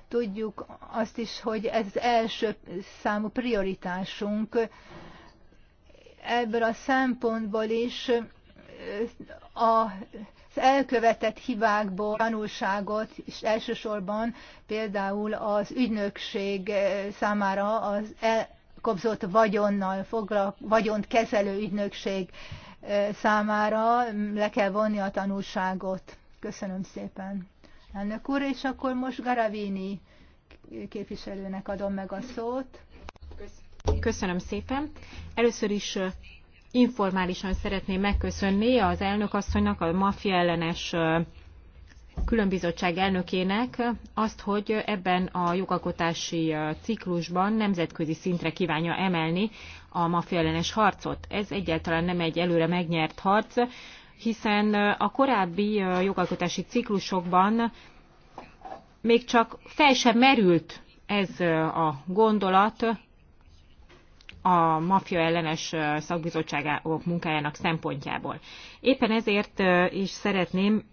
Tudjuk azt is, hogy ez az első számú prioritásunk. Ebből a szempontból is az elkövetett hibákból tanulságot, és elsősorban például az ügynökség számára az elkobzott vagyonnal foglal, vagyont kezelő ügynökség számára le kell vonni a tanulságot. Köszönöm szépen. Elnök úr, és akkor most Garavini képviselőnek adom meg a szót. Köszönöm szépen. Először is informálisan szeretném megköszönni az elnök asszonynak, a maffia ellenes különbizottság elnökének azt, hogy ebben a jogalkotási ciklusban nemzetközi szintre kívánja emelni a maffia ellenes harcot. Ez egyáltalán nem egy előre megnyert harc, hiszen a korábbi jogalkotási ciklusokban még csak fel sem merült ez a gondolat, a mafia ellenes szakbizottságok munkájának szempontjából. Éppen ezért is szeretném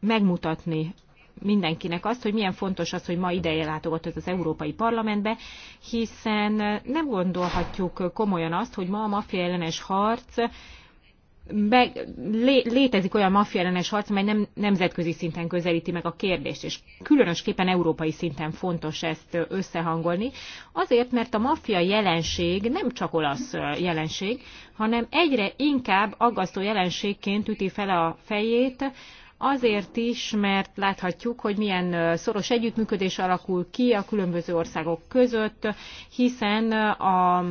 megmutatni mindenkinek azt, hogy milyen fontos az, hogy ma ideje ez az Európai Parlamentbe, hiszen nem gondolhatjuk komolyan azt, hogy ma a maffia ellenes harc be, lé, létezik olyan maffiellenes harc, amely nem nemzetközi szinten közelíti meg a kérdést, és különösképpen európai szinten fontos ezt összehangolni, azért, mert a maffia jelenség nem csak olasz jelenség, hanem egyre inkább aggasztó jelenségként üti fel a fejét, Azért is, mert láthatjuk, hogy milyen szoros együttműködés alakul ki a különböző országok között, hiszen a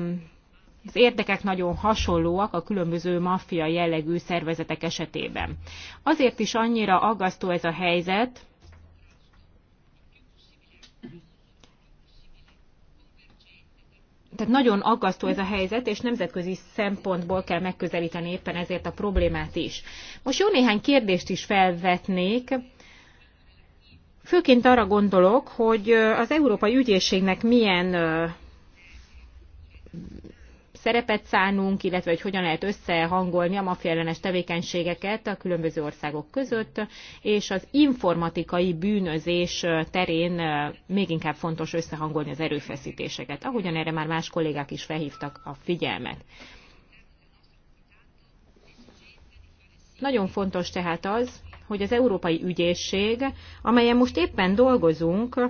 az érdekek nagyon hasonlóak a különböző maffia jellegű szervezetek esetében. Azért is annyira aggasztó ez a helyzet, tehát nagyon aggasztó ez a helyzet, és nemzetközi szempontból kell megközelíteni éppen ezért a problémát is. Most jó néhány kérdést is felvetnék, Főként arra gondolok, hogy az Európai Ügyészségnek milyen szerepet szánunk, illetve hogy hogyan lehet összehangolni a mafiellenes tevékenységeket a különböző országok között, és az informatikai bűnözés terén még inkább fontos összehangolni az erőfeszítéseket, ahogyan erre már más kollégák is felhívtak a figyelmet. Nagyon fontos tehát az, hogy az Európai Ügyészség, amelyen most éppen dolgozunk,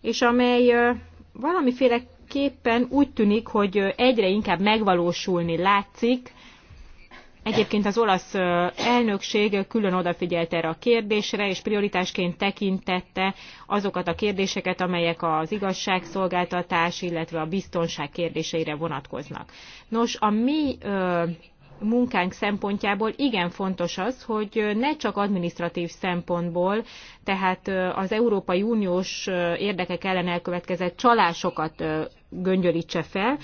és amely valamiféle tulajdonképpen úgy tűnik, hogy egyre inkább megvalósulni látszik. Egyébként az olasz elnökség külön odafigyelt erre a kérdésre, és prioritásként tekintette azokat a kérdéseket, amelyek az igazságszolgáltatás, illetve a biztonság kérdéseire vonatkoznak. Nos, a mi munkánk szempontjából igen fontos az, hogy ne csak administratív szempontból, tehát az Európai Uniós érdekek ellen elkövetkezett csalásokat göngyölítse fel.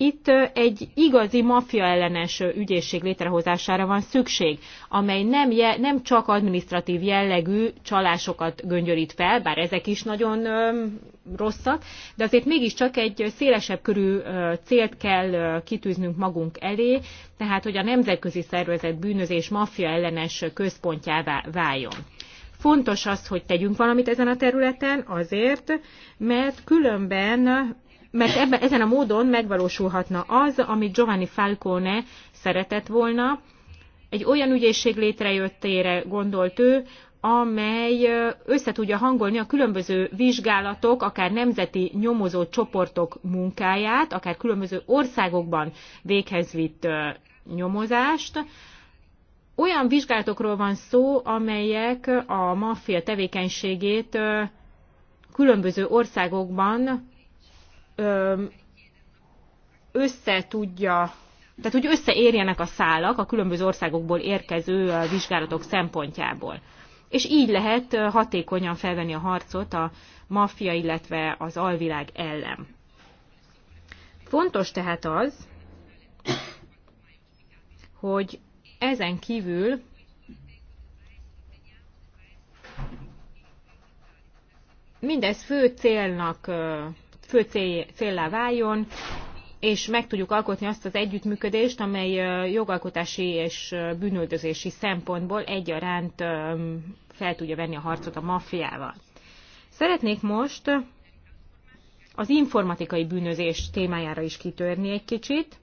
Itt egy igazi maffia ellenes ügyészség létrehozására van szükség, amely nem, je, nem csak administratív jellegű csalásokat göngyölít fel, bár ezek is nagyon ö, rosszak, de azért mégiscsak egy szélesebb körű ö, célt kell ö, kitűznünk magunk elé, tehát hogy a nemzetközi szervezet bűnözés maffia ellenes központjává váljon. Fontos az, hogy tegyünk valamit ezen a területen, azért, mert különben mert ebben, ezen a módon megvalósulhatna az, amit Giovanni Falcone szeretett volna, egy olyan ügyészség létrejöttére gondolt ő, amely összetudja hangolni a különböző vizsgálatok, akár nemzeti nyomozó csoportok munkáját, akár különböző országokban véghez vitt nyomozást. Olyan vizsgálatokról van szó, amelyek a maffia tevékenységét különböző országokban össze tudja, tehát hogy összeérjenek a szálak a különböző országokból érkező vizsgálatok szempontjából. És így lehet hatékonyan felvenni a harcot a maffia, illetve az alvilág ellen. Fontos tehát az, hogy ezen kívül mindez fő célnak fő célá váljon, és meg tudjuk alkotni azt az együttműködést, amely jogalkotási és bűnöldözési szempontból egyaránt fel tudja venni a harcot a maffiával. Szeretnék most az informatikai bűnözés témájára is kitörni egy kicsit.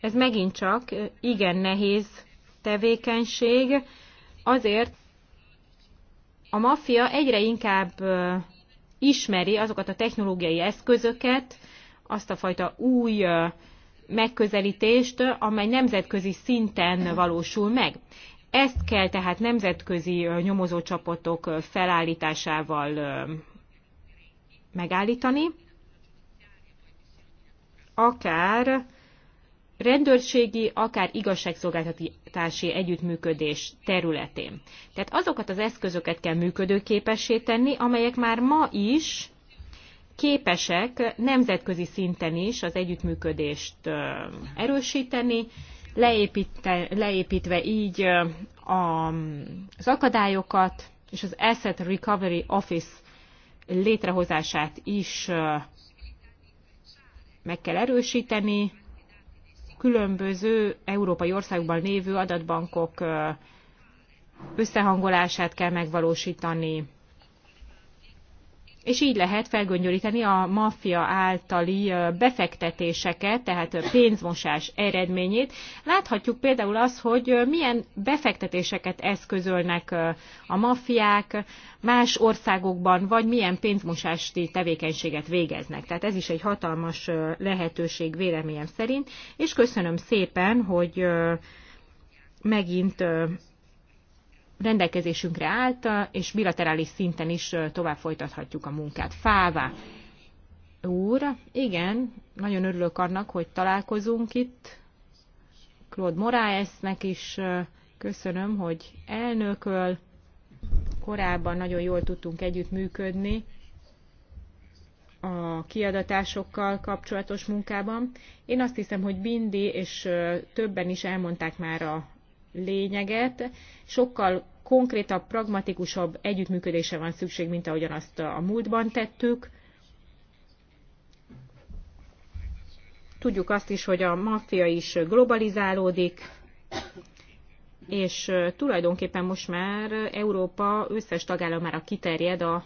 Ez megint csak igen nehéz tevékenység, azért a maffia egyre inkább ismeri azokat a technológiai eszközöket, azt a fajta új megközelítést, amely nemzetközi szinten valósul meg. Ezt kell tehát nemzetközi nyomozócsapatok felállításával megállítani, akár rendőrségi, akár igazságszolgáltatási együttműködés területén. Tehát azokat az eszközöket kell működőképessé tenni, amelyek már ma is képesek nemzetközi szinten is az együttműködést erősíteni, leépítve, leépítve így az akadályokat, és az Asset Recovery Office létrehozását is meg kell erősíteni, különböző európai országban lévő adatbankok összehangolását kell megvalósítani, és így lehet felgöngyölíteni a maffia általi befektetéseket, tehát pénzmosás eredményét. Láthatjuk például azt, hogy milyen befektetéseket eszközölnek a maffiák más országokban, vagy milyen pénzmosási tevékenységet végeznek. Tehát ez is egy hatalmas lehetőség véleményem szerint, és köszönöm szépen, hogy megint rendelkezésünkre állt, és bilaterális szinten is tovább folytathatjuk a munkát. Fává úr, igen, nagyon örülök annak, hogy találkozunk itt. Claude Moraesnek is köszönöm, hogy elnököl. Korábban nagyon jól tudtunk együttműködni a kiadatásokkal kapcsolatos munkában. Én azt hiszem, hogy Bindi és többen is elmondták már a lényeget, sokkal konkrétabb, pragmatikusabb együttműködése van szükség, mint ahogyan azt a múltban tettük. Tudjuk azt is, hogy a maffia is globalizálódik, és tulajdonképpen most már Európa összes tagállamára kiterjed a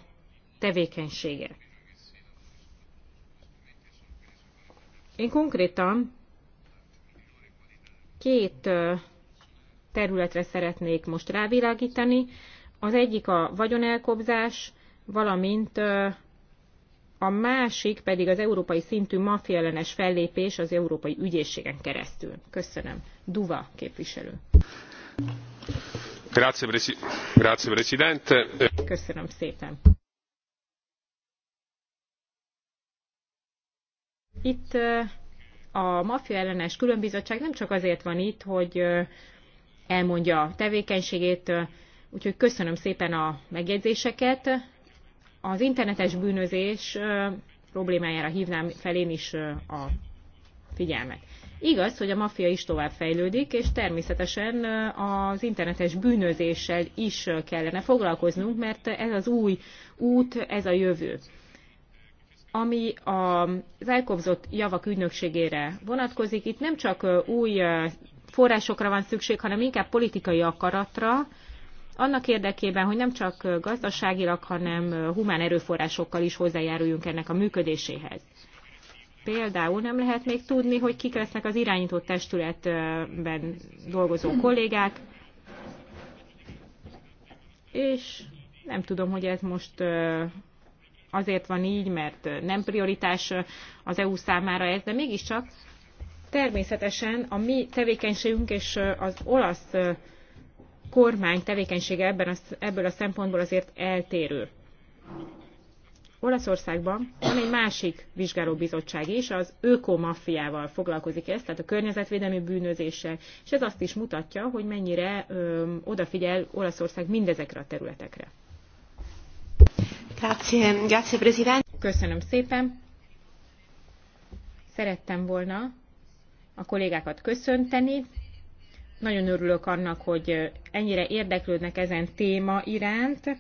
tevékenysége. Én konkrétan két területre szeretnék most rávilágítani. Az egyik a vagyonelkobzás, valamint a másik pedig az európai szintű mafiellenes fellépés az európai ügyészségen keresztül. Köszönöm. Duva képviselő. Grazie, Presidente. Köszönöm szépen. Itt a ellenes különbizottság nem csak azért van itt, hogy elmondja a tevékenységét, úgyhogy köszönöm szépen a megjegyzéseket. Az internetes bűnözés problémájára hívnám fel én is a figyelmet. Igaz, hogy a maffia is tovább fejlődik, és természetesen az internetes bűnözéssel is kellene foglalkoznunk, mert ez az új út, ez a jövő. Ami az elkobzott javak ügynökségére vonatkozik, itt nem csak új forrásokra van szükség, hanem inkább politikai akaratra, annak érdekében, hogy nem csak gazdaságilag, hanem humán erőforrásokkal is hozzájáruljunk ennek a működéséhez. Például nem lehet még tudni, hogy kik lesznek az irányító testületben dolgozó kollégák, és nem tudom, hogy ez most azért van így, mert nem prioritás az EU számára ez, de mégiscsak Természetesen a mi tevékenységünk és az olasz kormány tevékenysége ebben a, ebből a szempontból azért eltérő. Olaszországban van egy másik vizsgálóbizottság is, az ökomaffiával foglalkozik ezt, tehát a környezetvédelmi bűnözéssel, és ez azt is mutatja, hogy mennyire ö, odafigyel Olaszország mindezekre a területekre. Grazie, grazie, Köszönöm szépen. Szerettem volna a kollégákat köszönteni. Nagyon örülök annak, hogy ennyire érdeklődnek ezen téma iránt,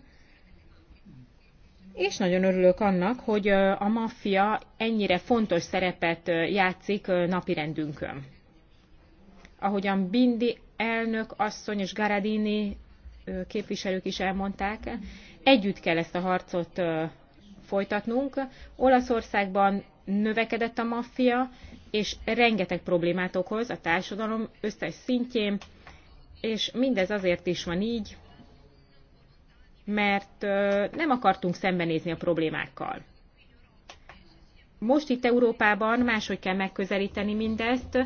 és nagyon örülök annak, hogy a maffia ennyire fontos szerepet játszik napirendünkön. Ahogyan Bindi elnök asszony és Garadini képviselők is elmondták, együtt kell ezt a harcot folytatnunk. Olaszországban növekedett a maffia, és rengeteg problémát okoz a társadalom összes szintjén, és mindez azért is van így, mert nem akartunk szembenézni a problémákkal. Most itt Európában máshogy kell megközelíteni mindezt.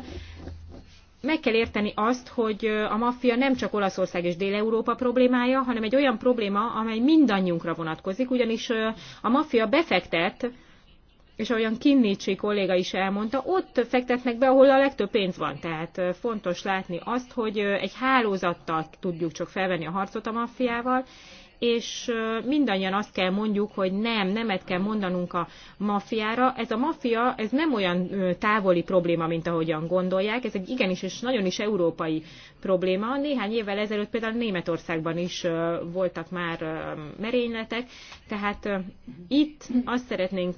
Meg kell érteni azt, hogy a maffia nem csak Olaszország és Dél-Európa problémája, hanem egy olyan probléma, amely mindannyiunkra vonatkozik, ugyanis a maffia befektet és ahogyan Kinnicsi kolléga is elmondta, ott fektetnek be, ahol a legtöbb pénz van. Tehát fontos látni azt, hogy egy hálózattal tudjuk csak felvenni a harcot a maffiával, és mindannyian azt kell mondjuk, hogy nem, nemet kell mondanunk a maffiára. Ez a maffia, ez nem olyan távoli probléma, mint ahogyan gondolják, ez egy igenis és nagyon is európai probléma. Néhány évvel ezelőtt például Németországban is voltak már merényletek, tehát itt azt szeretnénk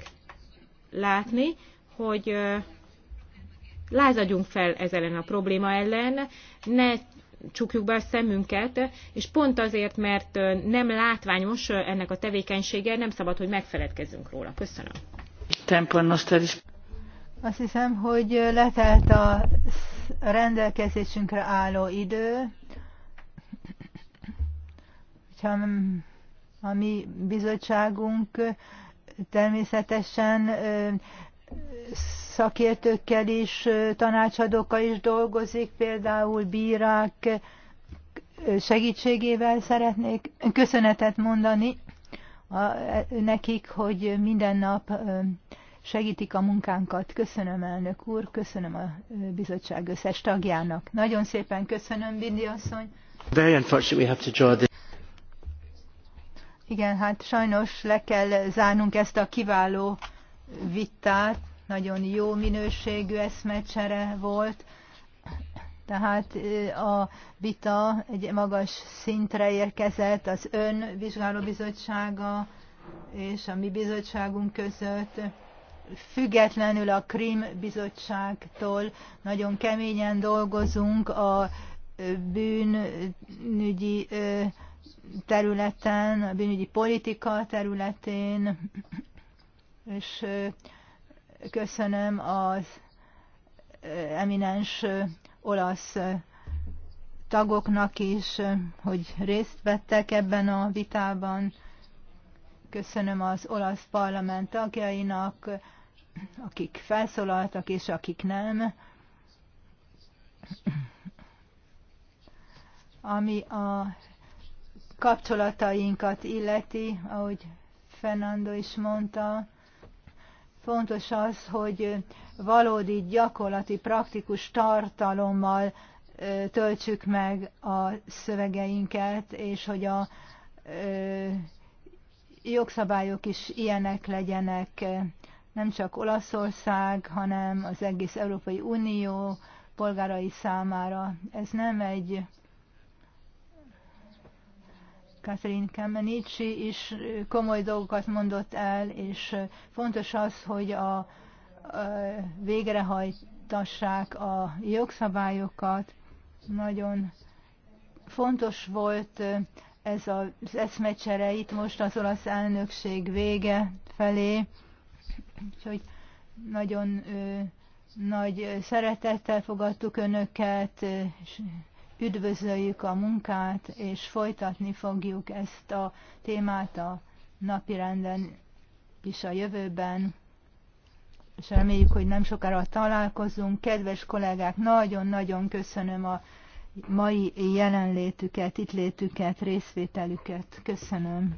látni, hogy lázadjunk fel ez ellen a probléma ellen, ne csukjuk be a szemünket, és pont azért, mert nem látványos ennek a tevékenysége, nem szabad, hogy megfeledkezzünk róla. Köszönöm. Azt hiszem, hogy letelt a rendelkezésünkre álló idő. Hogyha a mi bizottságunk természetesen szakértőkkel is, tanácsadókkal is dolgozik, például bírák segítségével szeretnék köszönetet mondani a, nekik, hogy minden nap segítik a munkánkat. Köszönöm, elnök úr, köszönöm a bizottság összes tagjának. Nagyon szépen köszönöm, Bindi asszony. Igen, hát sajnos le kell zárnunk ezt a kiváló vitát. Nagyon jó minőségű eszmecsere volt. Tehát a vita egy magas szintre érkezett az ön vizsgálóbizottsága és a mi bizottságunk között, függetlenül a Krim bizottságtól nagyon keményen dolgozunk a bűnügyi területen, a bűnügyi politika területén, és köszönöm az eminens olasz tagoknak is, hogy részt vettek ebben a vitában. Köszönöm az olasz parlament tagjainak, akik felszólaltak és akik nem. Ami a kapcsolatainkat illeti, ahogy Fernando is mondta, fontos az, hogy valódi, gyakorlati, praktikus tartalommal töltsük meg a szövegeinket, és hogy a jogszabályok is ilyenek legyenek, nem csak Olaszország, hanem az egész Európai Unió polgárai számára. Ez nem egy Catherine Kamenici is komoly dolgokat mondott el, és fontos az, hogy a, a végrehajtassák a jogszabályokat. Nagyon fontos volt ez az eszmecsere itt most az olasz elnökség vége felé, úgyhogy nagyon ö, nagy szeretettel fogadtuk önöket, és üdvözöljük a munkát, és folytatni fogjuk ezt a témát a napirenden is a jövőben, és reméljük, hogy nem sokára találkozunk. Kedves kollégák, nagyon-nagyon köszönöm a mai jelenlétüket, itt létüket, részvételüket. Köszönöm.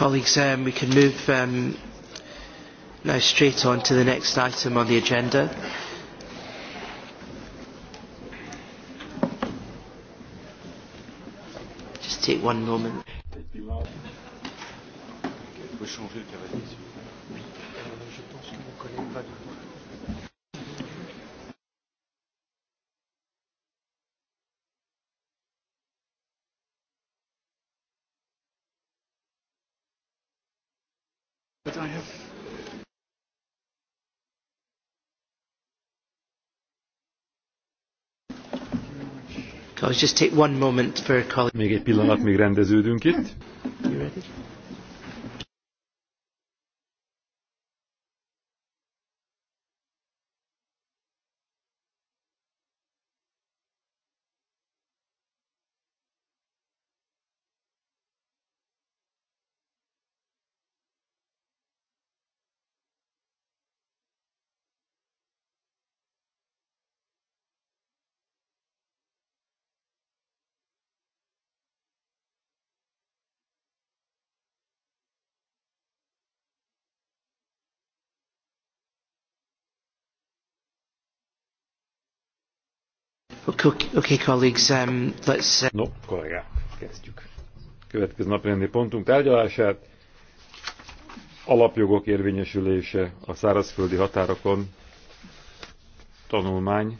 Colleagues, um, we can move um, now straight on to the next item on the agenda. Just take one moment. Vous pouvez Je pense que mon collègue va I have. just take one moment for a colleague. Még egy pillanat, még rendeződünk itt. You ready? Okay, colleagues, um, let's... Uh, no, kollégák, kezdjük. Következő napi pontunk tárgyalását. Alapjogok érvényesülése a szárazföldi határokon tanulmány.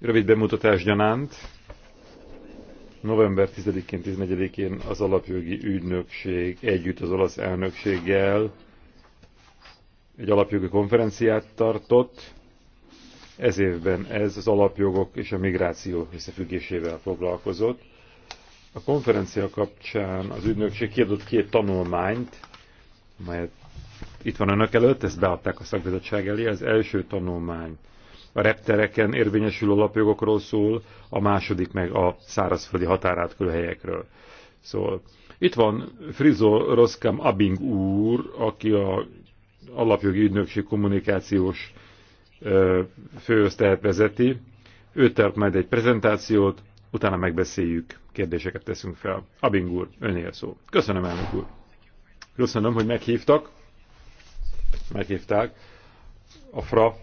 Rövid bemutatás gyanánt. November 10-én, 14-én az alapjogi ügynökség együtt az olasz elnökséggel egy alapjogi konferenciát tartott ez évben ez az alapjogok és a migráció összefüggésével foglalkozott. A konferencia kapcsán az ügynökség kiadott két tanulmányt, melyet itt van önök előtt, ezt beadták a szakbizottság elé. Az első tanulmány a reptereken érvényesülő alapjogokról szól, a második meg a szárazföldi határátkelő helyekről szól. Itt van Frizo Roskam Abing úr, aki a alapjogi ügynökség kommunikációs főosztályát vezeti. Ő tart majd egy prezentációt, utána megbeszéljük, kérdéseket teszünk fel. Abing úr, önél szó. Köszönöm, elnök úr. Köszönöm, hogy meghívtak, meghívták a FRA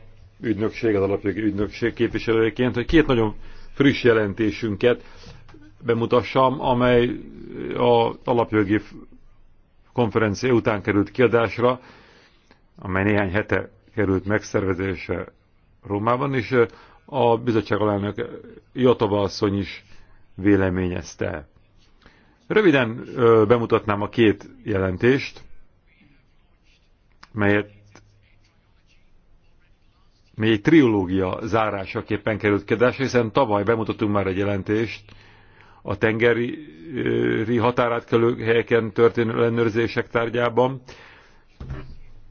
ügynökség, az alapjogi ügynökség képviselőjeként, hogy két nagyon friss jelentésünket bemutassam, amely az alapjogi konferencia után került kiadásra, amely néhány hete került megszervezése Rómában, és a bizottság alelnök Jotova asszony is véleményezte. Röviden bemutatnám a két jelentést, melyet még egy triológia zárásaképpen került kérdésre, hiszen tavaly bemutattunk már egy jelentést a tengeri határátkelő helyeken történő ellenőrzések tárgyában.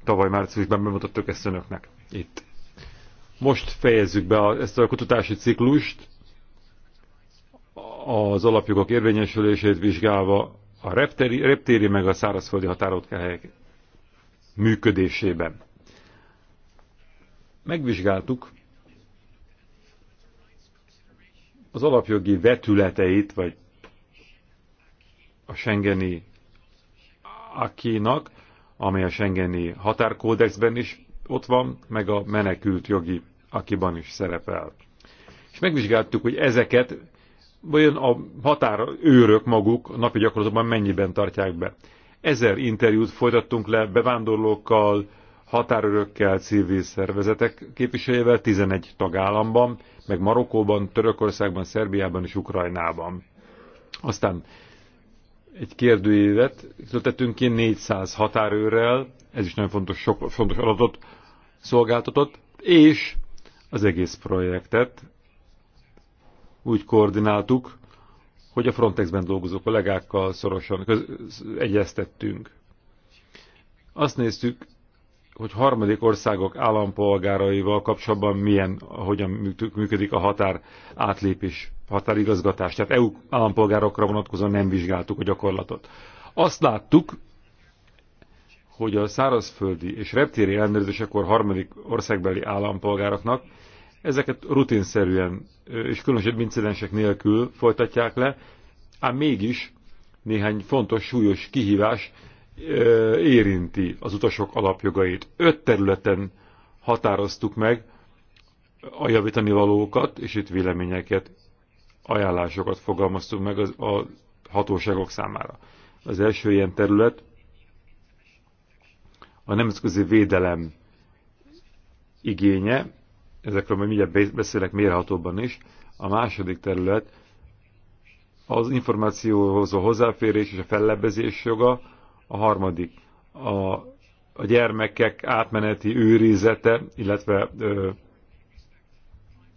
Tavaly márciusban bemutattuk ezt önöknek itt. Most fejezzük be a, ezt a kutatási ciklust, az alapjogok érvényesülését vizsgálva a reptéri, reptéri meg a szárazföldi határotkehelyek működésében. Megvizsgáltuk az alapjogi vetületeit, vagy a Schengeni akinak, amely a Schengeni határkódexben is ott van, meg a menekült jogi akiban is szerepel. És megvizsgáltuk, hogy ezeket vajon a határőrök maguk a napi gyakorlatban mennyiben tartják be. Ezer interjút folytattunk le bevándorlókkal, határőrökkel, civil szervezetek képviselővel 11 tagállamban, meg Marokkóban, Törökországban, Szerbiában és Ukrajnában. Aztán egy kérdőjévet szóval tettünk ki 400 határőrrel, ez is nagyon fontos, sok, fontos adatot szolgáltatott, és az egész projektet úgy koordináltuk, hogy a Frontexben dolgozó kollégákkal szorosan egyeztettünk. Azt néztük, hogy harmadik országok állampolgáraival kapcsolatban milyen, hogyan működik a határ átlépés, határigazgatás. Tehát EU állampolgárokra vonatkozóan nem vizsgáltuk a gyakorlatot. Azt láttuk, hogy a szárazföldi és reptéri ellenőrzésekor harmadik országbeli állampolgároknak ezeket rutinszerűen és különösebb incidensek nélkül folytatják le, ám mégis néhány fontos, súlyos kihívás érinti az utasok alapjogait. Öt területen határoztuk meg a javítani valókat, és itt véleményeket, ajánlásokat fogalmaztunk meg az, a hatóságok számára. Az első ilyen terület a nemzetközi védelem igénye, ezekről majd mindjárt beszélek mérhatóban is, a második terület az információhoz a hozzáférés és a fellebbezés joga, a harmadik a, a gyermekek átmeneti őrizete, illetve ö,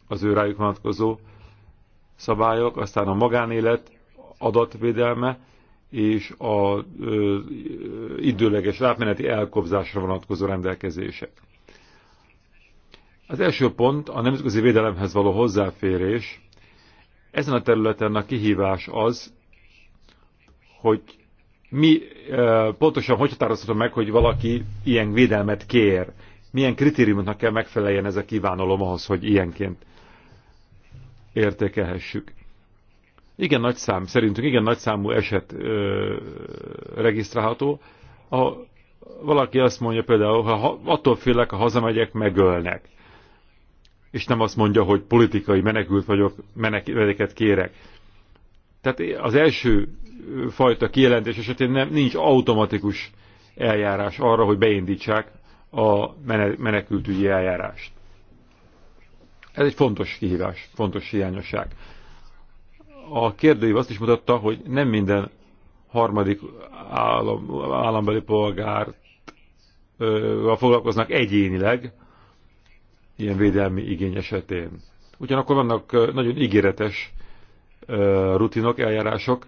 az ő rájuk vonatkozó szabályok, aztán a magánélet adatvédelme és az időleges átmeneti elkobzásra vonatkozó rendelkezések. Az első pont a nemzetközi védelemhez való hozzáférés. Ezen a területen a kihívás az, hogy mi pontosan hogy határozhatom meg, hogy valaki ilyen védelmet kér? Milyen kritériumnak kell megfeleljen ez a kívánalom ahhoz, hogy ilyenként értékelhessük? Igen nagy szám, szerintünk igen nagy számú eset ö, regisztrálható. A, valaki azt mondja például, ha attól félek, ha hazamegyek, megölnek. És nem azt mondja, hogy politikai menekült vagyok, menekeket kérek tehát az első fajta kijelentés esetén nem, nincs automatikus eljárás arra, hogy beindítsák a menekültügyi eljárást. Ez egy fontos kihívás, fontos hiányosság. A kérdőív azt is mutatta, hogy nem minden harmadik állam, állambeli polgárt ö, foglalkoznak egyénileg, ilyen védelmi igény esetén. Ugyanakkor vannak nagyon ígéretes rutinok, eljárások.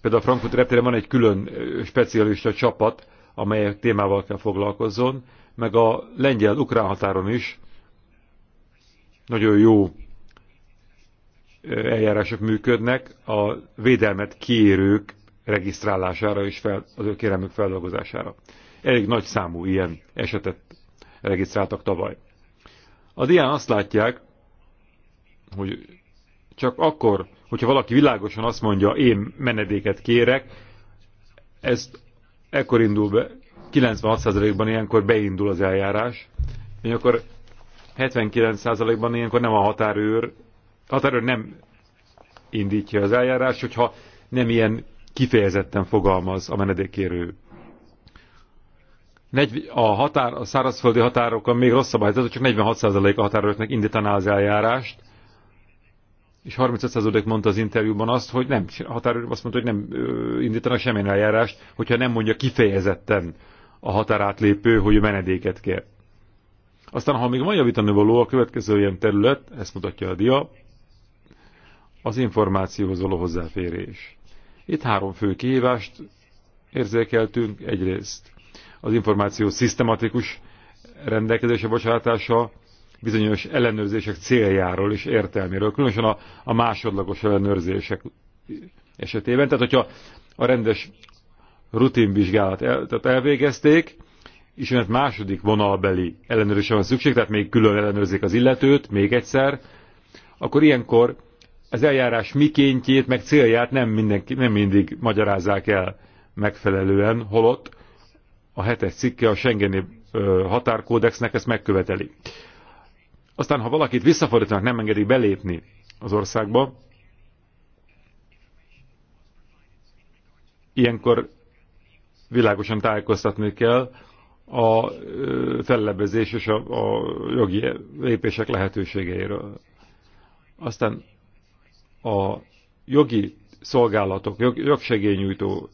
Például a Frankfurt reptéren van egy külön specialista csapat, amelyek témával kell foglalkozzon, meg a lengyel-ukrán határon is nagyon jó eljárások működnek a védelmet kiérők regisztrálására és fel, az ő kérelmük feldolgozására. Elég nagy számú ilyen esetet regisztráltak tavaly. A dián azt látják, hogy csak akkor, hogyha valaki világosan azt mondja, én menedéket kérek, ezt ekkor indul be, 96%-ban ilyenkor beindul az eljárás, és akkor 79%-ban ilyenkor nem a határőr, határőr nem indítja az eljárás, hogyha nem ilyen kifejezetten fogalmaz a menedékkérő. A, határ, a szárazföldi határokon még rosszabb helyzet, csak 46% a határőröknek indítaná az eljárást, és 35% mondta az interjúban azt, hogy nem, határőr azt mondta, hogy nem indítanak semmilyen eljárást, hogyha nem mondja kifejezetten a határátlépő, hogy menedéket kér. Aztán, ha még van javítani való, a következő ilyen terület, ezt mutatja a dia, az információhoz való hozzáférés. Itt három fő kihívást érzékeltünk. Egyrészt az információ szisztematikus rendelkezése bocsátása, bizonyos ellenőrzések céljáról és értelméről, különösen a, a másodlagos ellenőrzések esetében. Tehát, hogyha a rendes rutinvizsgálat el, tehát elvégezték, és mert második vonalbeli ellenőrzésre van szükség, tehát még külön ellenőrzik az illetőt, még egyszer, akkor ilyenkor az eljárás mikéntjét, meg célját nem, mindenki, nem mindig magyarázzák el megfelelően, holott a hetes cikke a Schengeni határkódexnek ezt megköveteli. Aztán, ha valakit visszafordítanak, nem engedik belépni az országba, ilyenkor világosan tájékoztatni kell a fellebezés és a, a jogi lépések lehetőségeiről. Aztán a jogi szolgálatok, jog, jogsegélynyújtó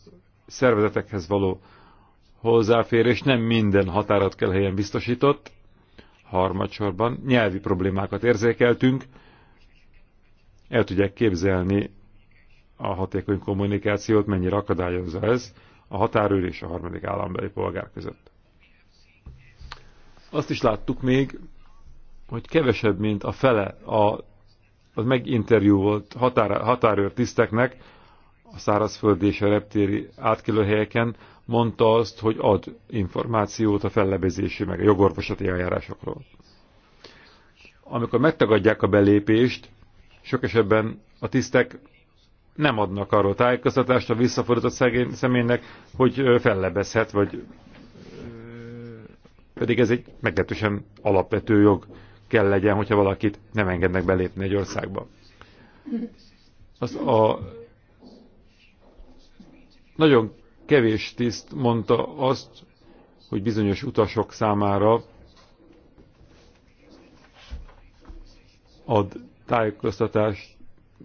szervezetekhez való hozzáférés nem minden határat kell helyen biztosított, harmadsorban nyelvi problémákat érzékeltünk. El tudják képzelni a hatékony kommunikációt, mennyire akadályozza ez a határőr és a harmadik állambeli polgár között. Azt is láttuk még, hogy kevesebb, mint a fele a, az meginterjú volt határ, határőr tiszteknek a szárazföldi és a reptéri átkelőhelyeken mondta azt, hogy ad információt a fellebezési meg a jogorvosati eljárásokról. Amikor megtagadják a belépést, sok esetben a tisztek nem adnak arról tájékoztatást a visszafordított személynek, hogy fellebezhet, vagy pedig ez egy meglehetősen alapvető jog kell legyen, hogyha valakit nem engednek belépni egy országba. Az a nagyon Kevés tiszt mondta azt, hogy bizonyos utasok számára ad tájékoztatást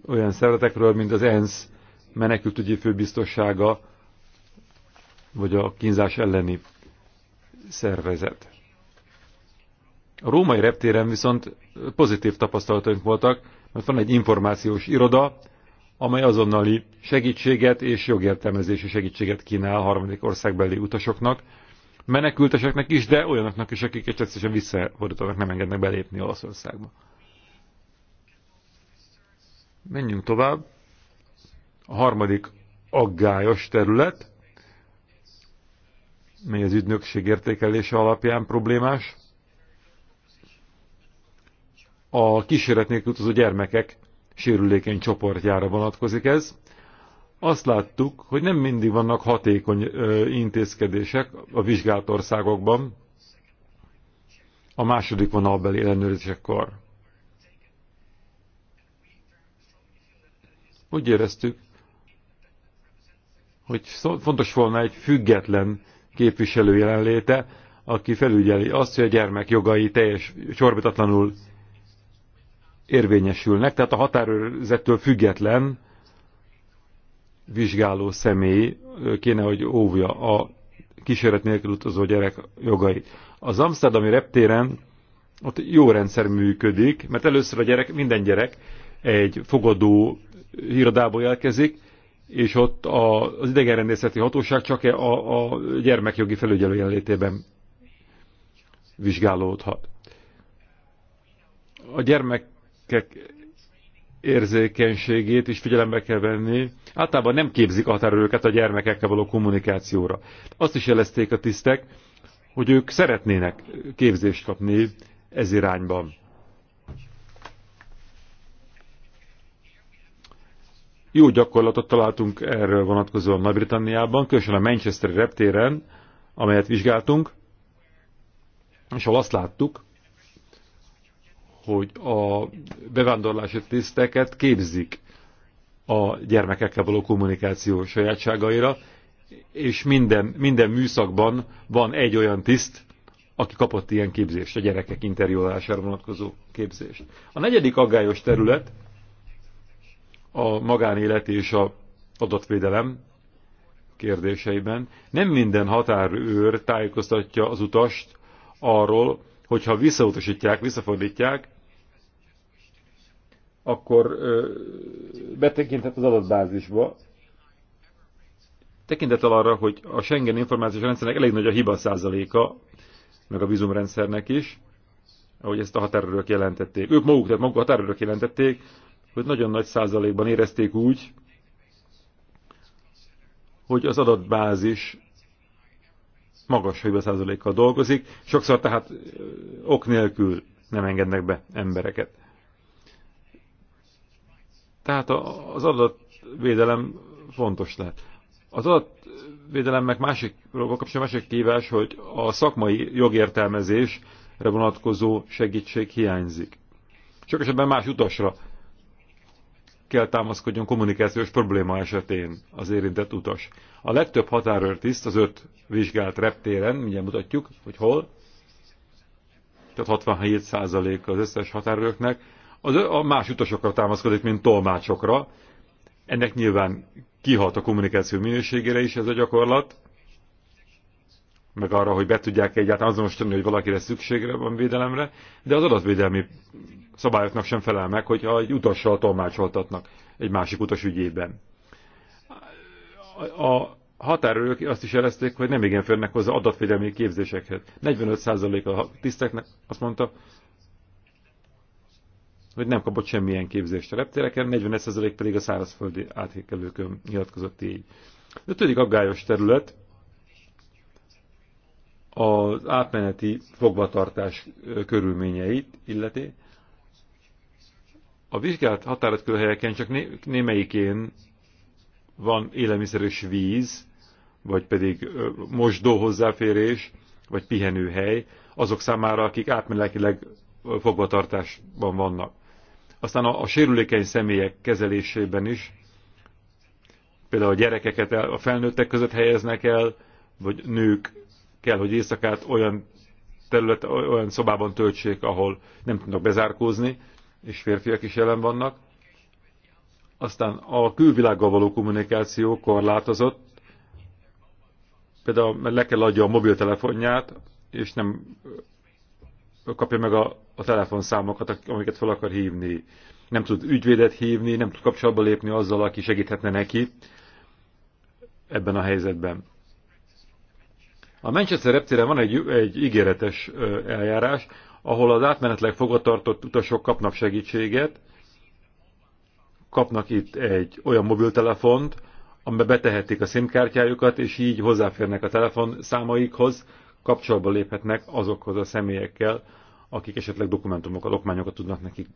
olyan szeretekről, mint az ENSZ menekültügyi főbiztossága, vagy a kínzás elleni szervezet. A római reptéren viszont pozitív tapasztalataink voltak, mert van egy információs iroda, amely azonnali segítséget és jogértelmezési segítséget kínál harmadik országbeli utasoknak, menekülteseknek is, de olyanoknak is, akik egyszerűen visszafordítanak, nem engednek belépni Olaszországba. Menjünk tovább. A harmadik aggályos terület, mely az ügynökség értékelése alapján problémás, a kísérlet nélkül utazó gyermekek sérülékeny csoportjára vonatkozik ez. Azt láttuk, hogy nem mindig vannak hatékony intézkedések a vizsgált országokban a második vonalbeli ellenőrzésekkor. Úgy éreztük, hogy fontos volna egy független képviselő jelenléte, aki felügyeli azt, hogy a gyermek jogai teljes csorbitatlanul érvényesülnek, tehát a határőrzettől független vizsgáló személy kéne, hogy óvja a kísérlet nélkül utazó gyerek jogait. Az Amsterdami reptéren ott jó rendszer működik, mert először a gyerek, minden gyerek egy fogadó híradából jelkezik, és ott a, az idegenrendészeti hatóság csak e a, a gyermekjogi felügyelő jelenlétében vizsgálódhat. A gyermek érdekek érzékenységét is figyelembe kell venni. Általában nem képzik a határőröket a gyermekekkel való kommunikációra. Azt is jelezték a tisztek, hogy ők szeretnének képzést kapni ez irányban. Jó gyakorlatot találtunk erről vonatkozóan Nagy-Britanniában, különösen a Manchester reptéren, amelyet vizsgáltunk, és ahol azt láttuk, hogy a bevándorlási tiszteket képzik a gyermekekkel való kommunikáció sajátságaira, és minden, minden műszakban van egy olyan tiszt, aki kapott ilyen képzést, a gyerekek interjúolására vonatkozó képzést. A negyedik aggályos terület a magánélet és a adatvédelem kérdéseiben. Nem minden határőr tájékoztatja az utast arról, hogyha visszautasítják, visszafordítják, akkor betekintett az adatbázisba, tekintettel arra, hogy a Schengen információs rendszernek elég nagy a hiba százaléka, meg a vízumrendszernek is, ahogy ezt a határőrök jelentették. Ők maguk, tehát maguk a határőrök jelentették, hogy nagyon nagy százalékban érezték úgy, hogy az adatbázis magas hiba százalékkal dolgozik, sokszor tehát ok nélkül nem engednek be embereket. Tehát az adatvédelem fontos lehet. Az adatvédelemnek másik, kapcsolatban másik kívás, hogy a szakmai jogértelmezésre vonatkozó segítség hiányzik. Sok esetben más utasra kell támaszkodjon kommunikációs probléma esetén az érintett utas. A legtöbb határőrtiszt az öt vizsgált reptéren, mindjárt mutatjuk, hogy hol, tehát 67% az összes határőröknek, az, a más utasokra támaszkodik, mint tolmácsokra. Ennek nyilván kihat a kommunikáció minőségére is ez a gyakorlat, meg arra, hogy be tudják egyáltalán azonosítani, hogy valakire szükségre van védelemre, de az adatvédelmi szabályoknak sem felel meg, hogyha egy utassal tolmácsoltatnak egy másik utas ügyében. A határőrök azt is jelezték, hogy nem igen férnek hozzá adatvédelmi képzésekhez. 45% a tiszteknek azt mondta, hogy nem kapott semmilyen képzést a reptéreken, 41% pedig a szárazföldi áthékelőkön nyilatkozott így. Ötödik aggályos terület az átmeneti fogvatartás körülményeit illeti. A vizsgált határatkörhelyeken csak né némelyikén van élelmiszeres víz, vagy pedig mosdó hozzáférés, vagy pihenőhely azok számára, akik átmenetileg fogvatartásban vannak. Aztán a, a sérülékeny személyek kezelésében is, például a gyerekeket el, a felnőttek között helyeznek el, vagy nők kell, hogy éjszakát olyan terület, olyan szobában töltsék, ahol nem tudnak bezárkózni, és férfiak is jelen vannak. Aztán a külvilággal való kommunikáció korlátozott, például le kell adja a mobiltelefonját, és nem kapja meg a a telefonszámokat, amiket fel akar hívni. Nem tud ügyvédet hívni, nem tud kapcsolatba lépni azzal, aki segíthetne neki ebben a helyzetben. A Manchester reptéren van egy, egy ígéretes eljárás, ahol az átmenetleg fogvatartott utasok kapnak segítséget, kapnak itt egy olyan mobiltelefont, amiben betehetik a SIM-kártyájukat, és így hozzáférnek a telefonszámaikhoz, kapcsolatba léphetnek azokhoz a személyekkel, akik esetleg dokumentumokat, okmányokat tudnak nekik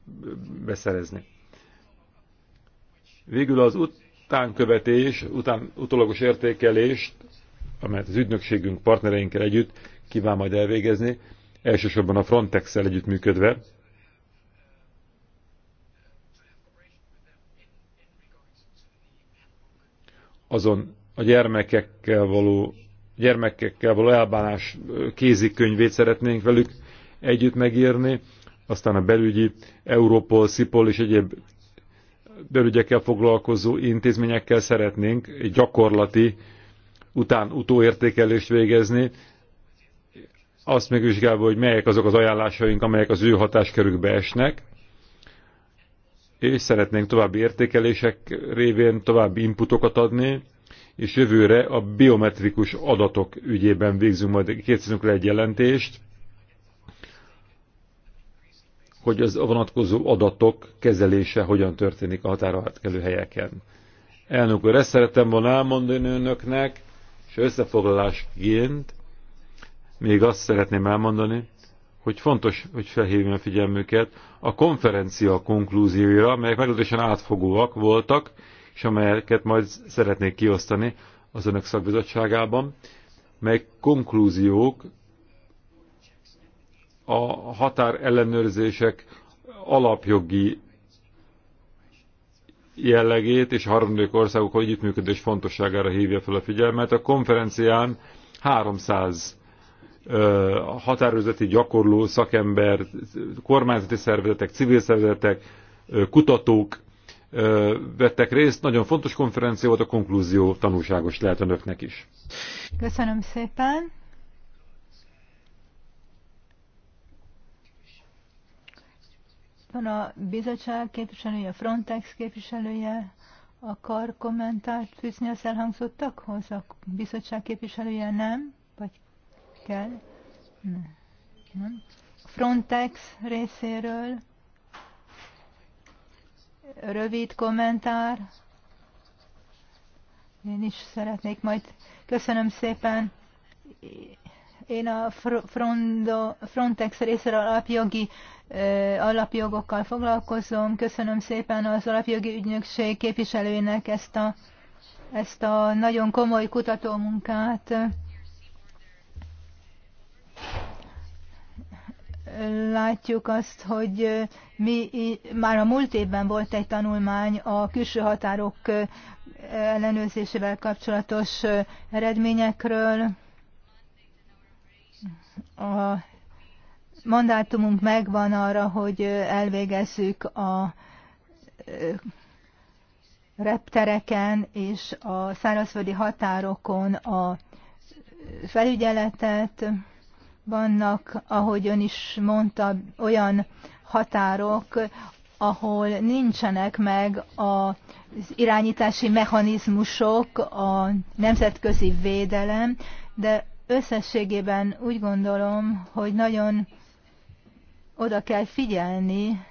beszerezni. Végül az utánkövetés, után, utólagos értékelést, amelyet az ügynökségünk partnereinkkel együtt kíván majd elvégezni, elsősorban a Frontex-el együttműködve, azon a gyermekekkel való, gyermekekkel való elbánás kézikönyvét szeretnénk velük együtt megírni, aztán a belügyi, Europol, Szipol és egyéb belügyekkel foglalkozó intézményekkel szeretnénk egy gyakorlati után utóértékelést végezni, azt megvizsgálva, hogy melyek azok az ajánlásaink, amelyek az ő hatáskörükbe esnek, és szeretnénk további értékelések révén további inputokat adni, és jövőre a biometrikus adatok ügyében végzünk majd, készítünk le egy jelentést, hogy az vonatkozó adatok kezelése hogyan történik a határátkelő helyeken. Elnök úr, ezt szerettem volna elmondani önöknek, és összefoglalásként még azt szeretném elmondani, hogy fontos, hogy felhívjam a figyelmüket a konferencia konklúzióira, amelyek meglehetősen átfogóak voltak, és amelyeket majd szeretnék kiosztani az önök szakbizottságában, mely konklúziók a határellenőrzések alapjogi jellegét és harmadik országok együttműködés fontosságára hívja fel a figyelmet. A konferencián 300 határőrzeti gyakorló szakember, kormányzati szervezetek, civil szervezetek, kutatók vettek részt. Nagyon fontos konferencia volt, a konklúzió tanulságos lehet önöknek is. Köszönöm szépen. van a bizottság képviselője, a Frontex képviselője, akar kommentált fűzni az elhangzottakhoz? A bizottság képviselője nem? Vagy kell? Nem. nem. Frontex részéről rövid kommentár. Én is szeretnék majd. Köszönöm szépen. Én a Frontex részéről alapjogi alapjogokkal foglalkozom. Köszönöm szépen az alapjogi ügynökség képviselőinek ezt a, ezt a nagyon komoly kutatómunkát. Látjuk azt, hogy mi már a múlt évben volt egy tanulmány a külső határok ellenőrzésével kapcsolatos eredményekről. A mandátumunk megvan arra, hogy elvégezzük a reptereken és a szárazföldi határokon a felügyeletet. Vannak, ahogy ön is mondta, olyan határok, ahol nincsenek meg az irányítási mechanizmusok, a nemzetközi védelem, de összességében úgy gondolom, hogy nagyon oda kell figyelni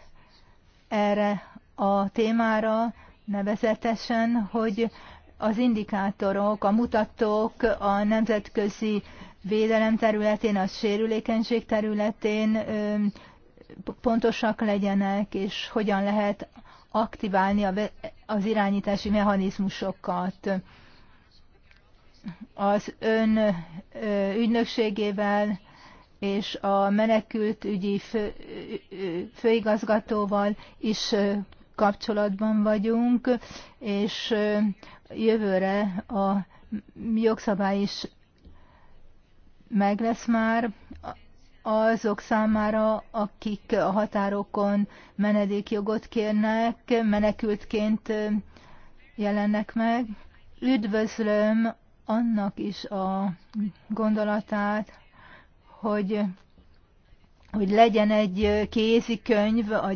erre a témára, nevezetesen, hogy az indikátorok, a mutatók a nemzetközi védelem területén, a sérülékenység területén pontosak legyenek, és hogyan lehet aktiválni az irányítási mechanizmusokat. Az ön ügynökségével és a menekült ügyi fő, főigazgatóval is kapcsolatban vagyunk, és jövőre a jogszabály is meg lesz már azok számára, akik a határokon menedékjogot kérnek, menekültként jelennek meg. Üdvözlöm annak is a gondolatát, hogy hogy legyen egy kézikönyv a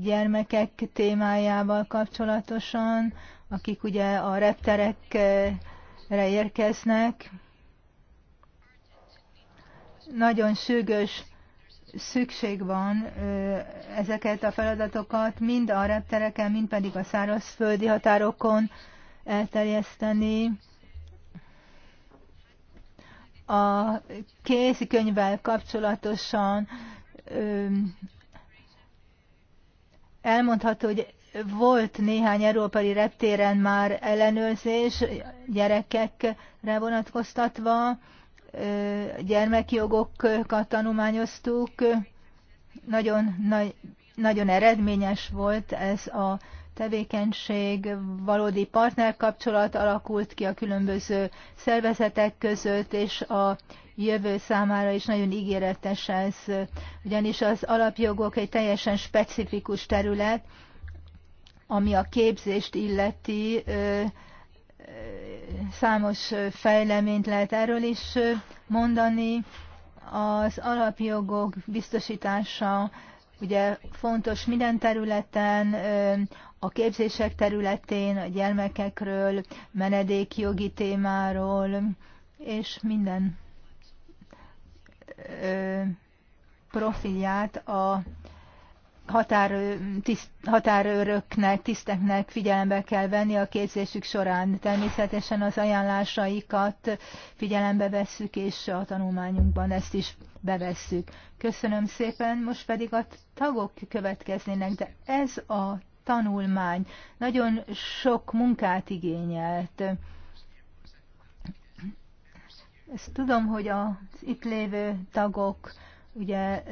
gyermekek témájával kapcsolatosan, akik ugye a repterekre érkeznek. Nagyon sürgős szükség van ezeket a feladatokat mind a reptereken, mind pedig a szárazföldi határokon elterjeszteni a kézikönyvvel kapcsolatosan elmondható, hogy volt néhány európai reptéren már ellenőrzés gyerekekre vonatkoztatva, gyermekjogokat tanulmányoztuk, nagyon, nagy, nagyon eredményes volt ez a tevékenység, valódi partnerkapcsolat alakult ki a különböző szervezetek között, és a jövő számára is nagyon ígéretes ez, ugyanis az alapjogok egy teljesen specifikus terület, ami a képzést illeti, számos fejleményt lehet erről is mondani. Az alapjogok biztosítása ugye fontos minden területen, a képzések területén, a gyermekekről, menedékjogi témáról, és minden ö, profilját a határ, tiszt, határőröknek, tiszteknek figyelembe kell venni a képzésük során. Természetesen az ajánlásaikat figyelembe vesszük, és a tanulmányunkban ezt is bevesszük. Köszönöm szépen, most pedig a tagok következnének, de ez a tanulmány nagyon sok munkát igényelt. Ezt tudom, hogy az itt lévő tagok ugye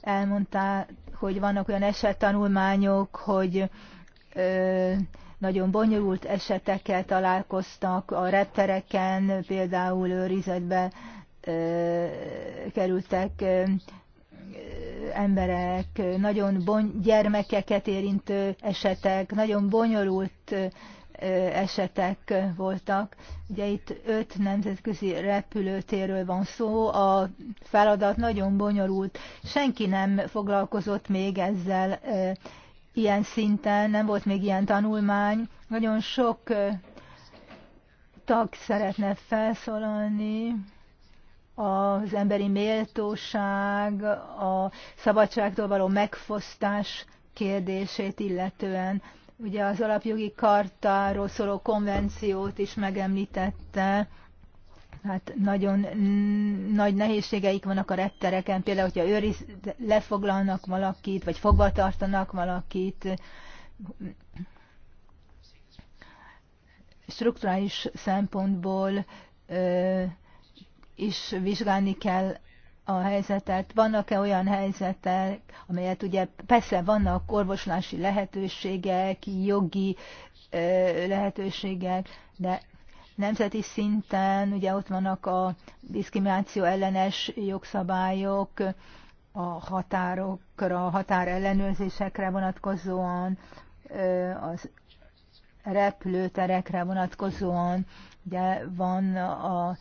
elmondták, hogy vannak olyan esettanulmányok, hogy nagyon bonyolult esetekkel találkoztak a reptereken, például őrizetbe kerültek emberek, nagyon bon- gyermekeket érintő esetek, nagyon bonyolult esetek voltak. Ugye itt öt nemzetközi repülőtérről van szó, a feladat nagyon bonyolult, senki nem foglalkozott még ezzel ilyen szinten, nem volt még ilyen tanulmány. Nagyon sok tag szeretne felszólalni az emberi méltóság, a szabadságtól való megfosztás kérdését illetően. Ugye az alapjogi kartáról szóló konvenciót is megemlítette, hát nagyon nagy nehézségeik vannak a rettereken, például, hogyha őriz, lefoglalnak valakit, vagy fogva tartanak valakit, strukturális szempontból ö, is vizsgálni kell a helyzetet. Vannak-e olyan helyzetek, amelyet ugye persze vannak orvoslási lehetőségek, jogi ö, lehetőségek, de nemzeti szinten ugye ott vannak a diszkrimináció ellenes jogszabályok, a határokra, határellenőrzésekre vonatkozóan, az repülőterekre vonatkozóan, Ugye van a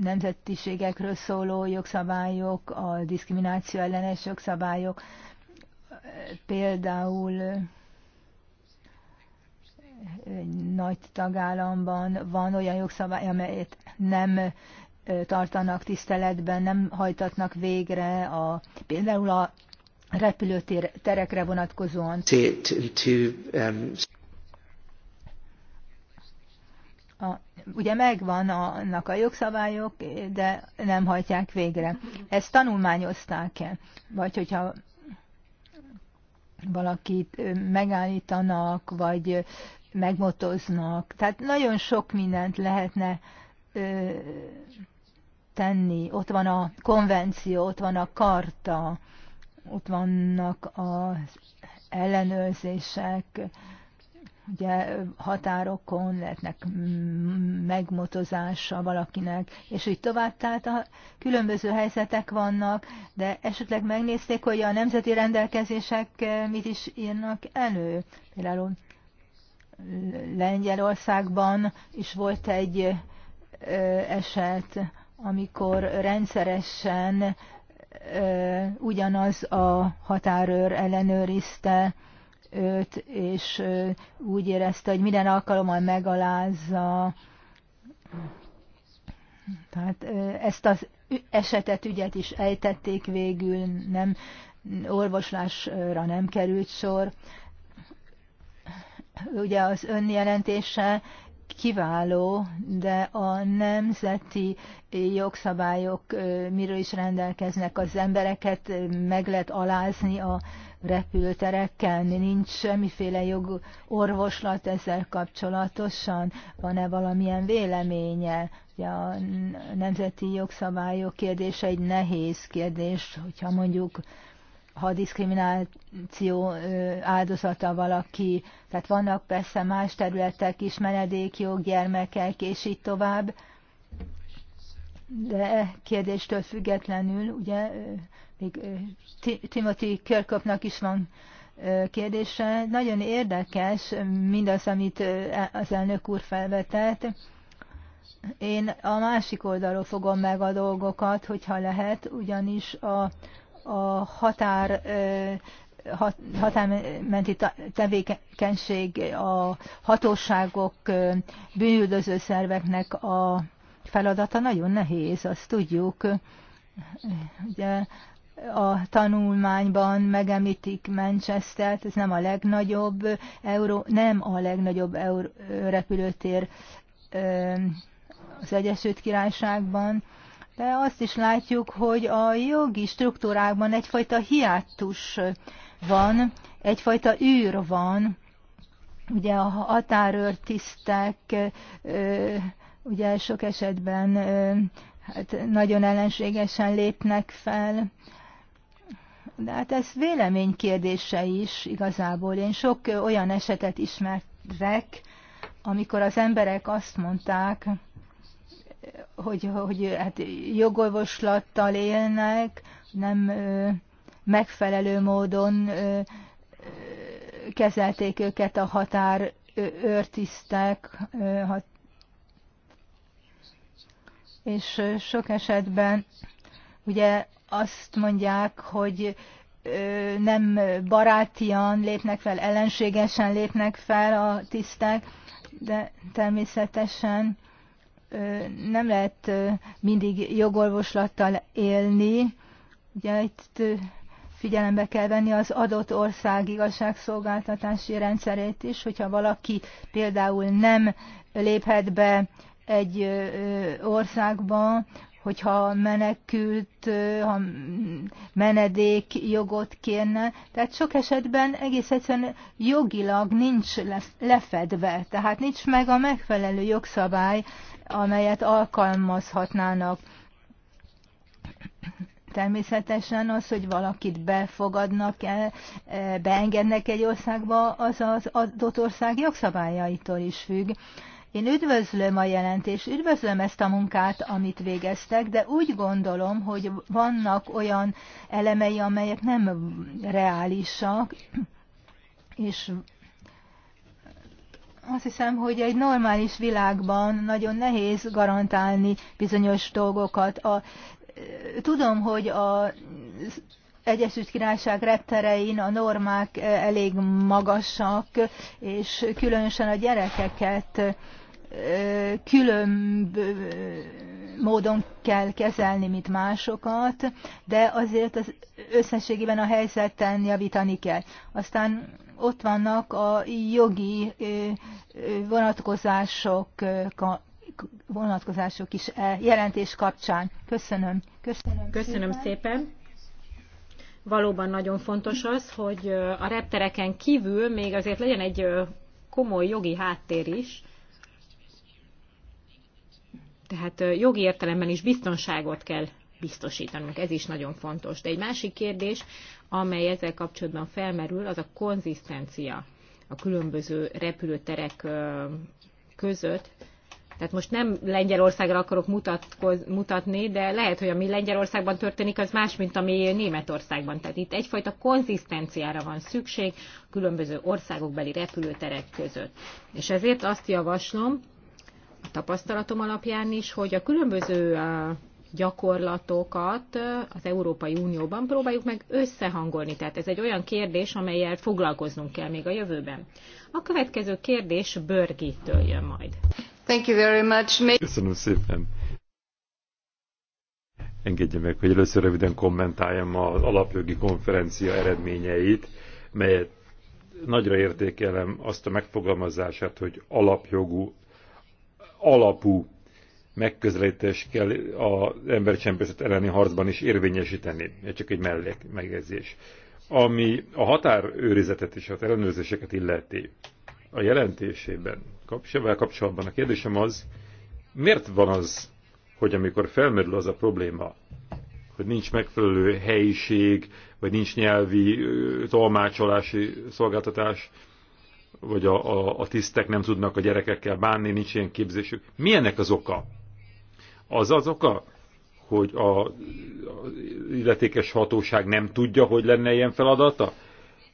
nemzetiségekről szóló jogszabályok, a diszkrimináció ellenes jogszabályok, például nagy tagállamban van olyan jogszabály, amelyet nem tartanak tiszteletben, nem hajtatnak végre, a, például a terekre vonatkozóan. To, to, um a, ugye megvan a, annak a jogszabályok, de nem hajtják végre. Ezt tanulmányozták-e? Vagy hogyha valakit megállítanak, vagy megmotoznak. Tehát nagyon sok mindent lehetne ö, tenni. Ott van a konvenció, ott van a karta, ott vannak az ellenőrzések. Ö, ugye határokon lehetnek megmotozása valakinek, és így tovább. Tehát a különböző helyzetek vannak, de esetleg megnézték, hogy a nemzeti rendelkezések eh, mit is írnak elő. Például Lengyelországban is volt egy eh, eset, amikor rendszeresen eh, ugyanaz a határőr ellenőrizte, őt, és úgy érezte, hogy minden alkalommal megalázza. Tehát ezt az esetet, ügyet is ejtették végül, nem orvoslásra nem került sor. Ugye az önjelentése kiváló, de a nemzeti jogszabályok miről is rendelkeznek, az embereket meg lehet alázni a repülterekkel? Nincs semmiféle jogorvoslat ezzel kapcsolatosan? Van-e valamilyen véleménye? Ugye a nemzeti jogszabályok kérdése egy nehéz kérdés, hogyha mondjuk ha diszkrimináció áldozata valaki, tehát vannak persze más területek is, menedékjog, gyermekek, és így tovább, de e kérdéstől függetlenül ugye még Timothy Körköpnak is van kérdése. Nagyon érdekes mindaz, amit az elnök úr felvetett. Én a másik oldalról fogom meg a dolgokat, hogyha lehet, ugyanis a, a határ határmenti tevékenység a hatóságok bűnüldöző szerveknek a feladata nagyon nehéz, azt tudjuk. Ugye a tanulmányban megemlítik Manchester-t, ez nem a legnagyobb, euró, nem a legnagyobb euró, repülőtér az Egyesült Királyságban, de azt is látjuk, hogy a jogi struktúrákban egyfajta hiátus van, egyfajta űr van, ugye a határőrtisztek ugye sok esetben hát nagyon ellenségesen lépnek fel, de hát ez vélemény kérdése is igazából. Én sok olyan esetet ismerek, amikor az emberek azt mondták, hogy, hogy hát jogorvoslattal élnek, nem megfelelő módon kezelték őket a határ őrtisztek, hat, és sok esetben ugye azt mondják, hogy nem barátian lépnek fel, ellenségesen lépnek fel a tiszták, de természetesen nem lehet mindig jogorvoslattal élni. Ugye itt figyelembe kell venni az adott ország igazságszolgáltatási rendszerét is, hogyha valaki például nem léphet be egy országba, hogyha menekült, ha menedék jogot kérne. Tehát sok esetben egész egyszerűen jogilag nincs lefedve, tehát nincs meg a megfelelő jogszabály, amelyet alkalmazhatnának. Természetesen az, hogy valakit befogadnak el, e, beengednek egy országba, az az adott ország jogszabályaitól is függ. Én üdvözlöm a jelentést, üdvözlöm ezt a munkát, amit végeztek, de úgy gondolom, hogy vannak olyan elemei, amelyek nem reálisak, és azt hiszem, hogy egy normális világban nagyon nehéz garantálni bizonyos dolgokat. A, tudom, hogy a Egyesült Királyság repterein a normák elég magasak, és különösen a gyerekeket külön módon kell kezelni, mint másokat, de azért az összességében a helyzeten javítani kell. Aztán ott vannak a jogi vonatkozások, vonatkozások is e, jelentés kapcsán. Köszönöm. Köszönöm, Köszönöm szépen. szépen. Valóban nagyon fontos az, hogy a reptereken kívül még azért legyen egy komoly jogi háttér is, tehát jogi értelemben is biztonságot kell biztosítanunk, ez is nagyon fontos. De egy másik kérdés, amely ezzel kapcsolatban felmerül, az a konzisztencia a különböző repülőterek között. Tehát most nem Lengyelországra akarok mutatkoz, mutatni, de lehet, hogy ami Lengyelországban történik, az más, mint ami Németországban. Tehát itt egyfajta konzisztenciára van szükség különböző országokbeli repülőterek között. És ezért azt javaslom, tapasztalatom alapján is, hogy a különböző uh, gyakorlatokat uh, az Európai Unióban próbáljuk meg összehangolni. Tehát ez egy olyan kérdés, amelyel foglalkoznunk kell még a jövőben. A következő kérdés Börgitől jön majd. Thank you very much. Köszönöm szépen. Engedje meg, hogy először röviden kommentáljam az alapjogi konferencia eredményeit, melyet nagyra értékelem azt a megfogalmazását, hogy alapjogú alapú megközelítés kell az embercsempészet elleni harcban is érvényesíteni. Ez csak egy mellék megjegyzés. Ami a határőrizetet és a ellenőrzéseket illeti a jelentésében kapcsolatban a kérdésem az, miért van az, hogy amikor felmerül az a probléma, hogy nincs megfelelő helyiség, vagy nincs nyelvi tolmácsolási szolgáltatás, vagy a, a, a tisztek nem tudnak a gyerekekkel bánni, nincs ilyen képzésük. Milyennek az oka? Az az oka, hogy a, a illetékes hatóság nem tudja, hogy lenne ilyen feladata?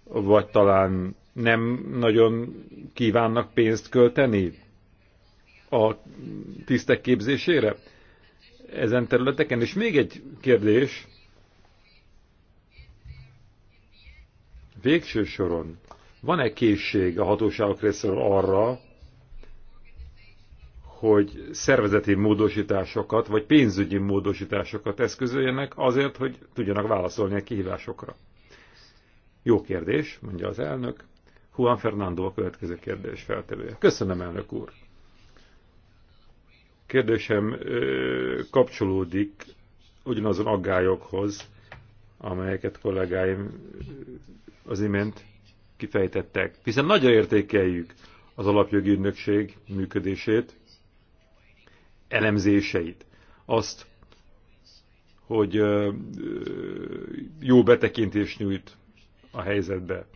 Vagy talán nem nagyon kívánnak pénzt költeni a tisztek képzésére ezen területeken? És még egy kérdés. Végső soron van-e készség a hatóságok részéről arra, hogy szervezeti módosításokat, vagy pénzügyi módosításokat eszközöljenek azért, hogy tudjanak válaszolni a kihívásokra? Jó kérdés, mondja az elnök. Juan Fernando a következő kérdés feltevője. Köszönöm, elnök úr. Kérdésem kapcsolódik ugyanazon aggályokhoz, amelyeket kollégáim az imént kifejtettek, hiszen nagyra értékeljük az alapjogi ügynökség működését, elemzéseit, azt, hogy jó betekintést nyújt a helyzetbe.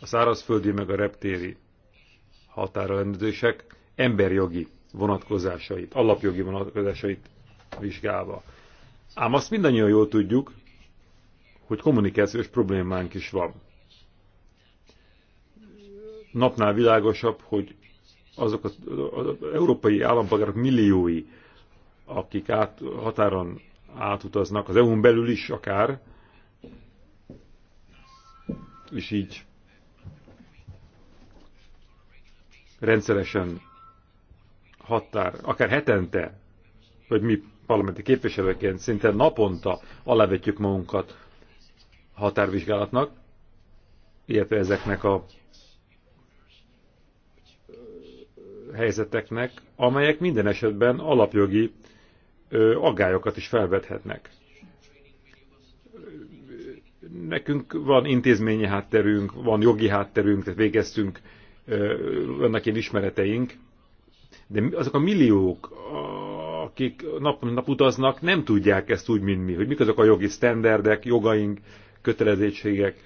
A szárazföldi meg a reptéri határelendősek emberjogi vonatkozásait, alapjogi vonatkozásait vizsgálva. Ám azt mindannyian jól tudjuk, hogy kommunikációs problémánk is van napnál világosabb, hogy azok az, az európai állampolgárok milliói, akik át, határon átutaznak, az EU-n belül is akár, és így rendszeresen határ, akár hetente, vagy mi parlamenti képviselőként szinte naponta alávetjük magunkat határvizsgálatnak, illetve ezeknek a helyzeteknek, amelyek minden esetben alapjogi aggályokat is felvethetnek. Nekünk van intézményi hátterünk, van jogi hátterünk, tehát végeztünk, vannak ilyen ismereteink, de azok a milliók, akik nap, nap utaznak, nem tudják ezt úgy, mint mi, hogy mik azok a jogi sztenderdek, jogaink, kötelezettségek,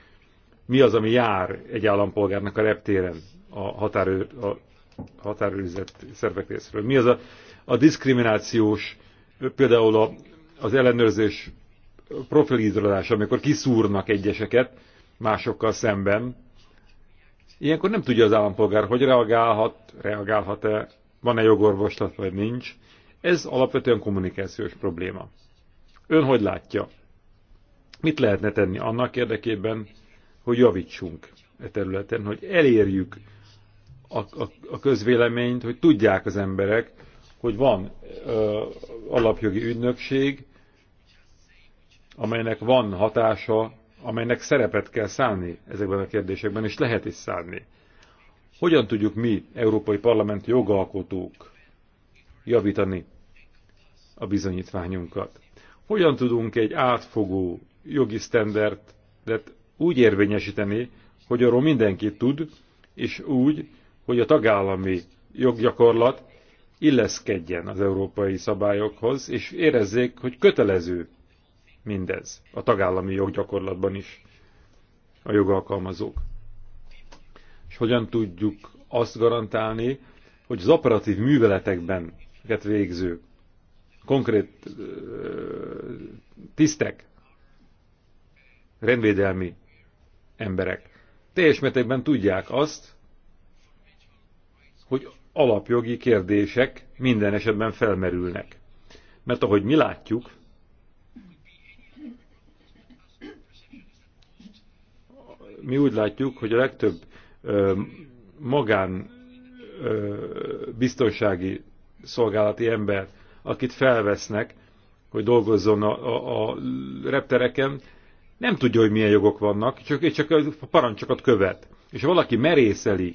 mi az, ami jár egy állampolgárnak a reptéren, a határőr, a határőrizett szervek részről. Mi az a, a diszkriminációs, például a, az ellenőrzés profilizálása, amikor kiszúrnak egyeseket másokkal szemben, ilyenkor nem tudja az állampolgár, hogy reagálhat, reagálhat-e, van-e jogorvoslat, vagy nincs. Ez alapvetően kommunikációs probléma. Ön hogy látja? Mit lehetne tenni annak érdekében, hogy javítsunk e területen, hogy elérjük a, a, a közvéleményt, hogy tudják az emberek, hogy van ö, alapjogi ügynökség, amelynek van hatása, amelynek szerepet kell szállni ezekben a kérdésekben, és lehet is szállni. Hogyan tudjuk mi, Európai Parlament jogalkotók, javítani a bizonyítványunkat? Hogyan tudunk egy átfogó jogi sztenderdet úgy érvényesíteni, hogy arról mindenki tud, és úgy, hogy a tagállami joggyakorlat illeszkedjen az európai szabályokhoz, és érezzék, hogy kötelező mindez a tagállami joggyakorlatban is a jogalkalmazók. És hogyan tudjuk azt garantálni, hogy az operatív műveletekben végző konkrét tisztek, rendvédelmi emberek teljes mértékben tudják azt, hogy alapjogi kérdések minden esetben felmerülnek. Mert ahogy mi látjuk, mi úgy látjuk, hogy a legtöbb ö, magán ö, biztonsági szolgálati ember, akit felvesznek, hogy dolgozzon a, a, a reptereken, nem tudja, hogy milyen jogok vannak, csak, csak a parancsokat követ. És ha valaki merészeli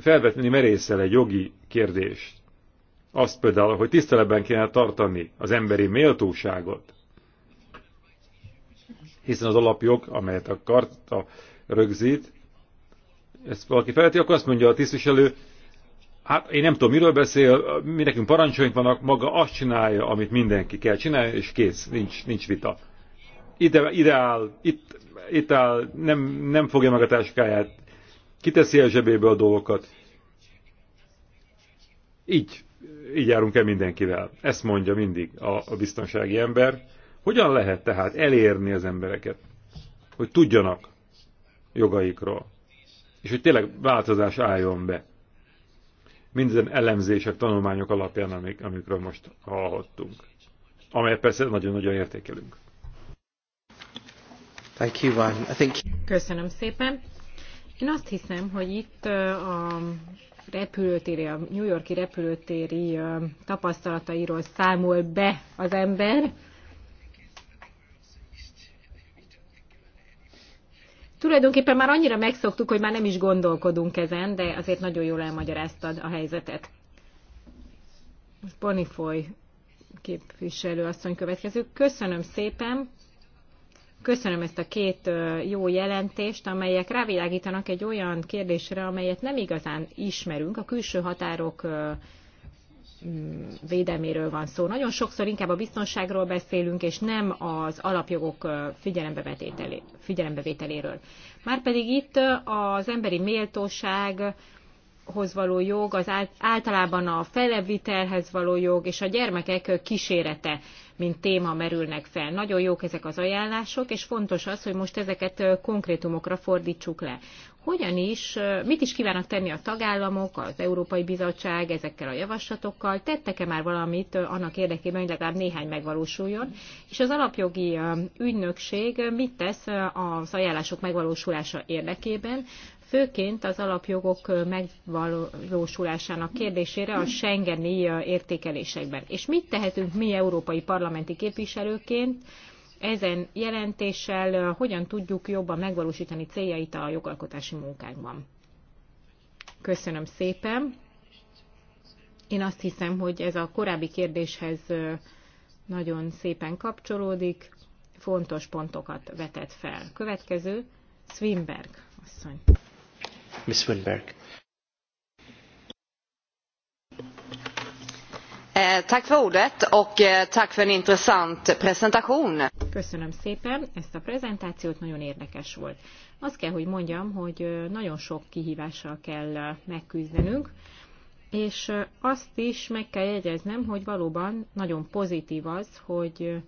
felvetni merészel egy jogi kérdést, azt például, hogy tiszteletben kéne tartani az emberi méltóságot, hiszen az alapjog, amelyet a karta rögzít, ezt valaki feleti, akkor azt mondja a tisztviselő, hát én nem tudom, miről beszél, mi nekünk parancsaink vannak, maga azt csinálja, amit mindenki kell csinálni, és kész, nincs, nincs vita. Ide, ide áll, itt, itt áll, nem, nem fogja meg a táskáját, kiteszi a zsebébe a dolgokat. Így, így járunk el mindenkivel. Ezt mondja mindig a, a biztonsági ember. Hogyan lehet tehát elérni az embereket, hogy tudjanak jogaikról, és hogy tényleg változás álljon be? Minden elemzések, tanulmányok alapján, amik, amikről most hallhattunk, amelyet persze nagyon-nagyon értékelünk. Köszönöm szépen. Én azt hiszem, hogy itt a repülőtéri, a New Yorki repülőtéri tapasztalatairól számol be az ember. Tulajdonképpen már annyira megszoktuk, hogy már nem is gondolkodunk ezen, de azért nagyon jól elmagyaráztad a helyzetet. Bonifoy képviselő asszony következő. Köszönöm szépen! Köszönöm ezt a két jó jelentést, amelyek rávilágítanak egy olyan kérdésre, amelyet nem igazán ismerünk. A külső határok mm, védelméről van szó. Nagyon sokszor inkább a biztonságról beszélünk, és nem az alapjogok figyelembevételéről. Márpedig itt az emberi méltóság, hoz való jog, az általában a felevitelhez való jog és a gyermekek kísérete mint téma merülnek fel. Nagyon jók ezek az ajánlások, és fontos az, hogy most ezeket konkrétumokra fordítsuk le. Hogyan is, mit is kívánnak tenni a tagállamok, az Európai Bizottság ezekkel a javaslatokkal? Tettek-e már valamit annak érdekében, hogy legalább néhány megvalósuljon? És az alapjogi ügynökség mit tesz az ajánlások megvalósulása érdekében? főként az alapjogok megvalósulásának kérdésére a Schengeni értékelésekben. És mit tehetünk mi európai parlamenti képviselőként ezen jelentéssel, hogyan tudjuk jobban megvalósítani céljait a jogalkotási munkánkban? Köszönöm szépen. Én azt hiszem, hogy ez a korábbi kérdéshez nagyon szépen kapcsolódik, fontos pontokat vetett fel. Következő, Swinberg asszony. Ms. Winberg. Eh, tack för ordet och eh, tack för en intressant presentation. Köszönöm szépen ezt a prezentációt, nagyon érdekes volt. Azt kell, hogy mondjam, hogy nagyon sok kihívással kell megküzdenünk, és azt is meg kell jegyeznem, hogy valóban nagyon pozitív az, hogy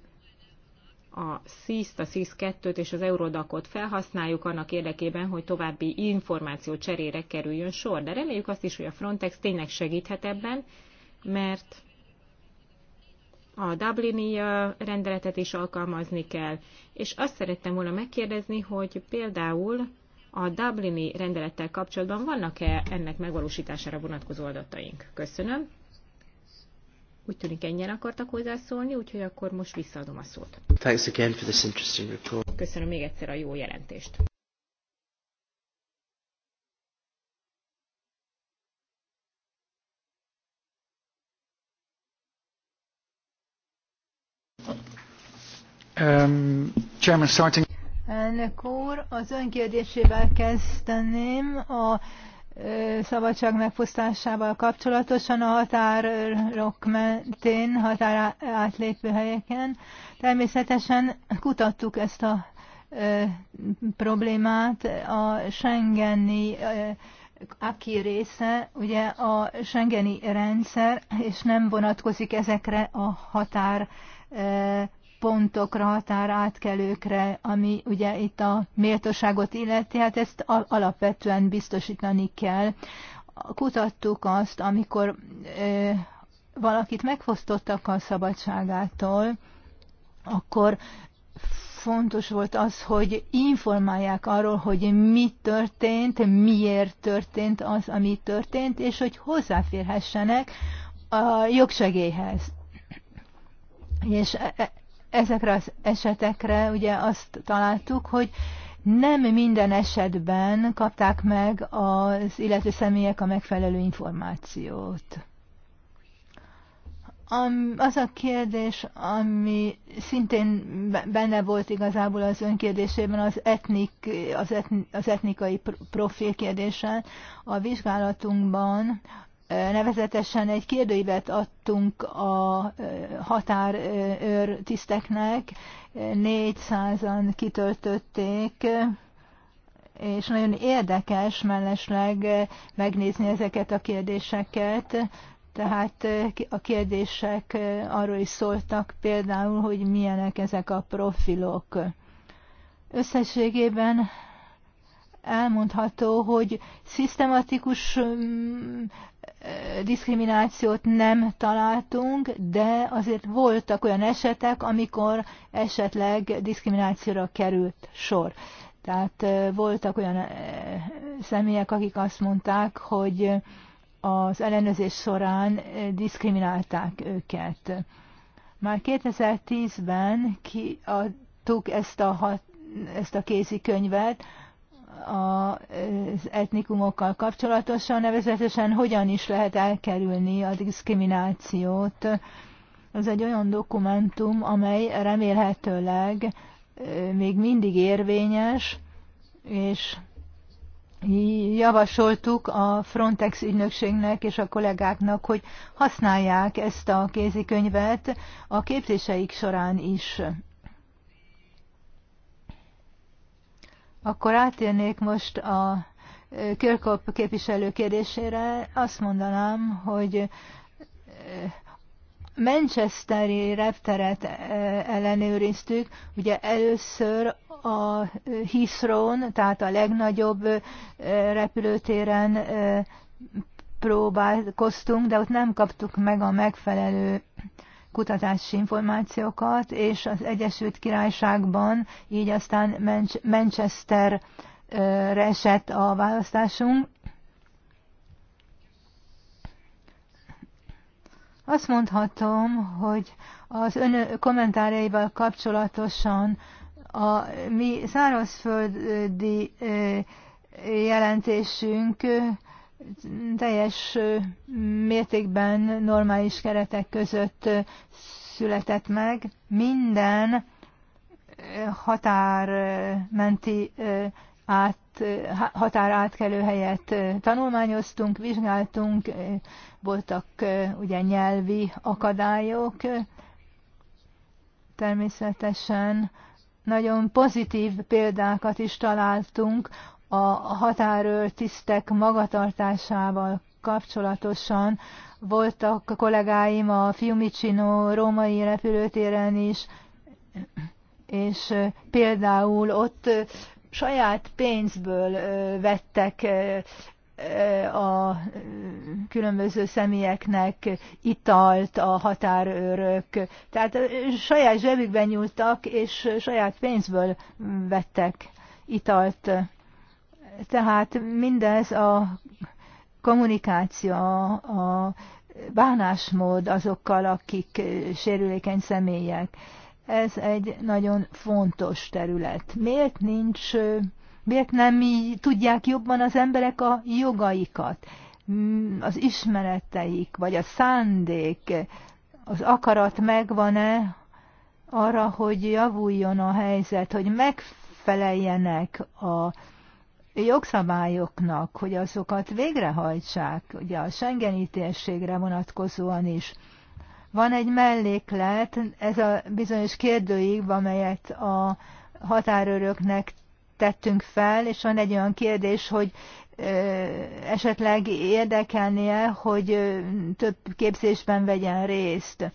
a SZISZ-t, a SZISZ-2-t és az Eurodakot felhasználjuk annak érdekében, hogy további információ cserére kerüljön sor. De reméljük azt is, hogy a Frontex tényleg segíthet ebben, mert a Dublini rendeletet is alkalmazni kell. És azt szerettem volna megkérdezni, hogy például a Dublini rendelettel kapcsolatban vannak-e ennek megvalósítására vonatkozó adataink? Köszönöm. Úgy tűnik ennyien akartak hozzászólni, úgyhogy akkor most visszaadom a szót. Thanks again for this interesting report. Köszönöm még egyszer a jó jelentést. Um, chairman, starting... Elnök úr, az önkérdésével kezdeném. A szabadság megfosztásával kapcsolatosan a határok mentén, határ átlépő helyeken. Természetesen kutattuk ezt a problémát. A Schengeni aki része, ugye a Schengeni rendszer, és nem vonatkozik ezekre a határ pontokra, átkelőkre, ami ugye itt a méltóságot illeti, hát ezt alapvetően biztosítani kell. Kutattuk azt, amikor ö, valakit megfosztottak a szabadságától, akkor fontos volt az, hogy informálják arról, hogy mi történt, miért történt az, ami történt, és hogy hozzáférhessenek a jogsegélyhez. És e- e- ezekre az esetekre ugye azt találtuk, hogy nem minden esetben kapták meg az illető személyek a megfelelő információt. Az a kérdés, ami szintén benne volt igazából az önkérdésében, az, etnik, az, etni, az etnikai profil kérdése. A vizsgálatunkban Nevezetesen egy kérdőívet adtunk a határőr tiszteknek, 400-an kitöltötték, és nagyon érdekes mellesleg megnézni ezeket a kérdéseket. Tehát a kérdések arról is szóltak például, hogy milyenek ezek a profilok. Összességében elmondható, hogy szisztematikus mm, diszkriminációt nem találtunk, de azért voltak olyan esetek, amikor esetleg diszkriminációra került sor. Tehát voltak olyan személyek, akik azt mondták, hogy az ellenőrzés során diszkriminálták őket. Már 2010-ben kiadtuk ezt a, ezt a kézikönyvet, az etnikumokkal kapcsolatosan, nevezetesen hogyan is lehet elkerülni a diszkriminációt. Ez egy olyan dokumentum, amely remélhetőleg még mindig érvényes, és javasoltuk a Frontex ügynökségnek és a kollégáknak, hogy használják ezt a kézikönyvet a képzéseik során is. Akkor átérnék most a Kirkop képviselő kérdésére. Azt mondanám, hogy Manchesteri repteret ellenőriztük. Ugye először a Heathrow-n, tehát a legnagyobb repülőtéren próbálkoztunk, de ott nem kaptuk meg a megfelelő kutatási információkat, és az Egyesült Királyságban így aztán Manchesterre esett a választásunk. Azt mondhatom, hogy az ön kommentárjaival kapcsolatosan a mi szárazföldi jelentésünk teljes mértékben normális keretek között született meg. Minden határmenti át, átkelő helyet tanulmányoztunk, vizsgáltunk, voltak ugye nyelvi akadályok. Természetesen nagyon pozitív példákat is találtunk a határőr tisztek magatartásával kapcsolatosan voltak kollégáim a Fiumicino római repülőtéren is, és például ott saját pénzből vettek a különböző személyeknek italt a határőrök. Tehát saját zsebükben nyúltak, és saját pénzből vettek italt tehát mindez a kommunikáció, a bánásmód azokkal, akik sérülékeny személyek. Ez egy nagyon fontos terület. Miért nincs, miért nem így tudják jobban az emberek a jogaikat, az ismereteik, vagy a szándék, az akarat megvan-e arra, hogy javuljon a helyzet, hogy megfeleljenek a jogszabályoknak, hogy azokat végrehajtsák, ugye a Schengeni térségre vonatkozóan is. Van egy melléklet, ez a bizonyos kérdőív, amelyet a határőröknek tettünk fel, és van egy olyan kérdés, hogy esetleg érdekelnie, hogy több képzésben vegyen részt.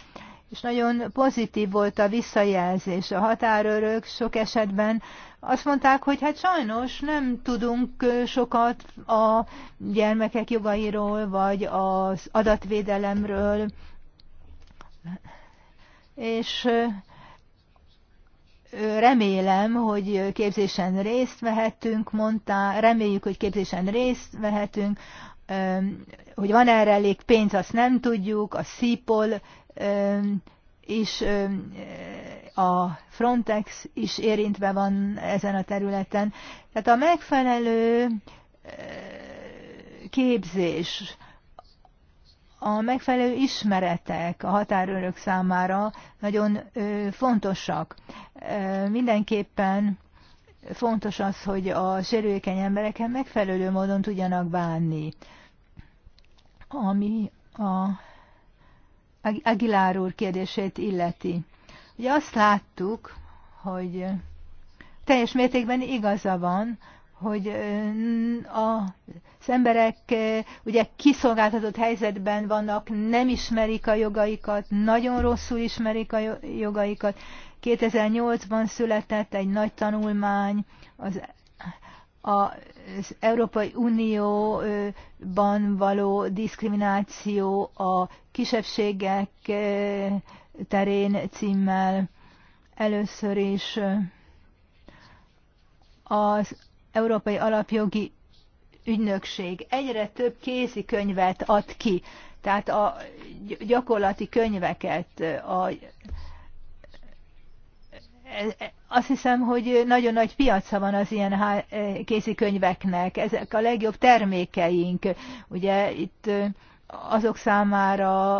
És nagyon pozitív volt a visszajelzés. A határőrök sok esetben azt mondták, hogy hát sajnos nem tudunk sokat a gyermekek jogairól, vagy az adatvédelemről, és remélem, hogy képzésen részt vehetünk, mondta, reméljük, hogy képzésen részt vehetünk, hogy van erre elég pénz, azt nem tudjuk, a szípol és a Frontex is érintve van ezen a területen. Tehát a megfelelő képzés, a megfelelő ismeretek a határőrök számára nagyon fontosak. Mindenképpen fontos az, hogy a sérülékeny emberekkel megfelelő módon tudjanak bánni. Ami a Aguilar úr kérdését illeti. Ugye azt láttuk, hogy teljes mértékben igaza van, hogy az emberek ugye kiszolgáltatott helyzetben vannak, nem ismerik a jogaikat, nagyon rosszul ismerik a jogaikat. 2008-ban született egy nagy tanulmány az az Európai Unióban való diszkrimináció a kisebbségek terén címmel először is az Európai Alapjogi Ügynökség egyre több könyvet ad ki, tehát a gyakorlati könyveket, a azt hiszem, hogy nagyon nagy piaca van az ilyen eh, kézikönyveknek. Ezek a legjobb termékeink. Ugye itt eh, azok számára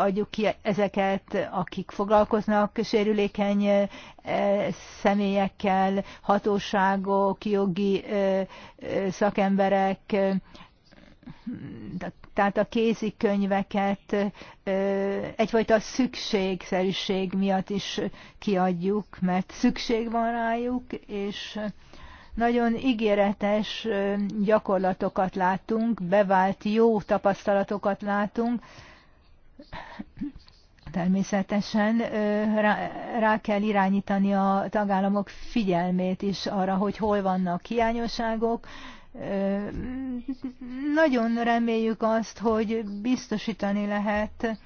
adjuk ki ezeket, akik foglalkoznak sérülékeny eh, személyekkel, hatóságok, jogi szakemberek, tehát a kézikönyveket egyfajta szükségszerűség miatt is kiadjuk, mert szükség van rájuk, és nagyon ígéretes gyakorlatokat látunk, bevált jó tapasztalatokat látunk. Természetesen rá, rá kell irányítani a tagállamok figyelmét is arra, hogy hol vannak hiányosságok, nagyon reméljük azt, hogy biztosítani lehet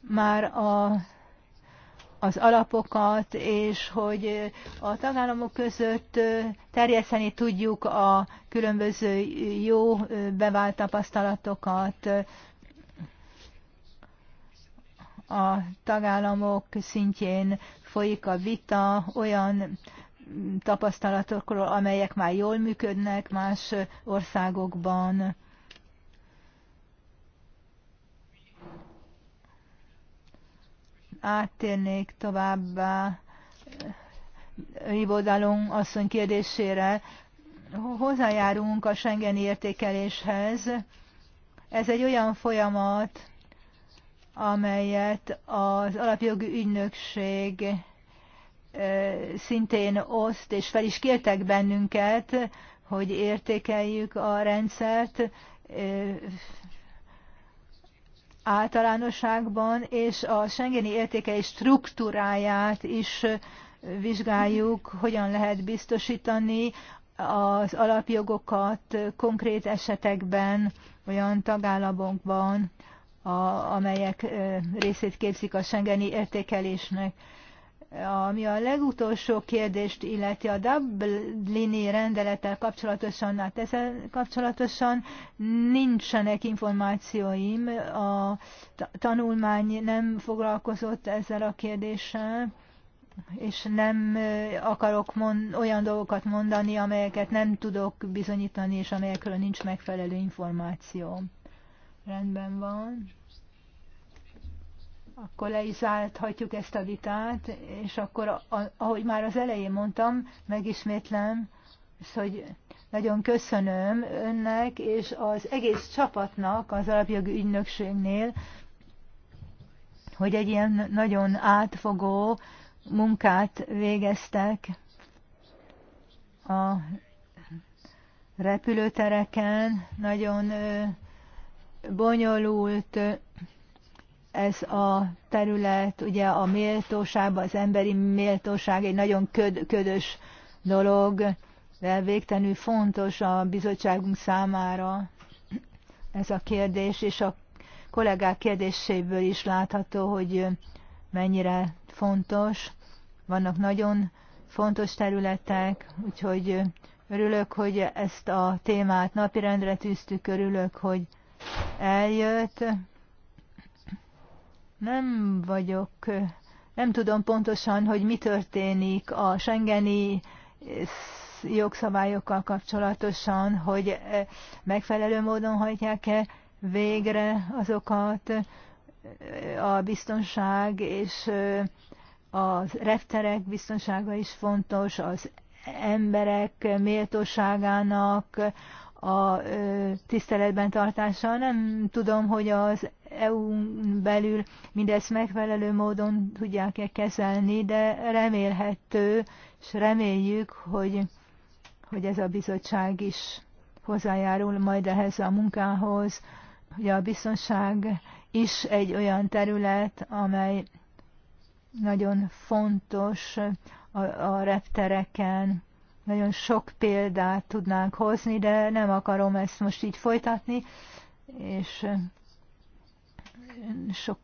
már a, az alapokat, és hogy a tagállamok között terjeszteni tudjuk a különböző jó bevált tapasztalatokat a tagállamok szintjén folyik a vita olyan tapasztalatokról, amelyek már jól működnek más országokban. Áttérnék továbbá Ribodalon asszony kérdésére. Hozzájárunk a Schengeni értékeléshez. Ez egy olyan folyamat, amelyet az alapjogi ügynökség szintén oszt, és fel is kértek bennünket, hogy értékeljük a rendszert általánosságban, és a Schengeni értékei struktúráját is vizsgáljuk, hogyan lehet biztosítani az alapjogokat konkrét esetekben, olyan tagállamokban, amelyek részét képzik a Schengeni értékelésnek. Ami a legutolsó kérdést illeti a Dublini rendelettel kapcsolatosan, hát ezzel kapcsolatosan nincsenek információim, a tanulmány nem foglalkozott ezzel a kérdéssel, és nem akarok mond, olyan dolgokat mondani, amelyeket nem tudok bizonyítani, és amelyekről nincs megfelelő információ. Rendben van akkor le is zárhatjuk ezt a vitát, és akkor, ahogy már az elején mondtam, megismétlem, hogy nagyon köszönöm önnek és az egész csapatnak az alapjogi ügynökségnél, hogy egy ilyen nagyon átfogó munkát végeztek a repülőtereken, nagyon bonyolult ez a terület, ugye a méltóság, az emberi méltóság egy nagyon köd, ködös dolog, de végtelenül fontos a bizottságunk számára ez a kérdés, és a kollégák kérdéséből is látható, hogy mennyire fontos. Vannak nagyon fontos területek, úgyhogy örülök, hogy ezt a témát napirendre tűztük, örülök, hogy eljött. Nem vagyok, nem tudom pontosan, hogy mi történik a Schengeni eh, jogszabályokkal kapcsolatosan, hogy eh, megfelelő módon hajtják-e végre azokat eh, a biztonság és a repterek biztonsága is fontos, az emberek méltóságának, a tiszteletben tartása. Nem tudom, hogy az EU-n belül mindezt megfelelő módon tudják-e kezelni, de remélhető, és reméljük, hogy, hogy ez a bizottság is hozzájárul majd ehhez a munkához, hogy a biztonság is egy olyan terület, amely nagyon fontos a, a reptereken, nagyon sok példát tudnánk hozni, de nem akarom ezt most így folytatni, és sok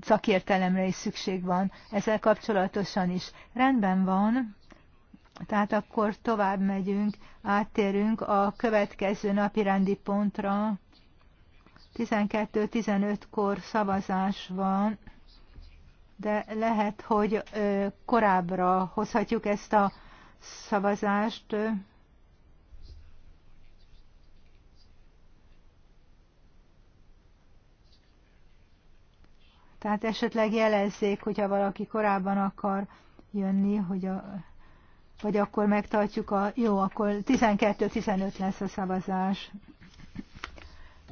szakértelemre is szükség van ezzel kapcsolatosan is. Rendben van, tehát akkor tovább megyünk, áttérünk a következő napi rendi pontra. 12-15-kor szavazás van, de lehet, hogy korábbra hozhatjuk ezt a szavazást. Tehát esetleg jelezzék, hogyha valaki korábban akar jönni, hogy a, vagy akkor megtartjuk a... Jó, akkor 12-15 lesz a szavazás.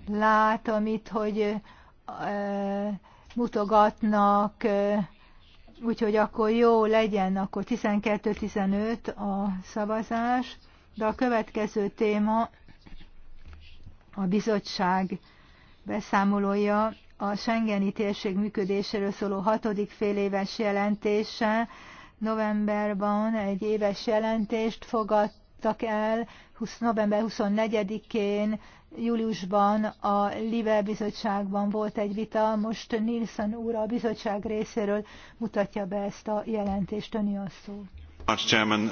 Látom itt, hogy e, mutogatnak, E, úgyhogy akkor jó legyen, akkor 12-15 a szavazás, de a következő téma a bizottság beszámolója a Schengeni térség működéséről szóló hatodik féléves jelentése. Novemberban egy éves jelentést fogadt el 20. november 24-én júliusban a Live bizottságban volt egy vita, most Nilsson úr a bizottság részéről mutatja be ezt a jelentést, öni a szó. Uh,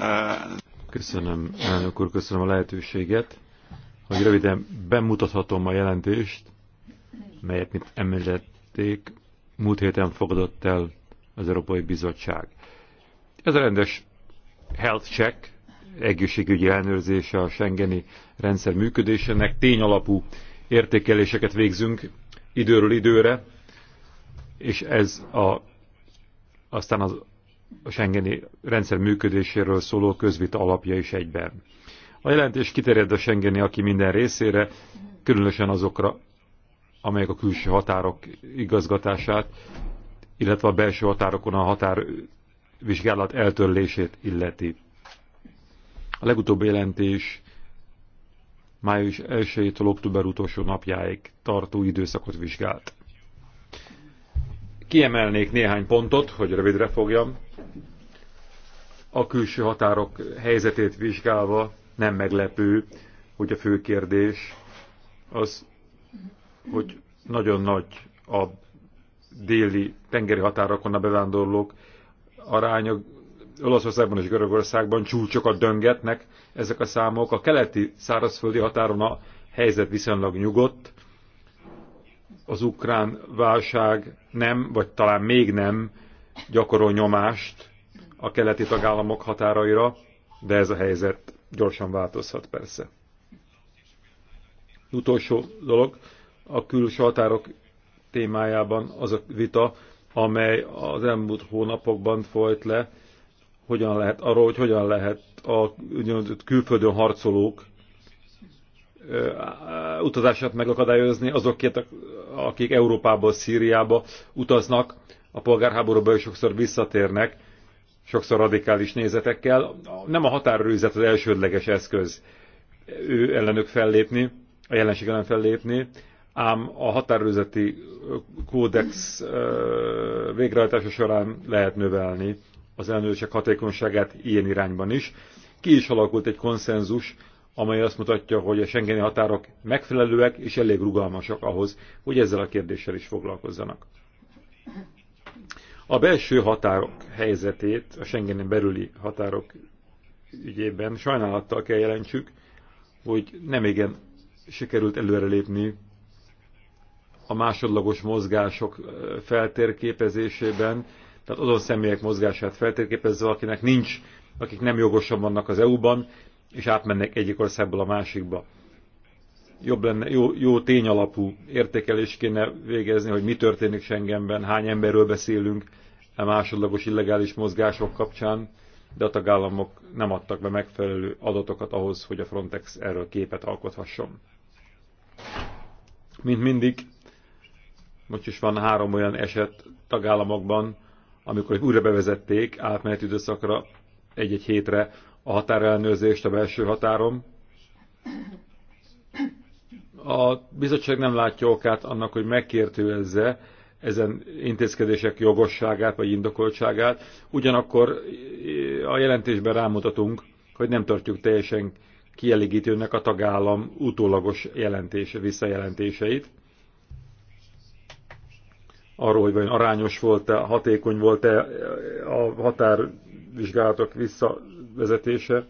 köszönöm, elnök úr, köszönöm a lehetőséget, hogy röviden bemutathatom a jelentést, melyet, mint említették, múlt héten fogadott el az Európai Bizottság. Ez a rendes health check, egészségügyi ellenőrzése a Schengeni rendszer működésének. Tényalapú értékeléseket végzünk időről időre, és ez a, aztán az, a Schengeni rendszer működéséről szóló közvita alapja is egyben. A jelentés kiterjed a Schengeni aki minden részére, különösen azokra, amelyek a külső határok igazgatását, illetve a belső határokon a határ vizsgálat eltörlését illeti. A legutóbbi jelentés május 1-től október utolsó napjáig tartó időszakot vizsgált. Kiemelnék néhány pontot, hogy rövidre fogjam. A külső határok helyzetét vizsgálva nem meglepő, hogy a fő kérdés az, hogy nagyon nagy a déli tengeri határokon a bevándorlók aránya Olaszországban és Görögországban csúcsokat döngetnek ezek a számok. A keleti szárazföldi határon a helyzet viszonylag nyugodt. Az ukrán válság nem, vagy talán még nem gyakorol nyomást a keleti tagállamok határaira, de ez a helyzet gyorsan változhat persze. Utolsó dolog, a külső határok témájában az a vita, amely az elmúlt hónapokban folyt le, hogyan lehet, arról, hogy hogyan lehet a külföldön harcolók utazását megakadályozni azokért, akik Európából, Szíriába utaznak, a polgárháborúba is sokszor visszatérnek, sokszor radikális nézetekkel. Nem a határőrizet az elsődleges eszköz ő ellenük fellépni, a jelenség ellen fellépni, ám a határőrizeti kódex végrehajtása során lehet növelni az ellenőrzések hatékonyságát ilyen irányban is. Ki is alakult egy konszenzus, amely azt mutatja, hogy a Schengeni határok megfelelőek és elég rugalmasak ahhoz, hogy ezzel a kérdéssel is foglalkozzanak. A belső határok helyzetét, a Schengeni belüli határok ügyében sajnálattal kell jelentsük, hogy nem igen sikerült előrelépni a másodlagos mozgások feltérképezésében, tehát azon személyek mozgását feltérképezve, akinek nincs, akik nem jogosan vannak az EU-ban, és átmennek egyik országból a másikba. Jobb lenne, jó, jó tényalapú értékelés kéne végezni, hogy mi történik Schengenben, hány emberről beszélünk a másodlagos illegális mozgások kapcsán, de a tagállamok nem adtak be megfelelő adatokat ahhoz, hogy a Frontex erről képet alkothasson. Mint mindig, most is van három olyan eset tagállamokban, amikor újra bevezették átmeneti időszakra egy-egy hétre a határellenőrzést a belső határon. A bizottság nem látja okát annak, hogy megkértőezze ezen intézkedések jogosságát vagy indokoltságát. Ugyanakkor eh, a jelentésben rámutatunk, hogy nem tartjuk teljesen kielégítőnek a tagállam utólagos jelentése, visszajelentéseit arról, hogy vajon arányos volt-e, hatékony volt-e eh, a határvizsgálatok visszavezetése,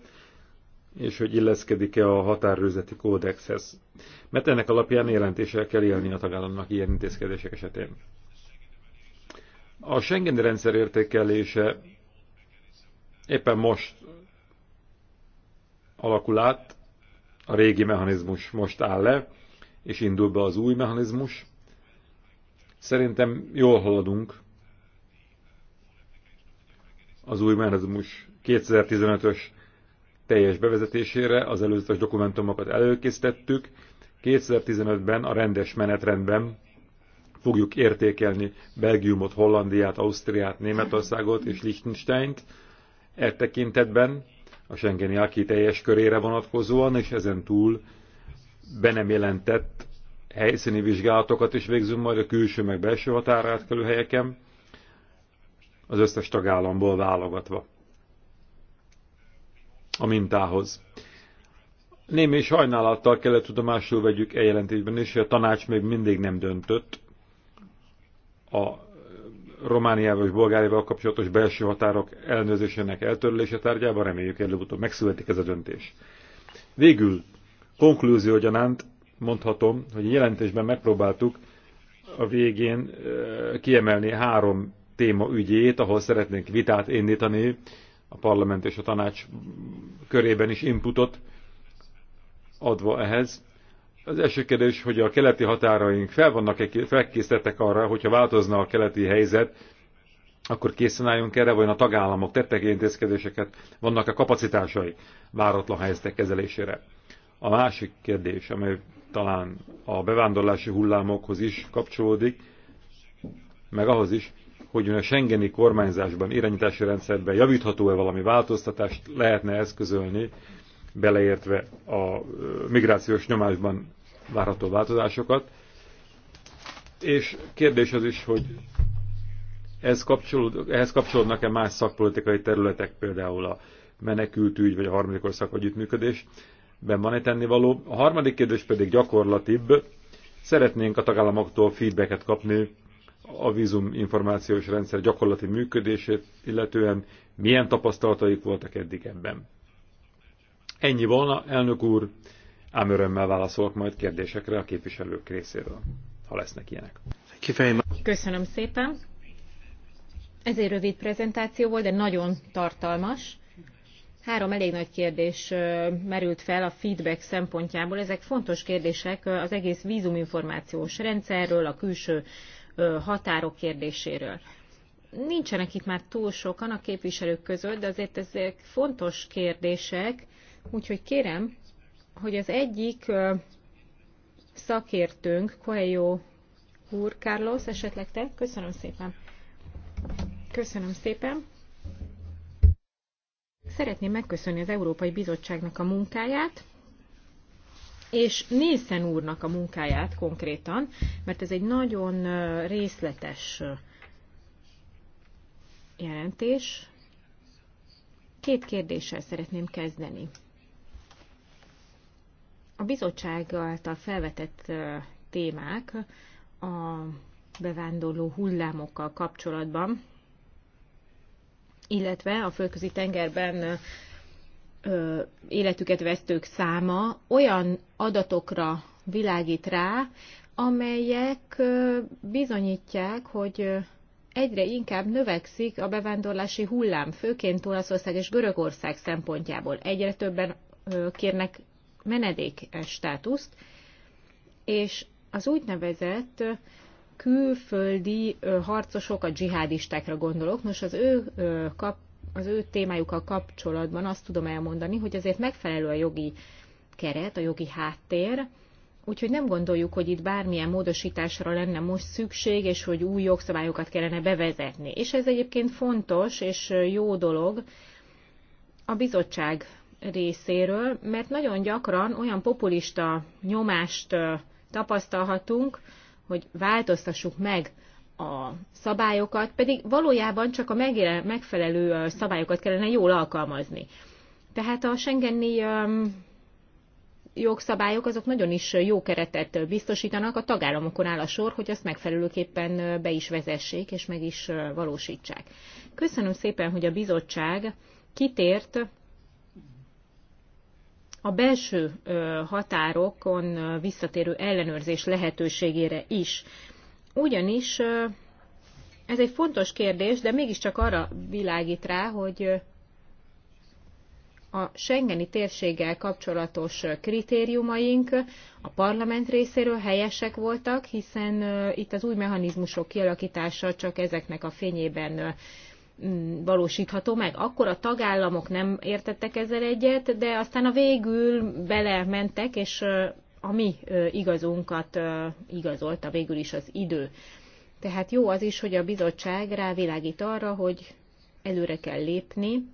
és hogy illeszkedik-e a határőrzeti kódexhez. Mert ennek alapján jelentéssel kell élni a tagállamnak ilyen intézkedések esetén. A Schengeni rendszer értékelése éppen most alakul át, a régi mechanizmus most áll le, és indul be az új mechanizmus, Szerintem jól haladunk az új mechanizmus 2015-ös teljes bevezetésére, az előzetes dokumentumokat előkészítettük, 2015-ben a rendes menetrendben fogjuk értékelni Belgiumot, Hollandiát, Ausztriát, Németországot és Liechtensteint e tekintetben, a Schengeni aki teljes körére vonatkozóan, és ezen túl be nem jelentett helyszíni vizsgálatokat is végzünk majd a külső meg belső határátkelő helyeken, az összes tagállamból válogatva a mintához. Némi sajnálattal kellett tudomásul vegyük e jelentésben is, hogy a tanács még mindig nem döntött a Romániával és Bulgáriával kapcsolatos belső határok elnőzésének eltörlése tárgyában, reméljük előbb-utóbb megszületik ez a döntés. Végül, konklúzió gyanánt, mondhatom, hogy a jelentésben megpróbáltuk a végén kiemelni három téma ügyét, ahol szeretnénk vitát indítani, a parlament és a tanács körében is inputot adva ehhez. Az első kérdés, hogy a keleti határaink fel vannak -e, felkészítettek arra, hogyha változna a keleti helyzet, akkor készen álljunk erre, vagy a tagállamok tettek intézkedéseket, vannak a kapacitásai váratlan helyzetek kezelésére. A másik kérdés, amely talán a bevándorlási hullámokhoz is kapcsolódik, meg ahhoz is, hogy a Schengeni kormányzásban, irányítási rendszerben javítható-e valami változtatást lehetne eszközölni, beleértve a migrációs nyomásban várható változásokat. És kérdés az is, hogy ez kapcsolód, ehhez kapcsolódnak-e más szakpolitikai területek, például a menekültügy vagy a harmadik ország együttműködés, ben van-e tennivaló. A harmadik kérdés pedig gyakorlatibb. Szeretnénk a tagállamoktól feedbacket kapni a vízum információs rendszer gyakorlati működését, illetően milyen tapasztalataik voltak eddig ebben. Ennyi volna, elnök úr, ám örömmel válaszolok majd kérdésekre a képviselők részéről, ha lesznek ilyenek. Köszönöm szépen. Ez egy rövid prezentáció volt, de nagyon tartalmas. Három elég nagy kérdés merült fel a feedback szempontjából. Ezek fontos kérdések az egész vízuminformációs rendszerről, a külső határok kérdéséről. Nincsenek itt már túl sokan a képviselők között, de azért ezek fontos kérdések, úgyhogy kérem, hogy az egyik szakértőnk, Coelho úr, Carlos, esetleg te? Köszönöm szépen. Köszönöm szépen. Szeretném megköszönni az Európai Bizottságnak a munkáját, és Nészen úrnak a munkáját konkrétan, mert ez egy nagyon részletes jelentés. Két kérdéssel szeretném kezdeni. A bizottság által felvetett témák a bevándorló hullámokkal kapcsolatban illetve a földközi tengerben ö, életüket vesztők száma olyan adatokra világít rá, amelyek ö, bizonyítják, hogy egyre inkább növekszik a bevándorlási hullám, főként Olaszország és Görögország szempontjából. Egyre többen ö, kérnek menedék státuszt, és az úgynevezett külföldi harcosok, a dzsihádistákra gondolok. Nos, az ő, kap, az ő témájukkal kapcsolatban azt tudom elmondani, hogy azért megfelelő a jogi keret, a jogi háttér, úgyhogy nem gondoljuk, hogy itt bármilyen módosításra lenne most szükség, és hogy új jogszabályokat kellene bevezetni. És ez egyébként fontos és jó dolog a bizottság részéről, mert nagyon gyakran olyan populista nyomást tapasztalhatunk, hogy változtassuk meg a szabályokat, pedig valójában csak a megfelelő szabályokat kellene jól alkalmazni. Tehát a Schengeni jogszabályok azok nagyon is jó keretet biztosítanak, a tagállamokon áll a sor, hogy azt megfelelőképpen be is vezessék és meg is valósítsák. Köszönöm szépen, hogy a bizottság kitért a belső határokon visszatérő ellenőrzés lehetőségére is. Ugyanis ez egy fontos kérdés, de mégiscsak arra világít rá, hogy a Schengeni térséggel kapcsolatos kritériumaink a parlament részéről helyesek voltak, hiszen itt az új mechanizmusok kialakítása csak ezeknek a fényében valósítható meg. Akkor a tagállamok nem értettek ezzel egyet, de aztán a végül belementek, és a mi igazunkat igazolta végül is az idő. Tehát jó az is, hogy a bizottság rávilágít arra, hogy előre kell lépni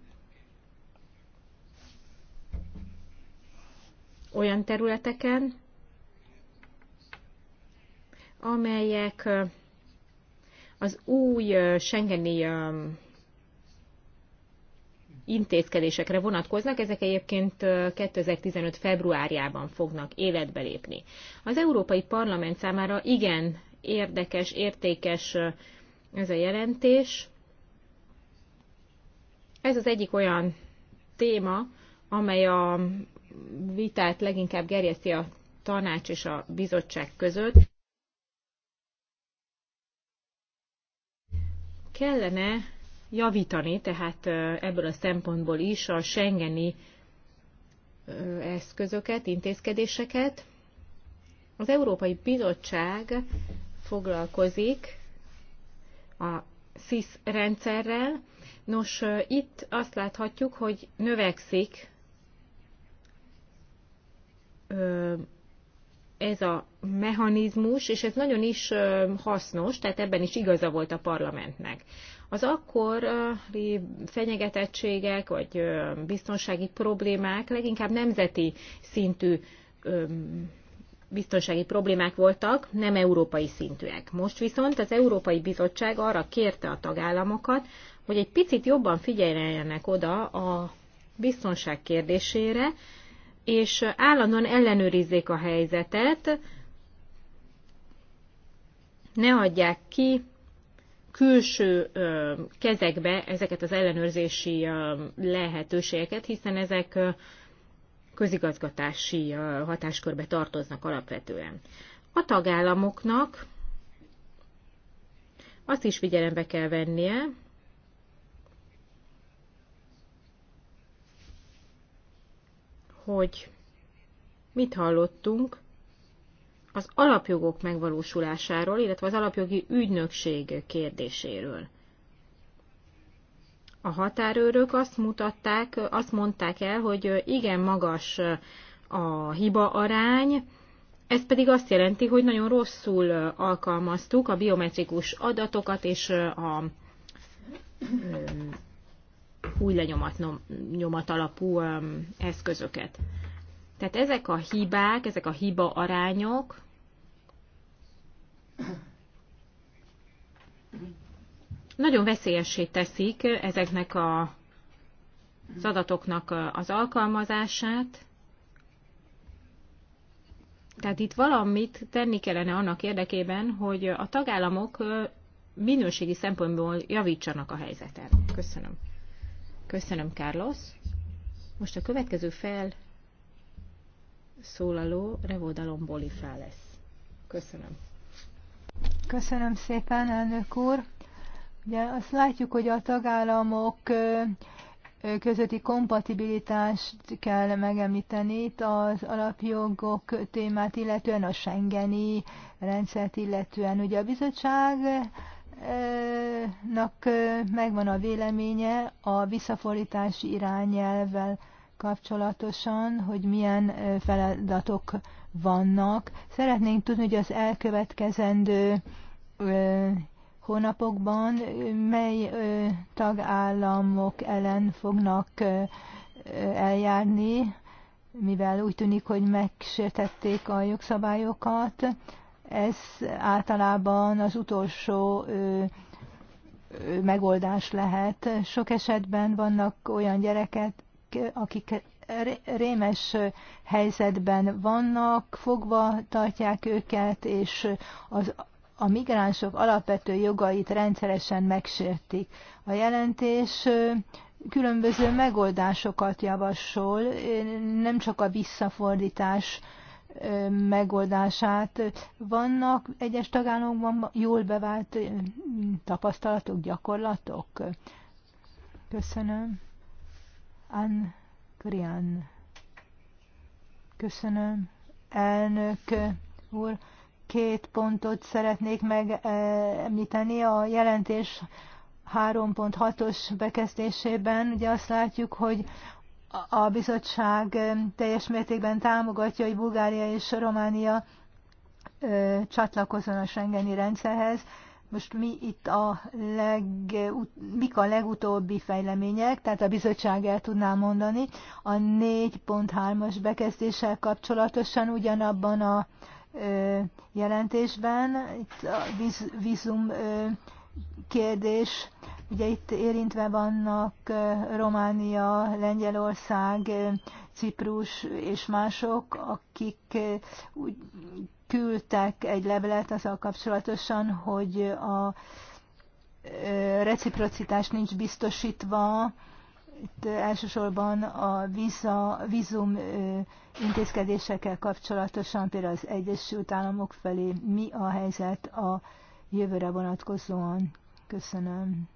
olyan területeken, amelyek az új Schengeni intézkedésekre vonatkoznak, ezek egyébként 2015. februárjában fognak életbe lépni. Az Európai Parlament számára igen érdekes, értékes ez a jelentés. Ez az egyik olyan téma, amely a vitát leginkább gerjeszti a tanács és a bizottság között. Kellene javítani, tehát ebből a szempontból is a Schengeni eszközöket, intézkedéseket. Az Európai Bizottság foglalkozik a SIS rendszerrel. Nos, itt azt láthatjuk, hogy növekszik ez a mechanizmus, és ez nagyon is hasznos, tehát ebben is igaza volt a parlamentnek. Az akkori fenyegetettségek vagy biztonsági problémák leginkább nemzeti szintű biztonsági problémák voltak, nem európai szintűek. Most viszont az Európai Bizottság arra kérte a tagállamokat, hogy egy picit jobban figyeljenek oda a biztonság kérdésére, és állandóan ellenőrizzék a helyzetet, ne adják ki külső kezekbe ezeket az ellenőrzési lehetőségeket, hiszen ezek közigazgatási hatáskörbe tartoznak alapvetően. A tagállamoknak azt is figyelembe kell vennie, hogy mit hallottunk az alapjogok megvalósulásáról, illetve az alapjogi ügynökség kérdéséről. A határőrök azt mutatták, azt mondták el, hogy igen magas a hiba arány, ez pedig azt jelenti, hogy nagyon rosszul alkalmaztuk a biometrikus adatokat és a új lenyomat nyomat alapú eszközöket. Tehát ezek a hibák, ezek a hiba arányok nagyon veszélyessé teszik ezeknek a, az adatoknak az alkalmazását. Tehát itt valamit tenni kellene annak érdekében, hogy a tagállamok minőségi szempontból javítsanak a helyzeten. Köszönöm. Köszönöm, Carlos. Most a következő fel szólaló Revodalon Bolifá lesz. Köszönöm. Köszönöm szépen, elnök úr. Ugye azt látjuk, hogy a tagállamok közötti kompatibilitást kell megemlíteni itt az alapjogok témát, illetően a Schengeni rendszert, illetően ugye a bizottságnak megvan a véleménye a visszafordítási irányelvvel kapcsolatosan, hogy milyen feladatok vannak. Szeretnénk tudni, hogy az elkövetkezendő hónapokban mely tagállamok ellen fognak eljárni, mivel úgy tűnik, hogy megsértették a jogszabályokat. Ez általában az utolsó megoldás lehet. Sok esetben vannak olyan gyereket, akik rémes helyzetben vannak, fogva tartják őket, és az, a migránsok alapvető jogait rendszeresen megsértik. A jelentés különböző megoldásokat javasol, nem csak a visszafordítás megoldását. Vannak egyes tagállamokban jól bevált tapasztalatok, gyakorlatok? Köszönöm. Ann Krian. Köszönöm, elnök úr. Két pontot szeretnék megemlíteni a jelentés 3.6-os bekezdésében. Ugye azt látjuk, hogy a bizottság teljes mértékben támogatja, hogy Bulgária és Románia csatlakozzon a Schengeni rendszerhez most mi itt a leg, mik a legutóbbi fejlemények, tehát a bizottság el tudná mondani. A 4.3-as bekezdéssel kapcsolatosan ugyanabban a ö, jelentésben, itt a víz, vízum ö, kérdés, ugye itt érintve vannak ö, Románia, Lengyelország, ö, Ciprus és mások, akik ö, úgy, küldtek egy levelet azzal kapcsolatosan, hogy a reciprocitás nincs biztosítva, itt elsősorban a visa, vízum intézkedésekkel kapcsolatosan, például az Egyesült Államok felé mi a helyzet a jövőre vonatkozóan. Köszönöm.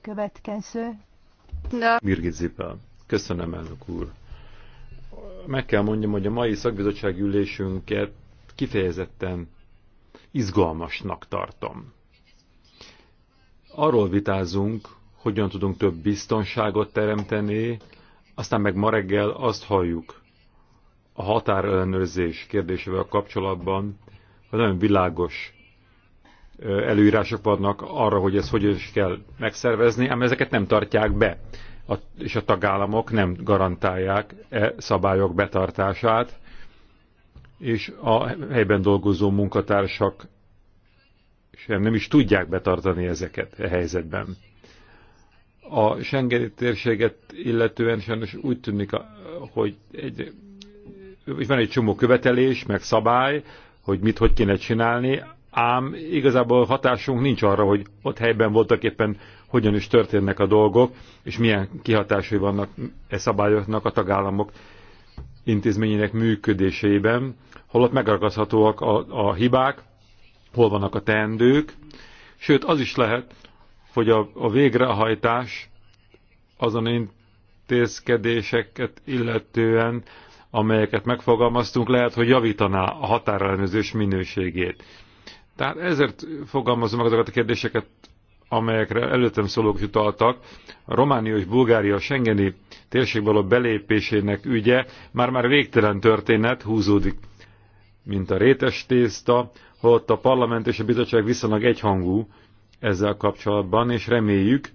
Következő. Mirgit Zipel. Köszönöm, elnök úr meg kell mondjam, hogy a mai szakbizottsági ülésünket kifejezetten izgalmasnak tartom. Arról vitázunk, hogyan tudunk több biztonságot teremteni, aztán meg ma reggel azt halljuk a határellenőrzés kérdésével kapcsolatban, hogy nagyon világos előírások vannak arra, hogy ezt hogy is kell megszervezni, ám ezeket nem tartják be a, és a tagállamok nem garantálják e szabályok betartását, és a helyben dolgozó munkatársak sem nem is tudják betartani ezeket a e helyzetben. A Schengeni térséget illetően sajnos úgy tűnik, hogy egy, és van egy csomó követelés, meg szabály, hogy mit hogy kéne csinálni, ám igazából hatásunk nincs arra, hogy ott helyben voltak éppen hogyan is történnek a dolgok, és milyen kihatásai vannak e szabályoknak a tagállamok intézményének működésében, holott megragaszhatóak a, a hibák, hol vannak a teendők, sőt az is lehet, hogy a, a végrehajtás azon intézkedéseket illetően, amelyeket megfogalmaztunk, lehet, hogy javítaná a határellenőrzés minőségét. Tehát ezért fogalmazom meg azokat a kérdéseket, amelyekre előttem szólók jutaltak, a Románia és Bulgária Schengeni térség való belépésének ügye már-már végtelen történet húzódik, mint a rétes tészta, holott a parlament és a bizottság viszonylag egyhangú ezzel kapcsolatban, és reméljük,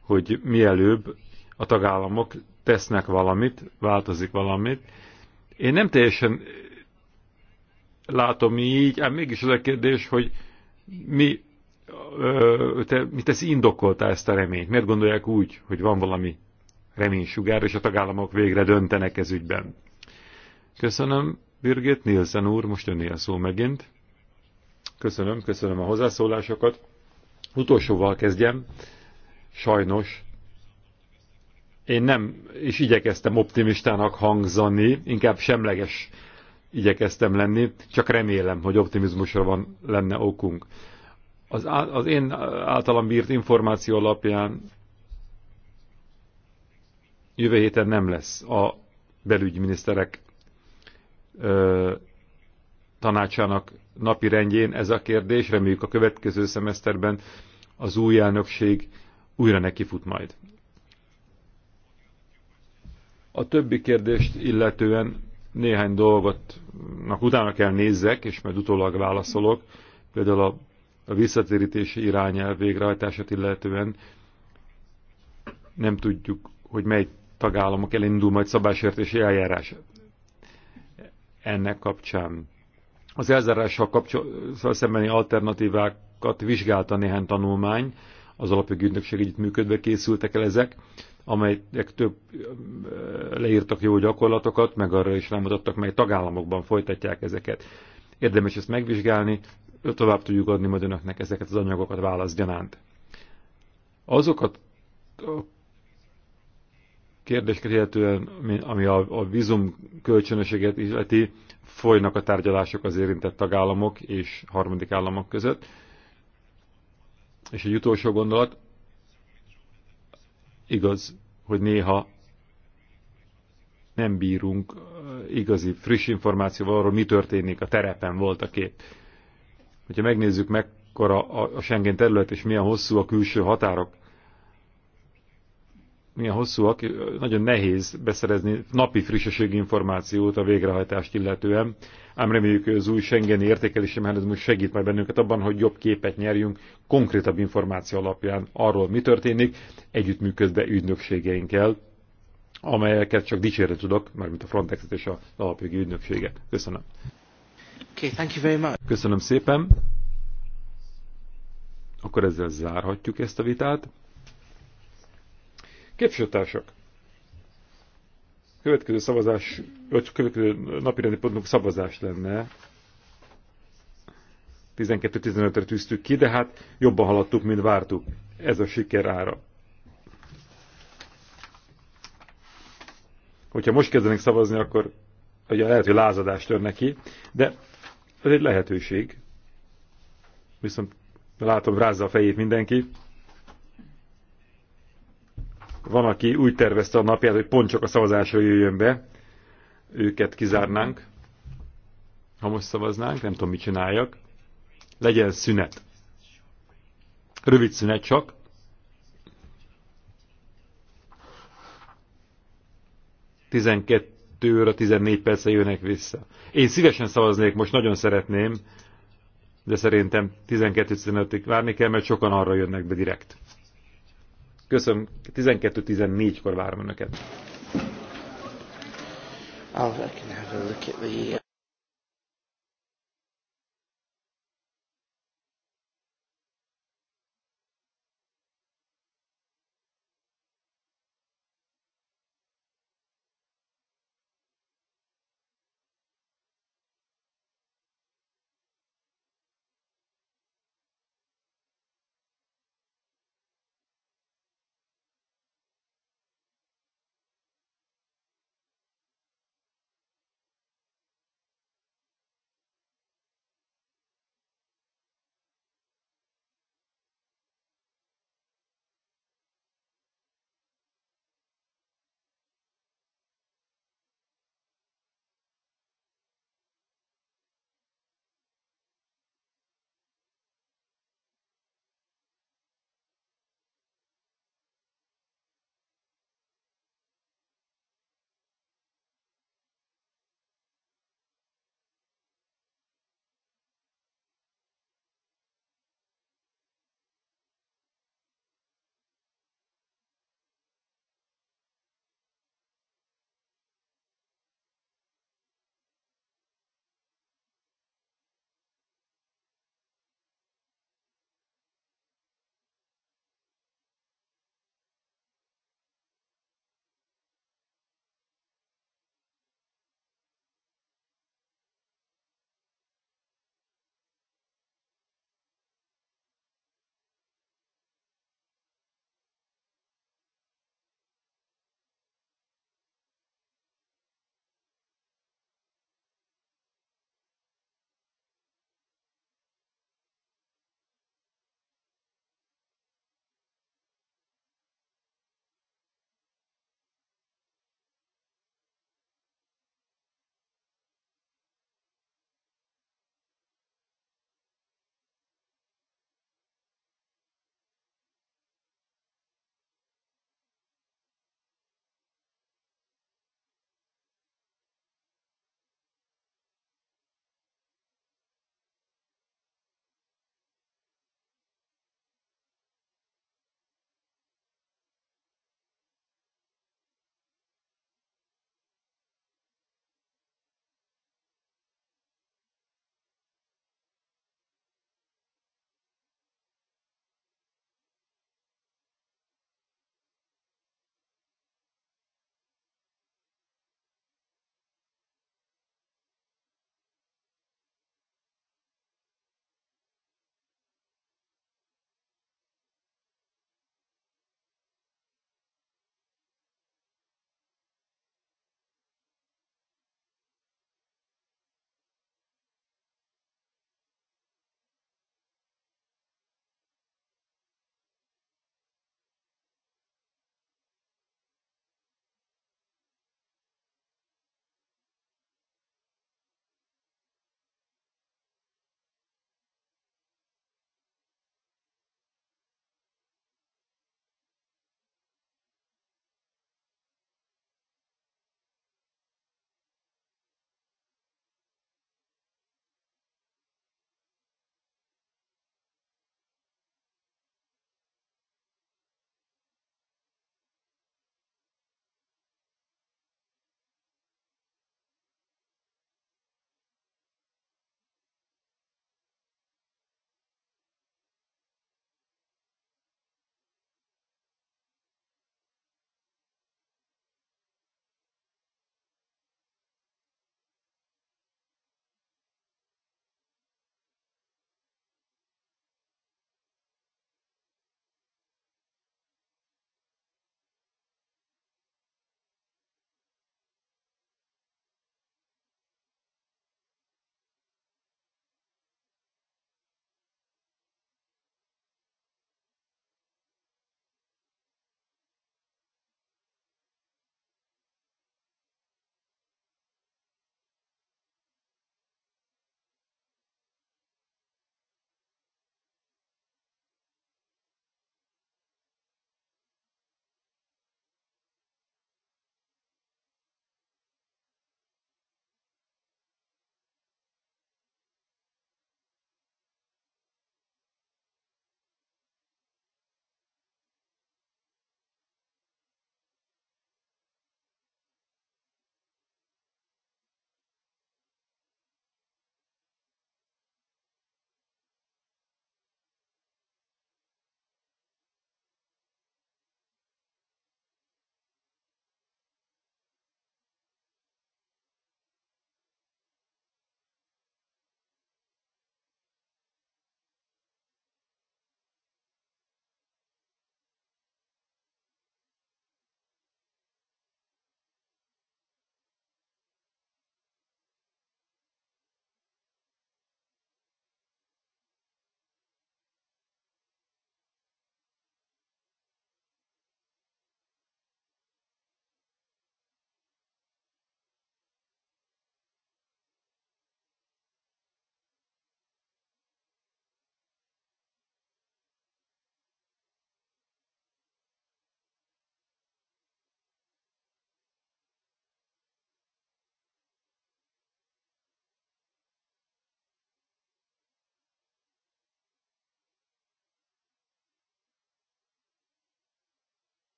hogy mielőbb a tagállamok tesznek valamit, változik valamit. Én nem teljesen látom így, ám mégis az a kérdés, hogy mi te, mit tesz indokolta ezt a reményt? Miért gondolják úgy, hogy van valami reménysugár, és a tagállamok végre döntenek ez ügyben? Köszönöm, Birgit Nielsen úr, most önnél szó megint. Köszönöm, köszönöm a hozzászólásokat. Utolsóval kezdjem. Sajnos én nem is igyekeztem optimistának hangzani, inkább semleges igyekeztem lenni, csak remélem, hogy optimizmusra van, lenne okunk. Az, á, az én általam bírt információ alapján jövő héten nem lesz a belügyminiszterek ö, tanácsának napi rendjén ez a kérdés. Reméljük a következő szemeszterben az új elnökség újra nekifut majd. A többi kérdést illetően néhány dolgotnak utána kell nézzek, és majd utólag válaszolok. Például a a visszatérítési irányelv végrehajtását illetően nem tudjuk, hogy mely tagállamok elindul majd szabásértési eljárás ennek kapcsán. Az elzárással kapcsolatban szóval szembeni alternatívákat vizsgálta néhány tanulmány, az alapjogi ügynökség működve készültek el ezek, amelyek több leírtak jó gyakorlatokat, meg arra is rámutattak, mely tagállamokban folytatják ezeket. Érdemes ezt megvizsgálni, tovább tudjuk adni majd önöknek ezeket az anyagokat válaszgyanánt. Azokat a kérdésket illetően, ami a, a vízum kölcsönöséget illeti, folynak a tárgyalások az érintett tagállamok és harmadik államok között. És egy utolsó gondolat, igaz, hogy néha nem bírunk uh, igazi, friss információval arról, mi történik a terepen voltaképp. Hogyha megnézzük mekkora a Schengen terület és milyen hosszú a külső határok, milyen hosszúak, nagyon nehéz beszerezni napi frissességi információt a végrehajtást illetően, ám reméljük, hogy az új Schengeni értékelési mechanizmus segít majd bennünket abban, hogy jobb képet nyerjünk konkrétabb információ alapján arról, mi történik, együttműködve ügynökségeinkkel, amelyeket csak dicsérni tudok, mármint a Frontexet és az alapjogi ügynökséget. Köszönöm. Okay, thank you very much. Köszönöm szépen. Akkor ezzel zárhatjuk ezt a vitát. Képviselőtársak! Következő szavazás, vagy következő napirendi pontunk szavazás lenne. 12-15-re tűztük ki, de hát jobban haladtuk, mint vártuk. Ez a siker ára. Hogyha most kezdenek szavazni, akkor hogy a lehető lázadást tör neki, de ez egy lehetőség. Viszont látom, rázza a fejét mindenki. Van, aki úgy tervezte a napját, hogy pont csak a szavazásra jöjjön be. Őket kizárnánk, ha most szavaznánk, nem tudom, mit csináljak. Legyen szünet. Rövid szünet csak. Tizenkettő 2 óra 14 perce jönnek vissza. Én szívesen szavaznék, most nagyon szeretném, de szerintem 12-15-ig várni kell, mert sokan arra jönnek be direkt. Köszönöm, 12-14-kor várom Önöket. I'll, I have a look at the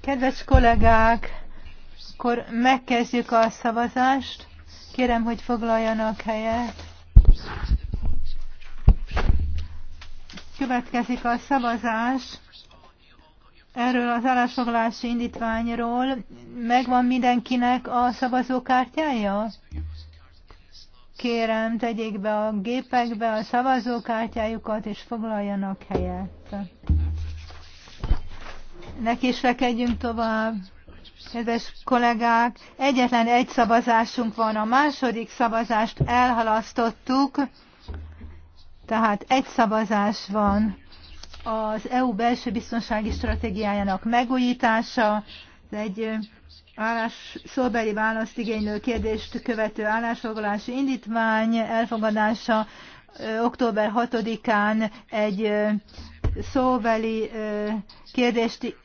Kedves kollégák, akkor megkezdjük a szavazást. Kérem, hogy foglaljanak helyet. Következik a szavazás erről az állásfoglalási indítványról. Megvan mindenkinek a szavazókártyája? Kérem, tegyék be a gépekbe a szavazókártyájukat, és foglaljanak helyet ne kisrekedjünk tovább. Kedves kollégák, egyetlen egy szavazásunk van. A második szavazást elhalasztottuk, tehát egy szavazás van. Az EU belső biztonsági stratégiájának megújítása, ez egy állás, szóbeli választ igénylő kérdést követő állásfoglalási indítvány elfogadása, október 6-án egy szóbeli kérdést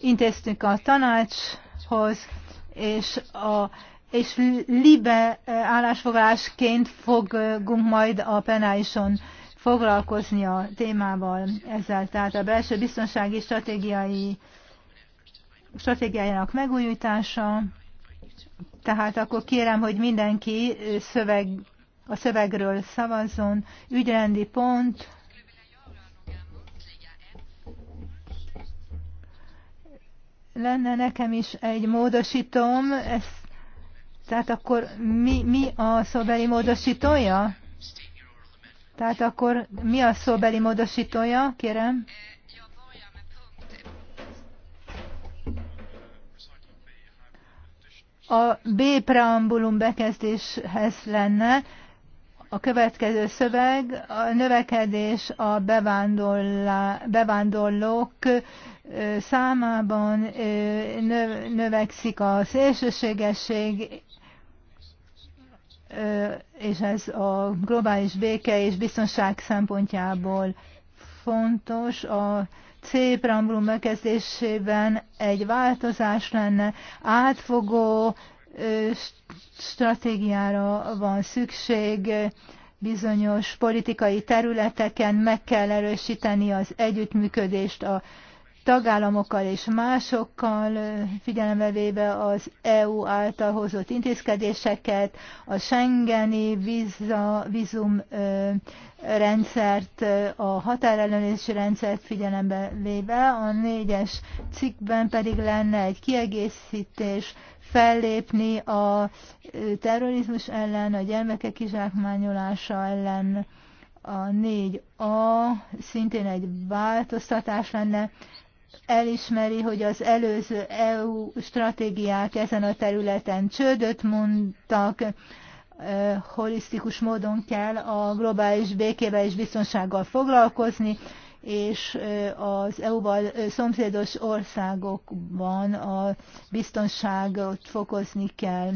intéztünk a tanácshoz, és a és libe állásfoglalásként fogunk majd a penálison foglalkozni a témával ezzel. Tehát a belső biztonsági stratégiai stratégiájának megújítása. Tehát akkor kérem, hogy mindenki szöveg, a szövegről szavazzon. Ügyrendi pont. Lenne nekem is egy módosítom, ez, tehát akkor mi, mi a szóbeli módosítója? Tehát akkor mi a szóbeli módosítója, kérem? a B preambulum bekezdéshez lenne a következő szöveg, a növekedés a bevándorlók számában növekszik a szélsőségesség, és ez a globális béke és biztonság szempontjából fontos. A C preambulum bekezdésében egy változás lenne, átfogó stratégiára van szükség, bizonyos politikai területeken meg kell erősíteni az együttműködést a tagállamokkal és másokkal, figyelembe véve az EU által hozott intézkedéseket, a Schengeni víza, vízum rendszert, a határellenőrzési rendszert figyelembe véve, a négyes cikkben pedig lenne egy kiegészítés, fellépni a terrorizmus ellen, a gyermekek kizsákmányolása ellen, a 4A szintén egy változtatás lenne, elismeri, hogy az előző EU stratégiák ezen a területen csődöt mondtak, holisztikus módon kell a globális békével és biztonsággal foglalkozni, és az EU-val szomszédos országokban a biztonságot fokozni kell.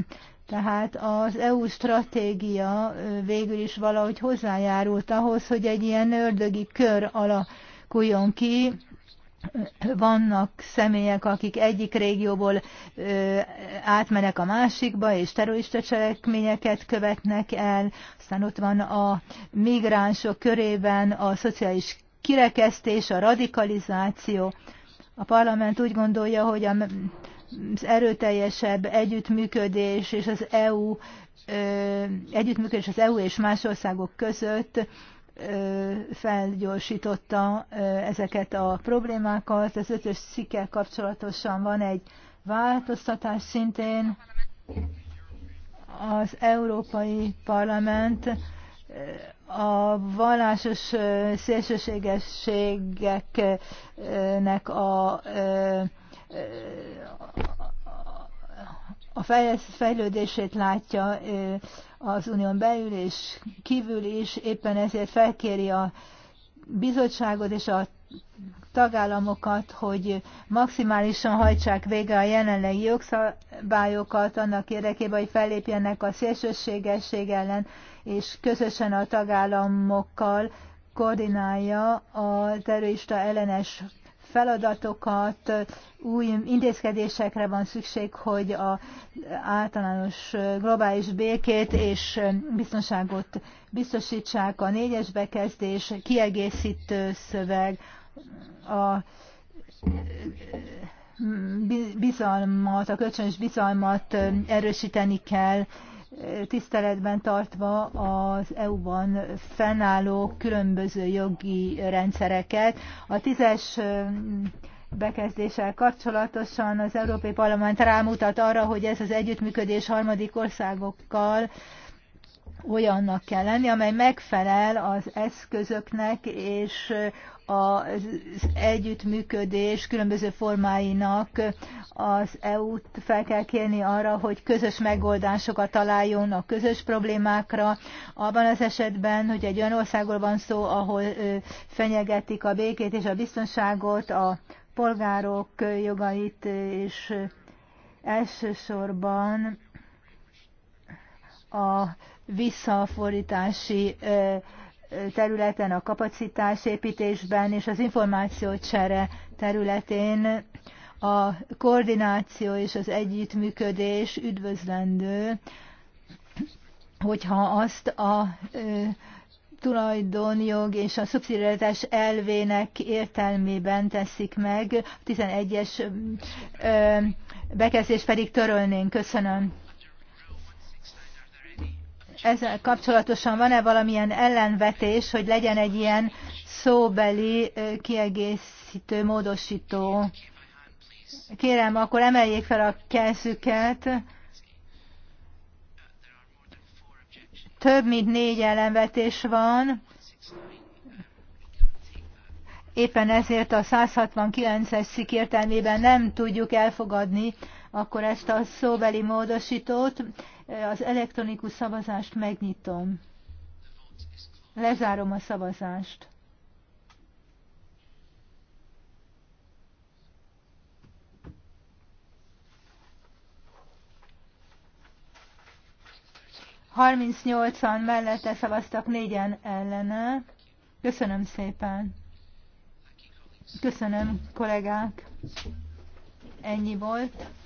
Tehát az EU stratégia végül is valahogy hozzájárult ahhoz, hogy egy ilyen ördögi kör alakuljon ki, vannak személyek, akik egyik régióból ö, átmenek a másikba, és terrorista cselekményeket követnek el, aztán ott van a migránsok körében a szociális kirekesztés, a radikalizáció. A parlament úgy gondolja, hogy a, az erőteljesebb együttműködés és az EU együttműködés az EU és más országok között felgyorsította ezeket a problémákat. Az ötös cikkel kapcsolatosan van egy változtatás szintén. Az Európai Parlament a vallásos szélsőségességeknek a, a fejlődését látja az unión belül és kívül is, éppen ezért felkéri a bizottságot és a tagállamokat, hogy maximálisan hajtsák végre a jelenlegi jogszabályokat annak érdekében, hogy fellépjenek a szélsőségesség ellen, és közösen a tagállamokkal koordinálja a terrorista ellenes feladatokat, új intézkedésekre van szükség, hogy a általános globális békét és biztonságot biztosítsák. A négyes bekezdés, kiegészítő szöveg, a bizalmat, a kölcsönös bizalmat erősíteni kell tiszteletben tartva az EU-ban fennálló különböző jogi rendszereket. A tízes bekezdéssel kapcsolatosan az Európai Parlament rámutat arra, hogy ez az együttműködés harmadik országokkal olyannak kell lenni, amely megfelel az eszközöknek és az együttműködés különböző formáinak az EU-t fel kell kérni arra, hogy közös megoldásokat találjon a közös problémákra. Abban az esetben, hogy egy olyan országról van szó, ahol fenyegetik a békét és a biztonságot, a polgárok jogait, és elsősorban a visszafordítási területen, a kapacitásépítésben és az információcsere területén a koordináció és az együttműködés üdvözlendő, hogyha azt a tulajdonjog és a szubszidiaritás elvének értelmében teszik meg. A 11-es bekezdést pedig törölnénk. Köszönöm ezzel kapcsolatosan van-e valamilyen ellenvetés, hogy legyen egy ilyen szóbeli kiegészítő, módosító? Kérem, akkor emeljék fel a kezüket. Több mint négy ellenvetés van. Éppen ezért a 169-es szik nem tudjuk elfogadni akkor ezt a szóbeli módosítót, eh, az elektronikus szavazást megnyitom. Lezárom a szavazást. nyolcan mellette szavaztak, négyen ellene. Köszönöm szépen. Köszönöm, kollégák. Ennyi volt.